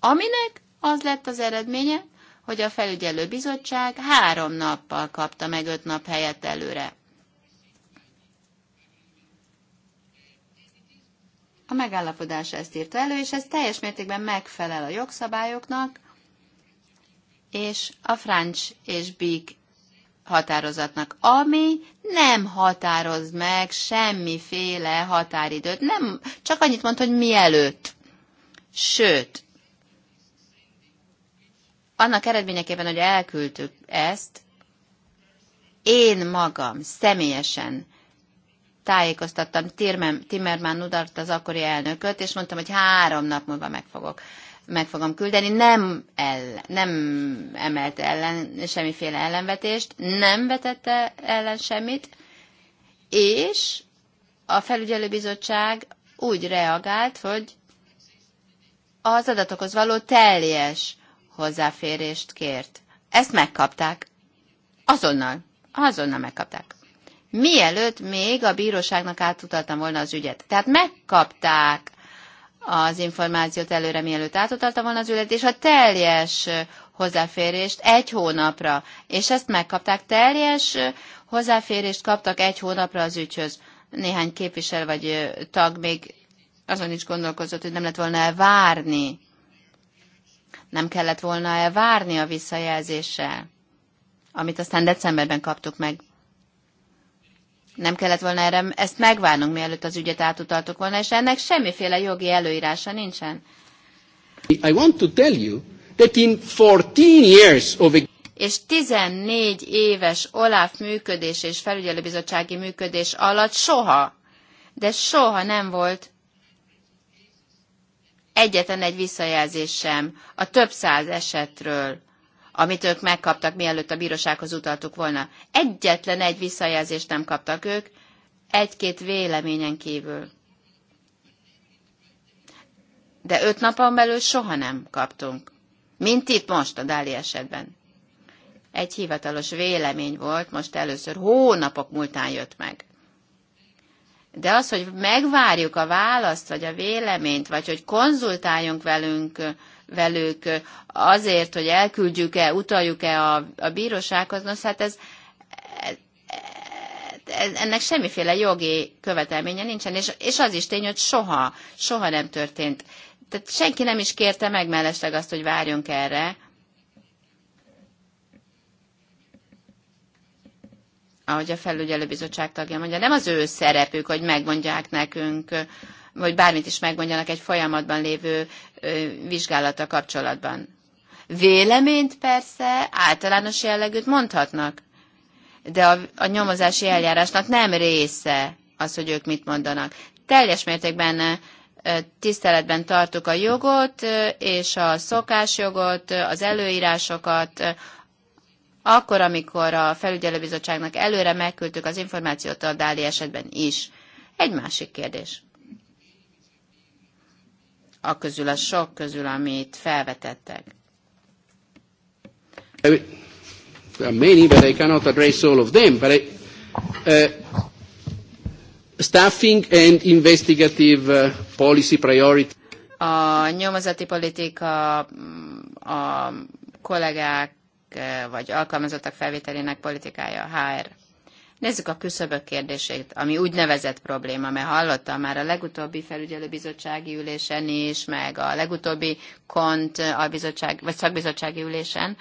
aminek az lett az eredménye, hogy a felügyelő bizottság három nappal kapta meg öt nap helyett előre. A megállapodás ezt írta elő, és ez teljes mértékben megfelel a jogszabályoknak, és a Francs és Big határozatnak, ami nem határoz meg semmiféle határidőt, nem, csak annyit mond, hogy mielőtt. Sőt, annak eredményeképpen, hogy elküldtük ezt, én magam személyesen tájékoztattam Timmerman Nudart, az akkori elnököt, és mondtam, hogy három nap múlva megfogok meg fogom küldeni. Nem, el, nem emelte ellen semmiféle ellenvetést, nem vetette ellen semmit, és a felügyelőbizottság úgy reagált, hogy az adatokhoz való teljes hozzáférést kért. Ezt megkapták. Azonnal. Azonnal megkapták. Mielőtt még a bíróságnak átutaltam volna az ügyet. Tehát megkapták az információt előre, mielőtt átutalta volna az ület, és a teljes hozzáférést egy hónapra. És ezt megkapták, teljes hozzáférést kaptak egy hónapra az ügyhöz. Néhány képvisel vagy tag még azon is gondolkozott, hogy nem lett volna elvárni. Nem kellett volna elvárni a visszajelzéssel, amit aztán decemberben kaptuk meg nem kellett volna erre ezt megvárnunk, mielőtt az ügyet átutaltuk volna, és ennek semmiféle jogi előírása nincsen. I want to tell you that in 14 years of és 14 éves Olaf működés és felügyelőbizottsági működés alatt soha, de soha nem volt egyetlen egy visszajelzés sem a több száz esetről, amit ők megkaptak, mielőtt a bírósághoz utaltuk volna. Egyetlen egy visszajelzést nem kaptak ők, egy-két véleményen kívül. De öt napon belül soha nem kaptunk. Mint itt most a Dáli esetben. Egy hivatalos vélemény volt, most először hónapok múltán jött meg. De az, hogy megvárjuk a választ, vagy a véleményt, vagy hogy konzultáljunk velünk, velük azért, hogy elküldjük-e, utaljuk-e a, a bírósághoz, nos, hát ez, ennek semmiféle jogi követelménye nincsen, és, és az is tény, hogy soha, soha nem történt. Tehát senki nem is kérte meg mellesleg azt, hogy várjunk erre. Ahogy a felügyelőbizottság tagja mondja, nem az ő szerepük, hogy megmondják nekünk, vagy bármit is megmondjanak egy folyamatban lévő vizsgálata kapcsolatban. Véleményt persze, általános jellegűt mondhatnak, de a, a nyomozási eljárásnak nem része az, hogy ők mit mondanak. Teljes mértékben tiszteletben tartjuk a jogot és a szokásjogot, az előírásokat, akkor, amikor a felügyelőbizottságnak előre megküldtük az információt a Dáli esetben is. Egy másik kérdés a közül, a sok közül, amit felvetettek? There eh, are many, but I cannot address all of them. But I, uh, staffing and investigative uh, policy priority. A nyomozati politika, mm, a kollégák vagy alkalmazottak felvételének politikája, HR Nézzük a küszöbök kérdését, ami úgynevezett probléma, mert hallottam már a legutóbbi felügyelőbizottsági ülésen is, meg a legutóbbi kont a bizottság, vagy szakbizottsági ülésen.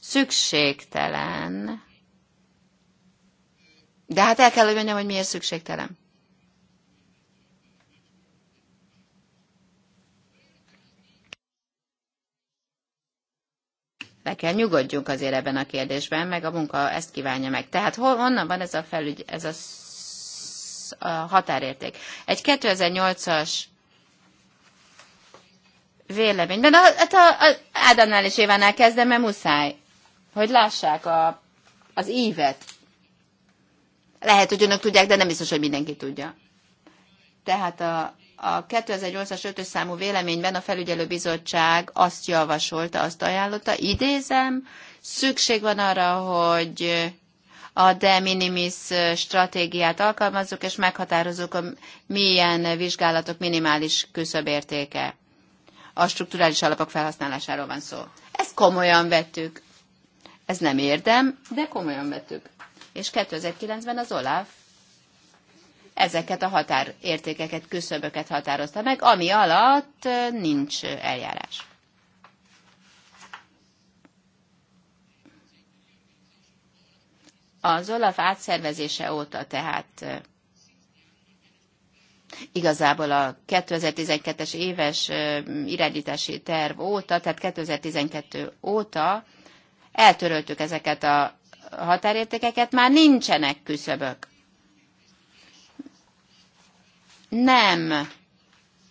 Szükségtelen. De hát el kell, hogy mondjam, hogy miért szükségtelen. le kell nyugodjunk azért ebben a kérdésben, meg a munka ezt kívánja meg. Tehát hol, honnan van ez a, felügy, ez a, a határérték? Egy 2008-as vélemény. De hát a, a Ádámnál és Évánál kezdem, mert muszáj, hogy lássák a, az ívet. Lehet, hogy önök tudják, de nem biztos, hogy mindenki tudja. Tehát a, a 2008-as ötös számú véleményben a felügyelőbizottság azt javasolta, azt ajánlotta, idézem, szükség van arra, hogy a de minimis stratégiát alkalmazzuk, és meghatározzuk, milyen vizsgálatok minimális küszöbértéke. A strukturális alapok felhasználásáról van szó. Ezt komolyan vettük. Ez nem érdem, de komolyan vettük. És 2009-ben az Olaf ezeket a határértékeket, küszöböket határozta meg, ami alatt nincs eljárás. Az Olaf átszervezése óta tehát igazából a 2012-es éves irányítási terv óta, tehát 2012 óta eltöröltük ezeket a határértékeket, már nincsenek küszöbök nem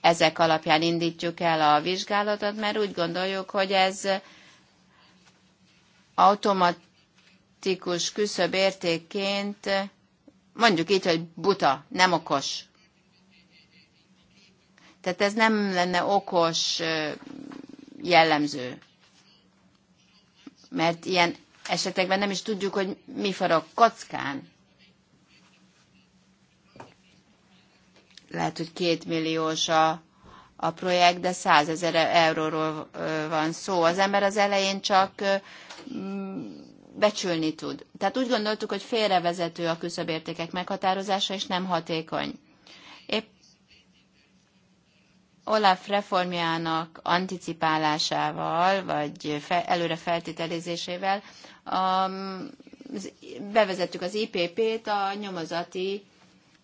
ezek alapján indítjuk el a vizsgálatot, mert úgy gondoljuk, hogy ez automatikus küszöb értékként, mondjuk így, hogy buta, nem okos. Tehát ez nem lenne okos jellemző. Mert ilyen esetekben nem is tudjuk, hogy mi farag kockán. lehet, hogy két milliós a, a projekt, de százezer euróról van szó. Az ember az elején csak becsülni tud. Tehát úgy gondoltuk, hogy félrevezető a küszöbértékek meghatározása, és nem hatékony. Épp Olaf reformjának anticipálásával, vagy fe, előre feltételezésével um, bevezettük az IPP-t a nyomozati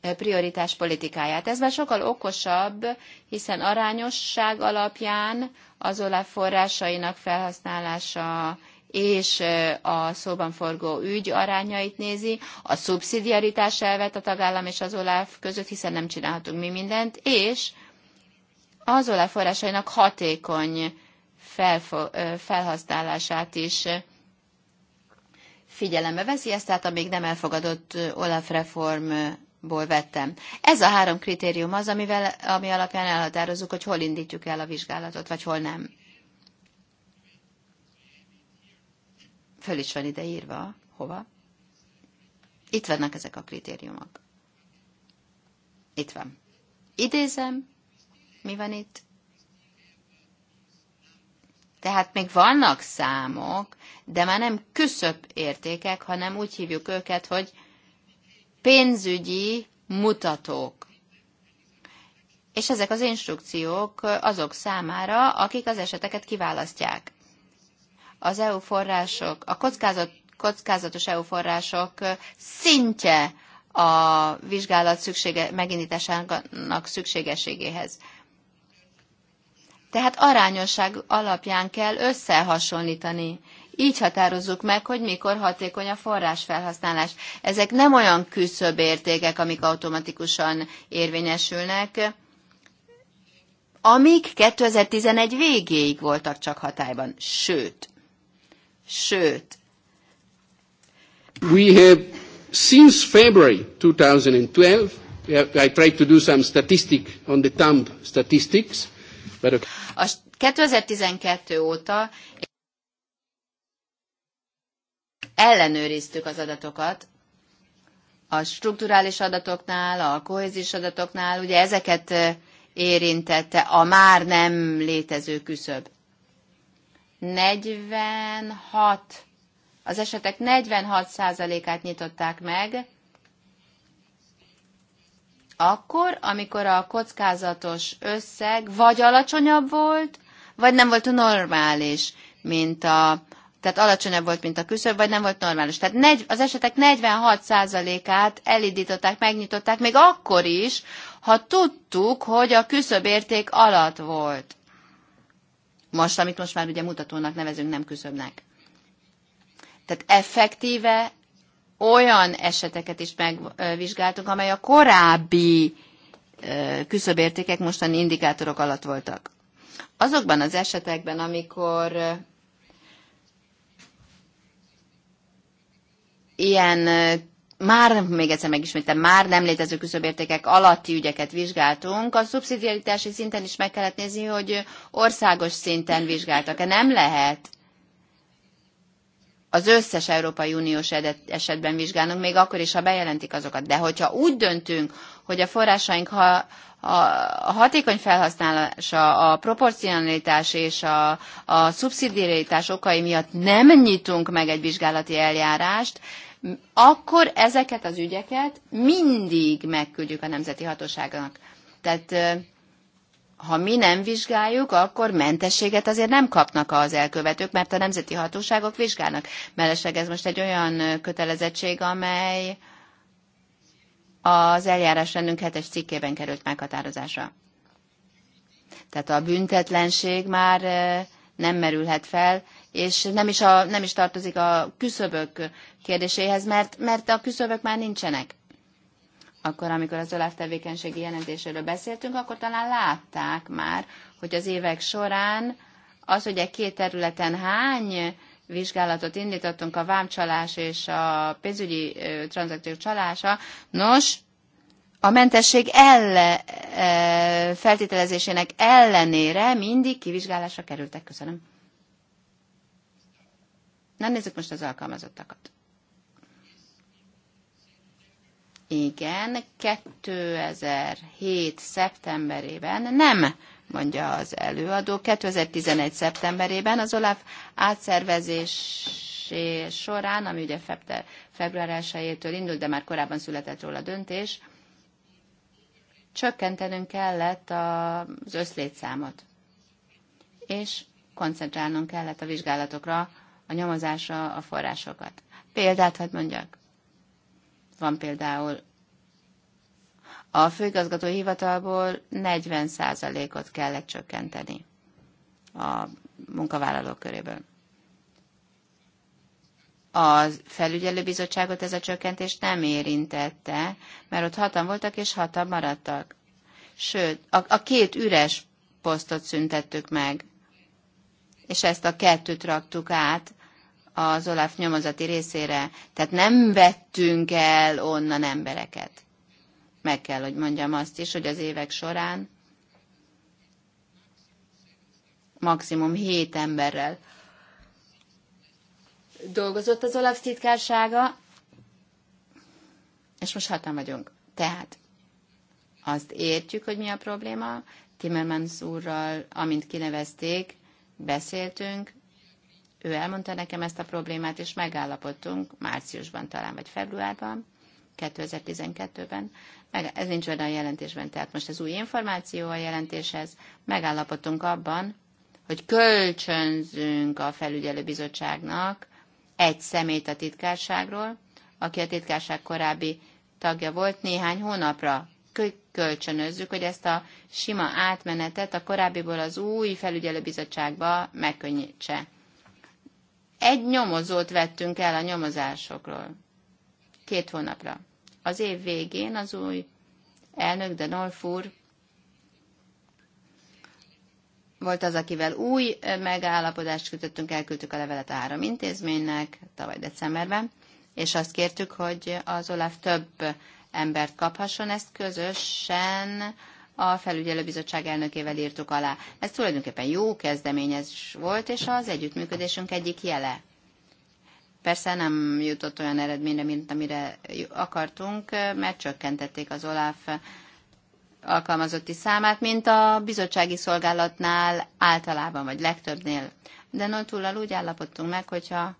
prioritás politikáját. Ez már sokkal okosabb, hiszen arányosság alapján az OLAF forrásainak felhasználása és a szóban forgó ügy arányait nézi, a szubszidiaritás elvet a tagállam és az OLAF között, hiszen nem csinálhatunk mi mindent, és az OLAF forrásainak hatékony felhasználását is figyelembe veszi, ezt tehát a még nem elfogadott OLAF reform ból vettem. Ez a három kritérium az, amivel, ami alapján elhatározzuk, hogy hol indítjuk el a vizsgálatot, vagy hol nem. Föl is van ide írva, hova. Itt vannak ezek a kritériumok. Itt van. Idézem, mi van itt? Tehát még vannak számok, de már nem küszöbb értékek, hanem úgy hívjuk őket, hogy pénzügyi mutatók. És ezek az instrukciók azok számára, akik az eseteket kiválasztják. Az EU források, a kockázat, kockázatos EU források szintje a vizsgálat szüksége, megindításának szükségességéhez. Tehát arányosság alapján kell összehasonlítani így határozzuk meg, hogy mikor hatékony a forrásfelhasználás. Ezek nem olyan értékek, amik automatikusan érvényesülnek, amik 2011 végéig voltak csak hatályban. Sőt, sőt. We have since February 2012 I tried to do some statistic on the thumb statistics, but okay. A 2012 óta ellenőriztük az adatokat, a strukturális adatoknál, a kohézis adatoknál, ugye ezeket érintette a már nem létező küszöb. 46, az esetek 46%-át nyitották meg, akkor, amikor a kockázatos összeg vagy alacsonyabb volt, vagy nem volt normális, mint a tehát alacsonyabb volt, mint a küszöb, vagy nem volt normális. Tehát negy, az esetek 46%-át elindították, megnyitották, még akkor is, ha tudtuk, hogy a küszöb érték alatt volt. Most, amit most már ugye mutatónak nevezünk, nem küszöbnek. Tehát effektíve olyan eseteket is megvizsgáltunk, amely a korábbi küszöbértékek mostani indikátorok alatt voltak. Azokban az esetekben, amikor ilyen már, még egyszer megismétem, már nem létező küszöbértékek alatti ügyeket vizsgáltunk, a szubszidiaritási szinten is meg kellett nézni, hogy országos szinten vizsgáltak-e. Nem lehet az összes Európai Uniós esetben vizsgálnunk, még akkor is, ha bejelentik azokat. De hogyha úgy döntünk, hogy a forrásaink ha, a hatékony felhasználása, a proporcionalitás és a, a szubszidiaritás okai miatt nem nyitunk meg egy vizsgálati eljárást, akkor ezeket az ügyeket mindig megküldjük a nemzeti hatóságnak. Tehát ha mi nem vizsgáljuk, akkor mentességet azért nem kapnak az elkövetők, mert a nemzeti hatóságok vizsgálnak. Mellesleg ez most egy olyan kötelezettség, amely az eljárás rendünk hetes cikkében került meghatározásra. Tehát a büntetlenség már nem merülhet fel, és nem is, a, nem is tartozik a küszöbök kérdéséhez, mert, mert a küszöbök már nincsenek. Akkor, amikor az OLAF tevékenységi jelentéséről beszéltünk, akkor talán látták már, hogy az évek során az, hogy egy két területen hány vizsgálatot indítottunk, a vámcsalás és a pénzügyi tranzakciók csalása. Nos, a mentesség elle, feltételezésének ellenére mindig kivizsgálásra kerültek. Köszönöm. Na nézzük most az alkalmazottakat. Igen, 2007. szeptemberében nem, mondja az előadó, 2011. szeptemberében az OLAF átszervezés során, ami ugye február 1-től indult, de már korábban született róla döntés, csökkentenünk kellett az összlétszámot, és koncentrálnunk kellett a vizsgálatokra, a nyomozásra a forrásokat. Példát hadd mondjak. Van például a főigazgató hivatalból 40%-ot kellett csökkenteni a munkavállalók köréből. A felügyelőbizottságot ez a csökkentés nem érintette, mert ott hatan voltak és hatan maradtak. Sőt, a, a két üres posztot szüntettük meg, és ezt a kettőt raktuk át az Olaf nyomozati részére. Tehát nem vettünk el onnan embereket. Meg kell, hogy mondjam azt is, hogy az évek során maximum hét emberrel dolgozott az Olaf titkársága, és most hatan vagyunk. Tehát azt értjük, hogy mi a probléma. Timmermans úrral, amint kinevezték, beszéltünk, ő elmondta nekem ezt a problémát, és megállapodtunk márciusban talán, vagy februárban, 2012-ben. ez nincs olyan jelentésben, tehát most ez új információ a jelentéshez. Megállapodtunk abban, hogy kölcsönzünk a felügyelőbizottságnak egy szemét a titkárságról, aki a titkárság korábbi tagja volt, néhány hónapra kölcsönözzük, hogy ezt a sima átmenetet a korábbiból az új felügyelőbizottságba megkönnyítse. Egy nyomozót vettünk el a nyomozásokról. Két hónapra. Az év végén az új elnök, de Nolfur volt az, akivel új megállapodást kötöttünk, elküldtük a levelet a három intézménynek tavaly decemberben, és azt kértük, hogy az Olaf több embert kaphasson, ezt közösen a felügyelőbizottság elnökével írtuk alá. Ez tulajdonképpen jó kezdeményezés volt, és az együttműködésünk egyik jele. Persze nem jutott olyan eredményre, mint amire akartunk, mert csökkentették az OLAF alkalmazotti számát, mint a bizottsági szolgálatnál általában, vagy legtöbbnél. De Notúllal úgy állapodtunk meg, hogyha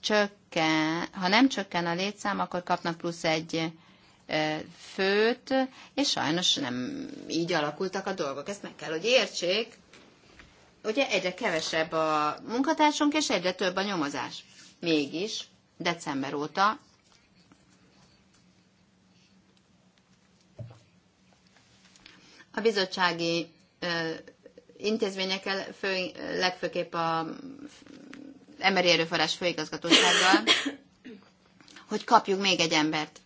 csökken, ha nem csökken a létszám, akkor kapnak plusz egy főt, és sajnos nem így alakultak a dolgok. Ezt meg kell, hogy értsék. Ugye egyre kevesebb a munkatársunk, és egyre több a nyomozás. Mégis, december óta a bizottsági intézményekkel, fő, legfőképp a emberi erőforrás főigazgatósággal, hogy kapjuk még egy embert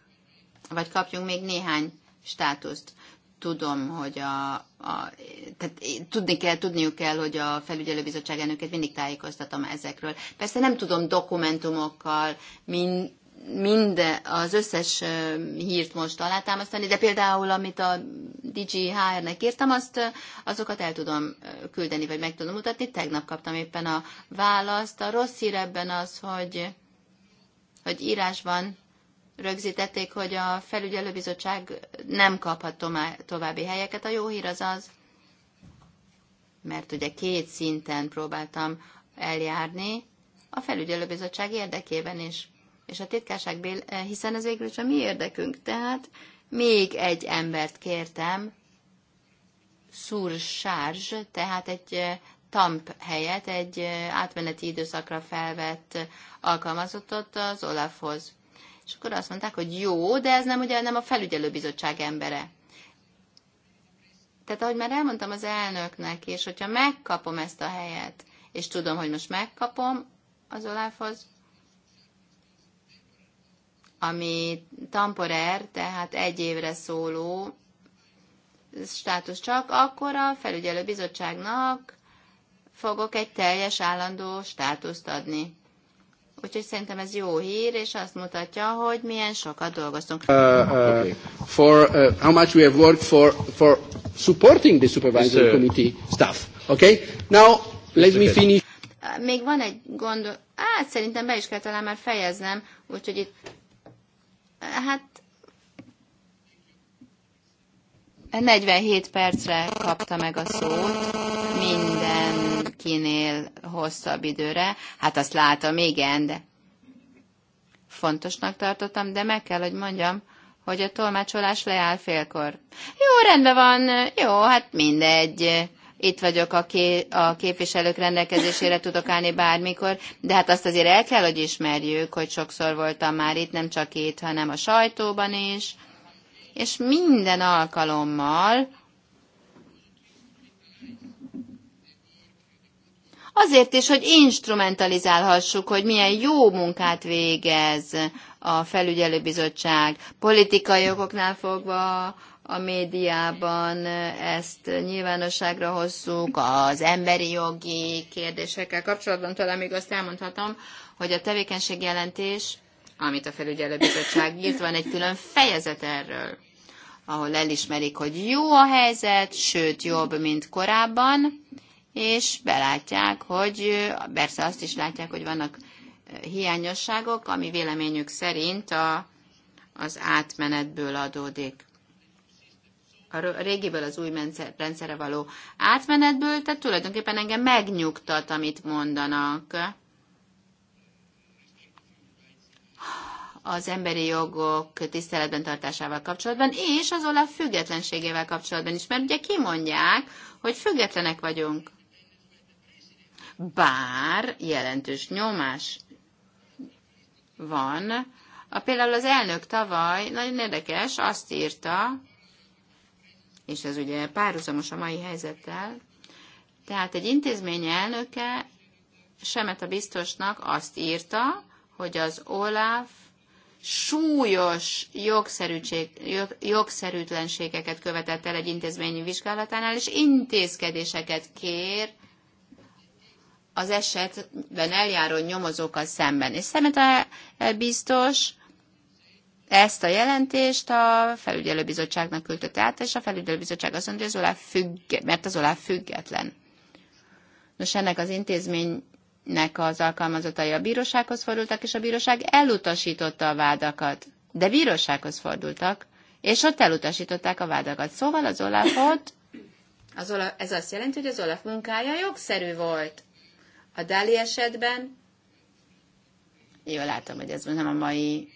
vagy kapjunk még néhány státuszt. Tudom, hogy a, a tehát tudni kell, tudniuk kell, hogy a felügyelőbizottság elnöket mindig tájékoztatom ezekről. Persze nem tudom dokumentumokkal mind, minden, az összes hírt most alátámasztani, de például amit a hr nek írtam, azt, azokat el tudom küldeni, vagy meg tudom mutatni. Tegnap kaptam éppen a választ. A rossz hír ebben az, hogy, hogy írásban rögzítették, hogy a felügyelőbizottság nem kaphat további helyeket. A jó hír az az, mert ugye két szinten próbáltam eljárni, a felügyelőbizottság érdekében is, és a titkárság, eh, hiszen ez végül is a mi érdekünk. Tehát még egy embert kértem, szursázs, tehát egy eh, TAMP helyett egy eh, átmeneti időszakra felvett alkalmazottat az Olafhoz. És akkor azt mondták, hogy jó, de ez nem ugye nem a felügyelőbizottság embere. Tehát ahogy már elmondtam az elnöknek, és hogyha megkapom ezt a helyet, és tudom, hogy most megkapom az Olafhoz, ami tamporer, tehát egy évre szóló státusz csak, akkor a felügyelőbizottságnak bizottságnak fogok egy teljes állandó státuszt adni. Úgyhogy szerintem ez jó hír, és azt mutatja, hogy milyen sokat dolgoztunk. Uh, uh, for uh, how much we have worked for for supporting the supervisory committee staff. Okay? Now let me finish. Uh, még van egy gondol... hát szerintem be is kell talán már fejeznem, úgyhogy itt, hát 47 percre kapta meg a szót mindenkinél hosszabb időre. Hát azt látom, igen, de fontosnak tartottam, de meg kell, hogy mondjam, hogy a tolmácsolás leáll félkor. Jó, rendben van, jó, hát mindegy. Itt vagyok a, ké- a képviselők rendelkezésére, tudok állni bármikor, de hát azt azért el kell, hogy ismerjük, hogy sokszor voltam már itt, nem csak itt, hanem a sajtóban is és minden alkalommal Azért is, hogy instrumentalizálhassuk, hogy milyen jó munkát végez a felügyelőbizottság. Politikai okoknál fogva a médiában ezt nyilvánosságra hozzuk, az emberi jogi kérdésekkel kapcsolatban talán még azt elmondhatom, hogy a tevékenység jelentés amit a felügyelőbizottság írt, van egy külön fejezet erről, ahol elismerik, hogy jó a helyzet, sőt jobb, mint korábban, és belátják, hogy persze azt is látják, hogy vannak eh, hiányosságok, ami véleményük szerint a, az átmenetből adódik. A régiből az új rendszerre való átmenetből, tehát tulajdonképpen engem megnyugtat, amit mondanak az emberi jogok tiszteletben tartásával kapcsolatban, és az olaf függetlenségével kapcsolatban is, mert ugye kimondják, hogy függetlenek vagyunk. Bár jelentős nyomás van. A, például az elnök tavaly, nagyon érdekes, azt írta, és ez ugye párhuzamos a mai helyzettel, tehát egy intézmény elnöke Semet a biztosnak azt írta, hogy az Olaf súlyos jog, jogszerűtlenségeket követett el egy intézményi vizsgálatánál, és intézkedéseket kér az esetben eljáró nyomozókkal szemben. És szemet biztos ezt a jelentést a felügyelőbizottságnak küldött át, és a felügyelőbizottság azt mondja, hogy az OLAF függ, mert az olá független. Nos, ennek az intézmény nek az alkalmazottai a bírósághoz fordultak, és a bíróság elutasította a vádakat. De bírósághoz fordultak, és ott elutasították a vádakat. Szóval az Olafot, az Olaf, ez azt jelenti, hogy az Olaf munkája jogszerű volt. A Dali esetben, jól látom, hogy ez nem a mai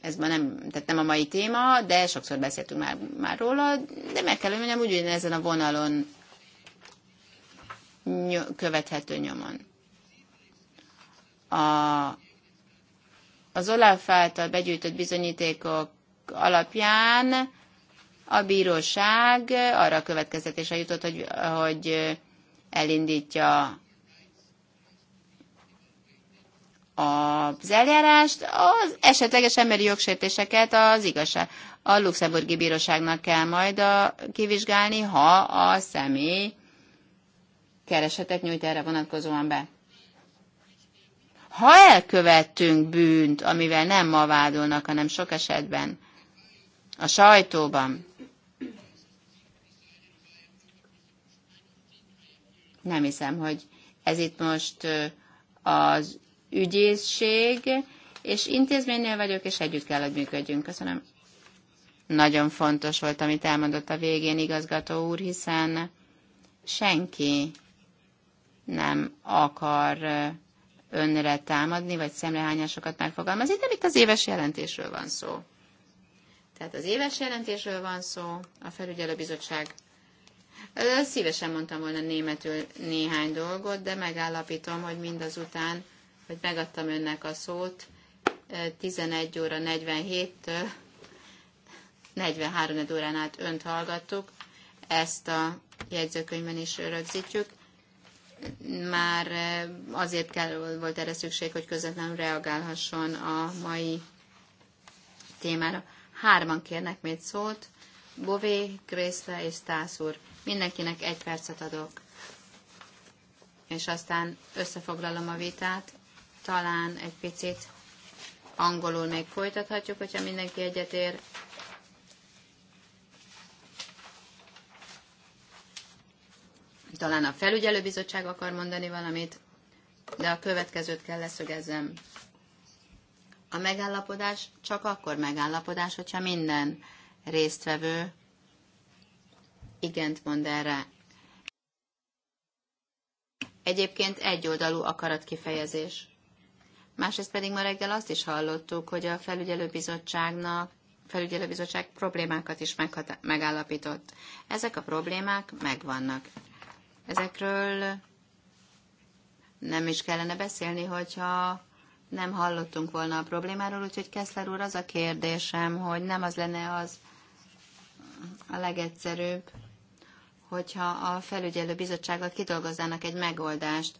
ez ma nem, tehát nem a mai téma, de sokszor beszéltünk már, már róla, de meg kell, hogy nem ezen a vonalon követhető nyomon. A, az Olaf által begyűjtött bizonyítékok alapján a bíróság arra a következetésre jutott, hogy, hogy elindítja az eljárást, az esetleges emberi jogsértéseket az igazság. A luxemburgi bíróságnak kell majd a, kivizsgálni, ha a személy keresetet nyújt erre vonatkozóan be ha elkövettünk bűnt, amivel nem ma vádolnak, hanem sok esetben a sajtóban, nem hiszem, hogy ez itt most az ügyészség, és intézménynél vagyok, és együtt kell, hogy működjünk. Köszönöm. Nagyon fontos volt, amit elmondott a végén igazgató úr, hiszen senki nem akar önre támadni, vagy szemrehányásokat megfogalmazni, de itt az éves jelentésről van szó. Tehát az éves jelentésről van szó, a felügyelőbizottság. Szívesen mondtam volna németül néhány dolgot, de megállapítom, hogy mindazután, hogy megadtam önnek a szót, 11 óra 47-től 43 órán át önt hallgattuk, ezt a jegyzőkönyvben is rögzítjük már eh, azért kell, volt erre szükség, hogy közvetlenül reagálhasson a mai témára. Hárman kérnek még szót, Bové, Grészle és Stász úr. Mindenkinek egy percet adok. És aztán összefoglalom a vitát, talán egy picit angolul még folytathatjuk, hogyha mindenki egyetér, Talán a felügyelőbizottság akar mondani valamit, de a következőt kell leszögezzem. A megállapodás csak akkor megállapodás, hogyha minden résztvevő igent mond erre. Egyébként egyoldalú akaratkifejezés. Másrészt pedig ma reggel azt is hallottuk, hogy a felügyelőbizottságnak felügyelőbizottság problémákat is megállapított. Ezek a problémák megvannak. Ezekről nem is kellene beszélni, hogyha nem hallottunk volna a problémáról, úgyhogy Keszler úr, az a kérdésem, hogy nem az lenne az a legegyszerűbb, hogyha a felügyelő bizottsággal kidolgozzának egy megoldást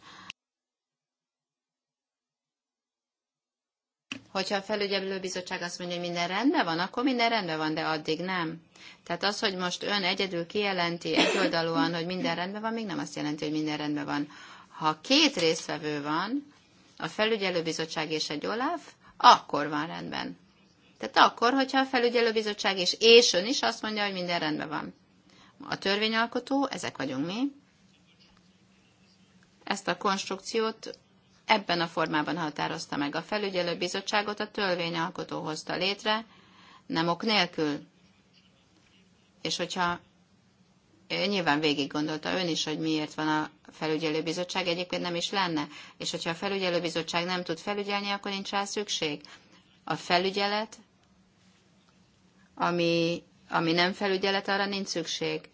Hogyha a felügyelő bizottság azt mondja, hogy minden rendben van, akkor minden rendben van, de addig nem. Tehát az, hogy most ön egyedül kijelenti egyoldalúan, hogy minden rendben van, még nem azt jelenti, hogy minden rendben van. Ha két részvevő van, a felügyelőbizottság és egy Olaf, akkor van rendben. Tehát akkor, hogyha a felügyelőbizottság és, és ön is azt mondja, hogy minden rendben van. A törvényalkotó, ezek vagyunk mi, ezt a konstrukciót ebben a formában határozta meg. A felügyelőbizottságot a törvényalkotó hozta létre, nem ok nélkül. És hogyha nyilván végig gondolta ön is, hogy miért van a felügyelőbizottság, egyébként nem is lenne. És hogyha a felügyelőbizottság nem tud felügyelni, akkor nincs rá szükség. A felügyelet, ami, ami nem felügyelet, arra nincs szükség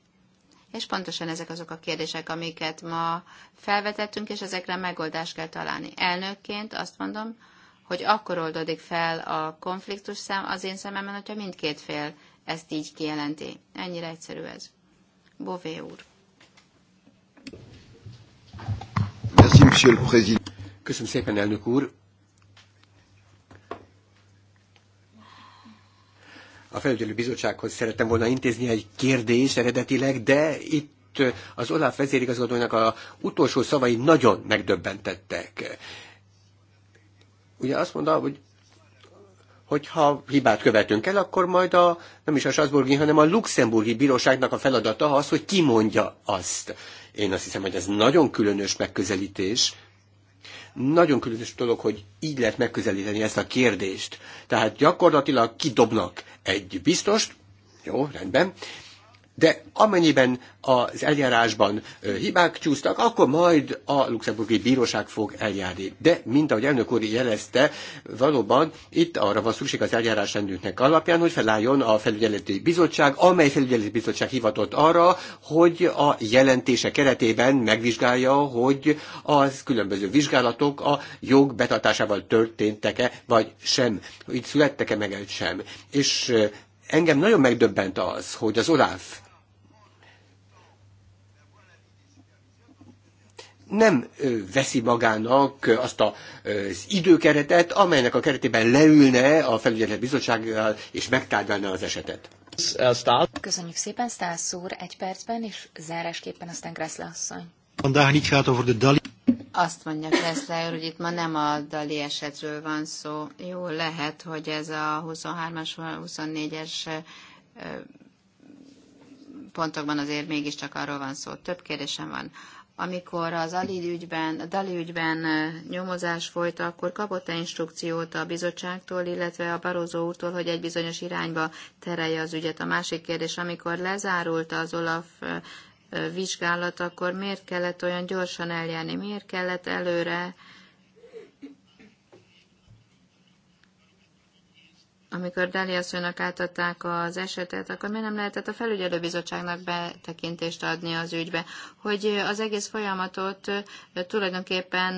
és pontosan ezek azok a kérdések, amiket ma felvetettünk, és ezekre megoldást kell találni. Elnökként azt mondom, hogy akkor oldódik fel a konfliktus szám az én szememben, hogyha mindkét fél ezt így kijelenti. Ennyire egyszerű ez. Bové úr. Köszönöm szépen, elnök úr. A felügyelő bizottsághoz szerettem volna intézni egy kérdés eredetileg, de itt az Olaf vezérigazgatónak a utolsó szavai nagyon megdöbbentettek. Ugye azt mondta, hogy hogyha hibát követünk el, akkor majd a, nem is a Strasburgi, hanem a luxemburgi bíróságnak a feladata az, hogy kimondja azt. Én azt hiszem, hogy ez nagyon különös megközelítés, nagyon különös dolog, hogy így lehet megközelíteni ezt a kérdést. Tehát gyakorlatilag kidobnak egy biztost, jó, rendben, de amennyiben az eljárásban hibák csúsztak, akkor majd a luxemburgi bíróság fog eljárni. De, mint ahogy elnök úr jelezte, valóban itt arra van szükség az eljárás rendőrnek alapján, hogy felálljon a felügyeleti bizottság, amely felügyeleti bizottság hivatott arra, hogy a jelentése keretében megvizsgálja, hogy az különböző vizsgálatok a jog betartásával történtek-e, vagy sem. Itt születtek-e meg egy sem. És engem nagyon megdöbbent az, hogy az Olaf nem veszi magának azt az időkeretet, amelynek a keretében leülne a felügyelet bizottsággal és megtárgyalna az esetet. Köszönjük szépen, Stász úr, egy percben, és zárásképpen aztán Gressle asszony. Azt mondja úr, hogy itt ma nem a Dali esetről van szó. Jó, lehet, hogy ez a 23-as, 24-es pontokban azért mégiscsak arról van szó. Több kérdésem van amikor az Alid ügyben, a Dali ügyben nyomozás folyt, akkor kapott-e instrukciót a bizottságtól, illetve a Barozó úrtól, hogy egy bizonyos irányba terelje az ügyet. A másik kérdés, amikor lezárult az Olaf vizsgálat, akkor miért kellett olyan gyorsan eljárni, miért kellett előre amikor Dali asszonynak átadták az esetet, akkor miért nem lehetett a felügyelőbizottságnak betekintést adni az ügybe, hogy az egész folyamatot tulajdonképpen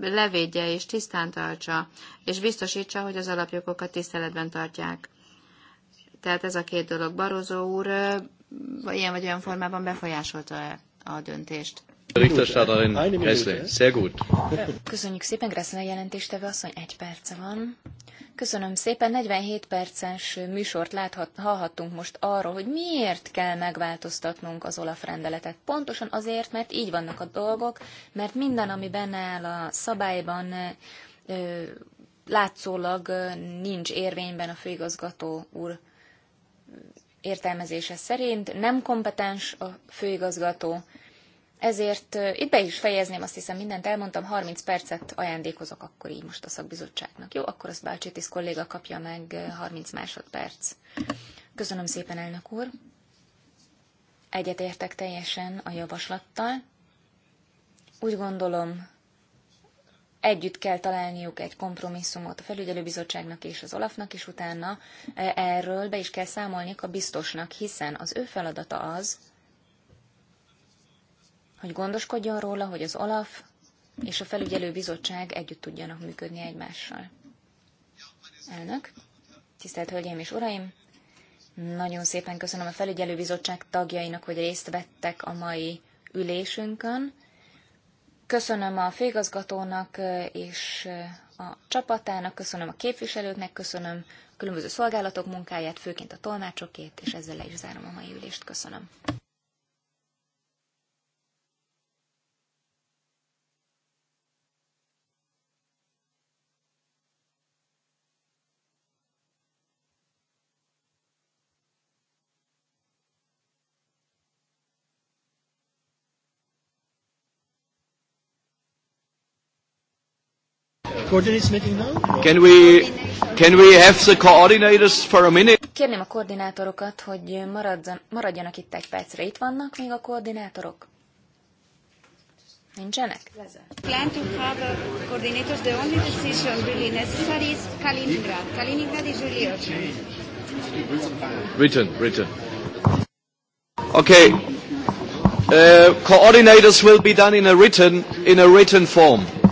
levédje és tisztán tartsa, és biztosítsa, hogy az alapjogokat tiszteletben tartják. Tehát ez a két dolog. Barozó úr ilyen vagy olyan formában befolyásolta -e a döntést? Berichterstatterin Gressle, sehr gut. Köszönjük szépen, Gressle jelentéstevő asszony, egy perce van. Köszönöm szépen, 47 perces műsort láthat, hallhattunk most arról, hogy miért kell megváltoztatnunk az Olaf rendeletet. Pontosan azért, mert így vannak a dolgok, mert minden, ami benne áll a szabályban, látszólag nincs érvényben a főigazgató úr értelmezése szerint, nem kompetens a főigazgató, ezért itt be is fejezném, azt hiszem mindent elmondtam, 30 percet ajándékozok akkor így most a szakbizottságnak. Jó, akkor azt Bácsitis kolléga kapja meg 30 másodperc. Köszönöm szépen, elnök úr. Egyetértek teljesen a javaslattal. Úgy gondolom, együtt kell találniuk egy kompromisszumot a felügyelőbizottságnak és az Olafnak, és utána erről be is kell számolniuk a biztosnak, hiszen az ő feladata az, hogy gondoskodjon róla, hogy az OLAF és a felügyelő bizottság együtt tudjanak működni egymással. Elnök, tisztelt Hölgyeim és Uraim, nagyon szépen köszönöm a felügyelőbizottság tagjainak, hogy részt vettek a mai ülésünkön. Köszönöm a főigazgatónak és a csapatának, köszönöm a képviselőknek, köszönöm a különböző szolgálatok munkáját, főként a tolmácsokét, és ezzel le is zárom a mai ülést. Köszönöm. Coordinates meeting now? Can we, can we have the coordinators for a minute? Kérném a koordinátorokat, hogy maradjanak itt egy percre. Itt vannak még a koordinátorok? Nincsenek? Plan to have coordinators. The only decision really necessary is Kaliningrad. Kaliningrad is really urgent. Written, written. Okay. Uh, coordinators will be done in a written, in a written form.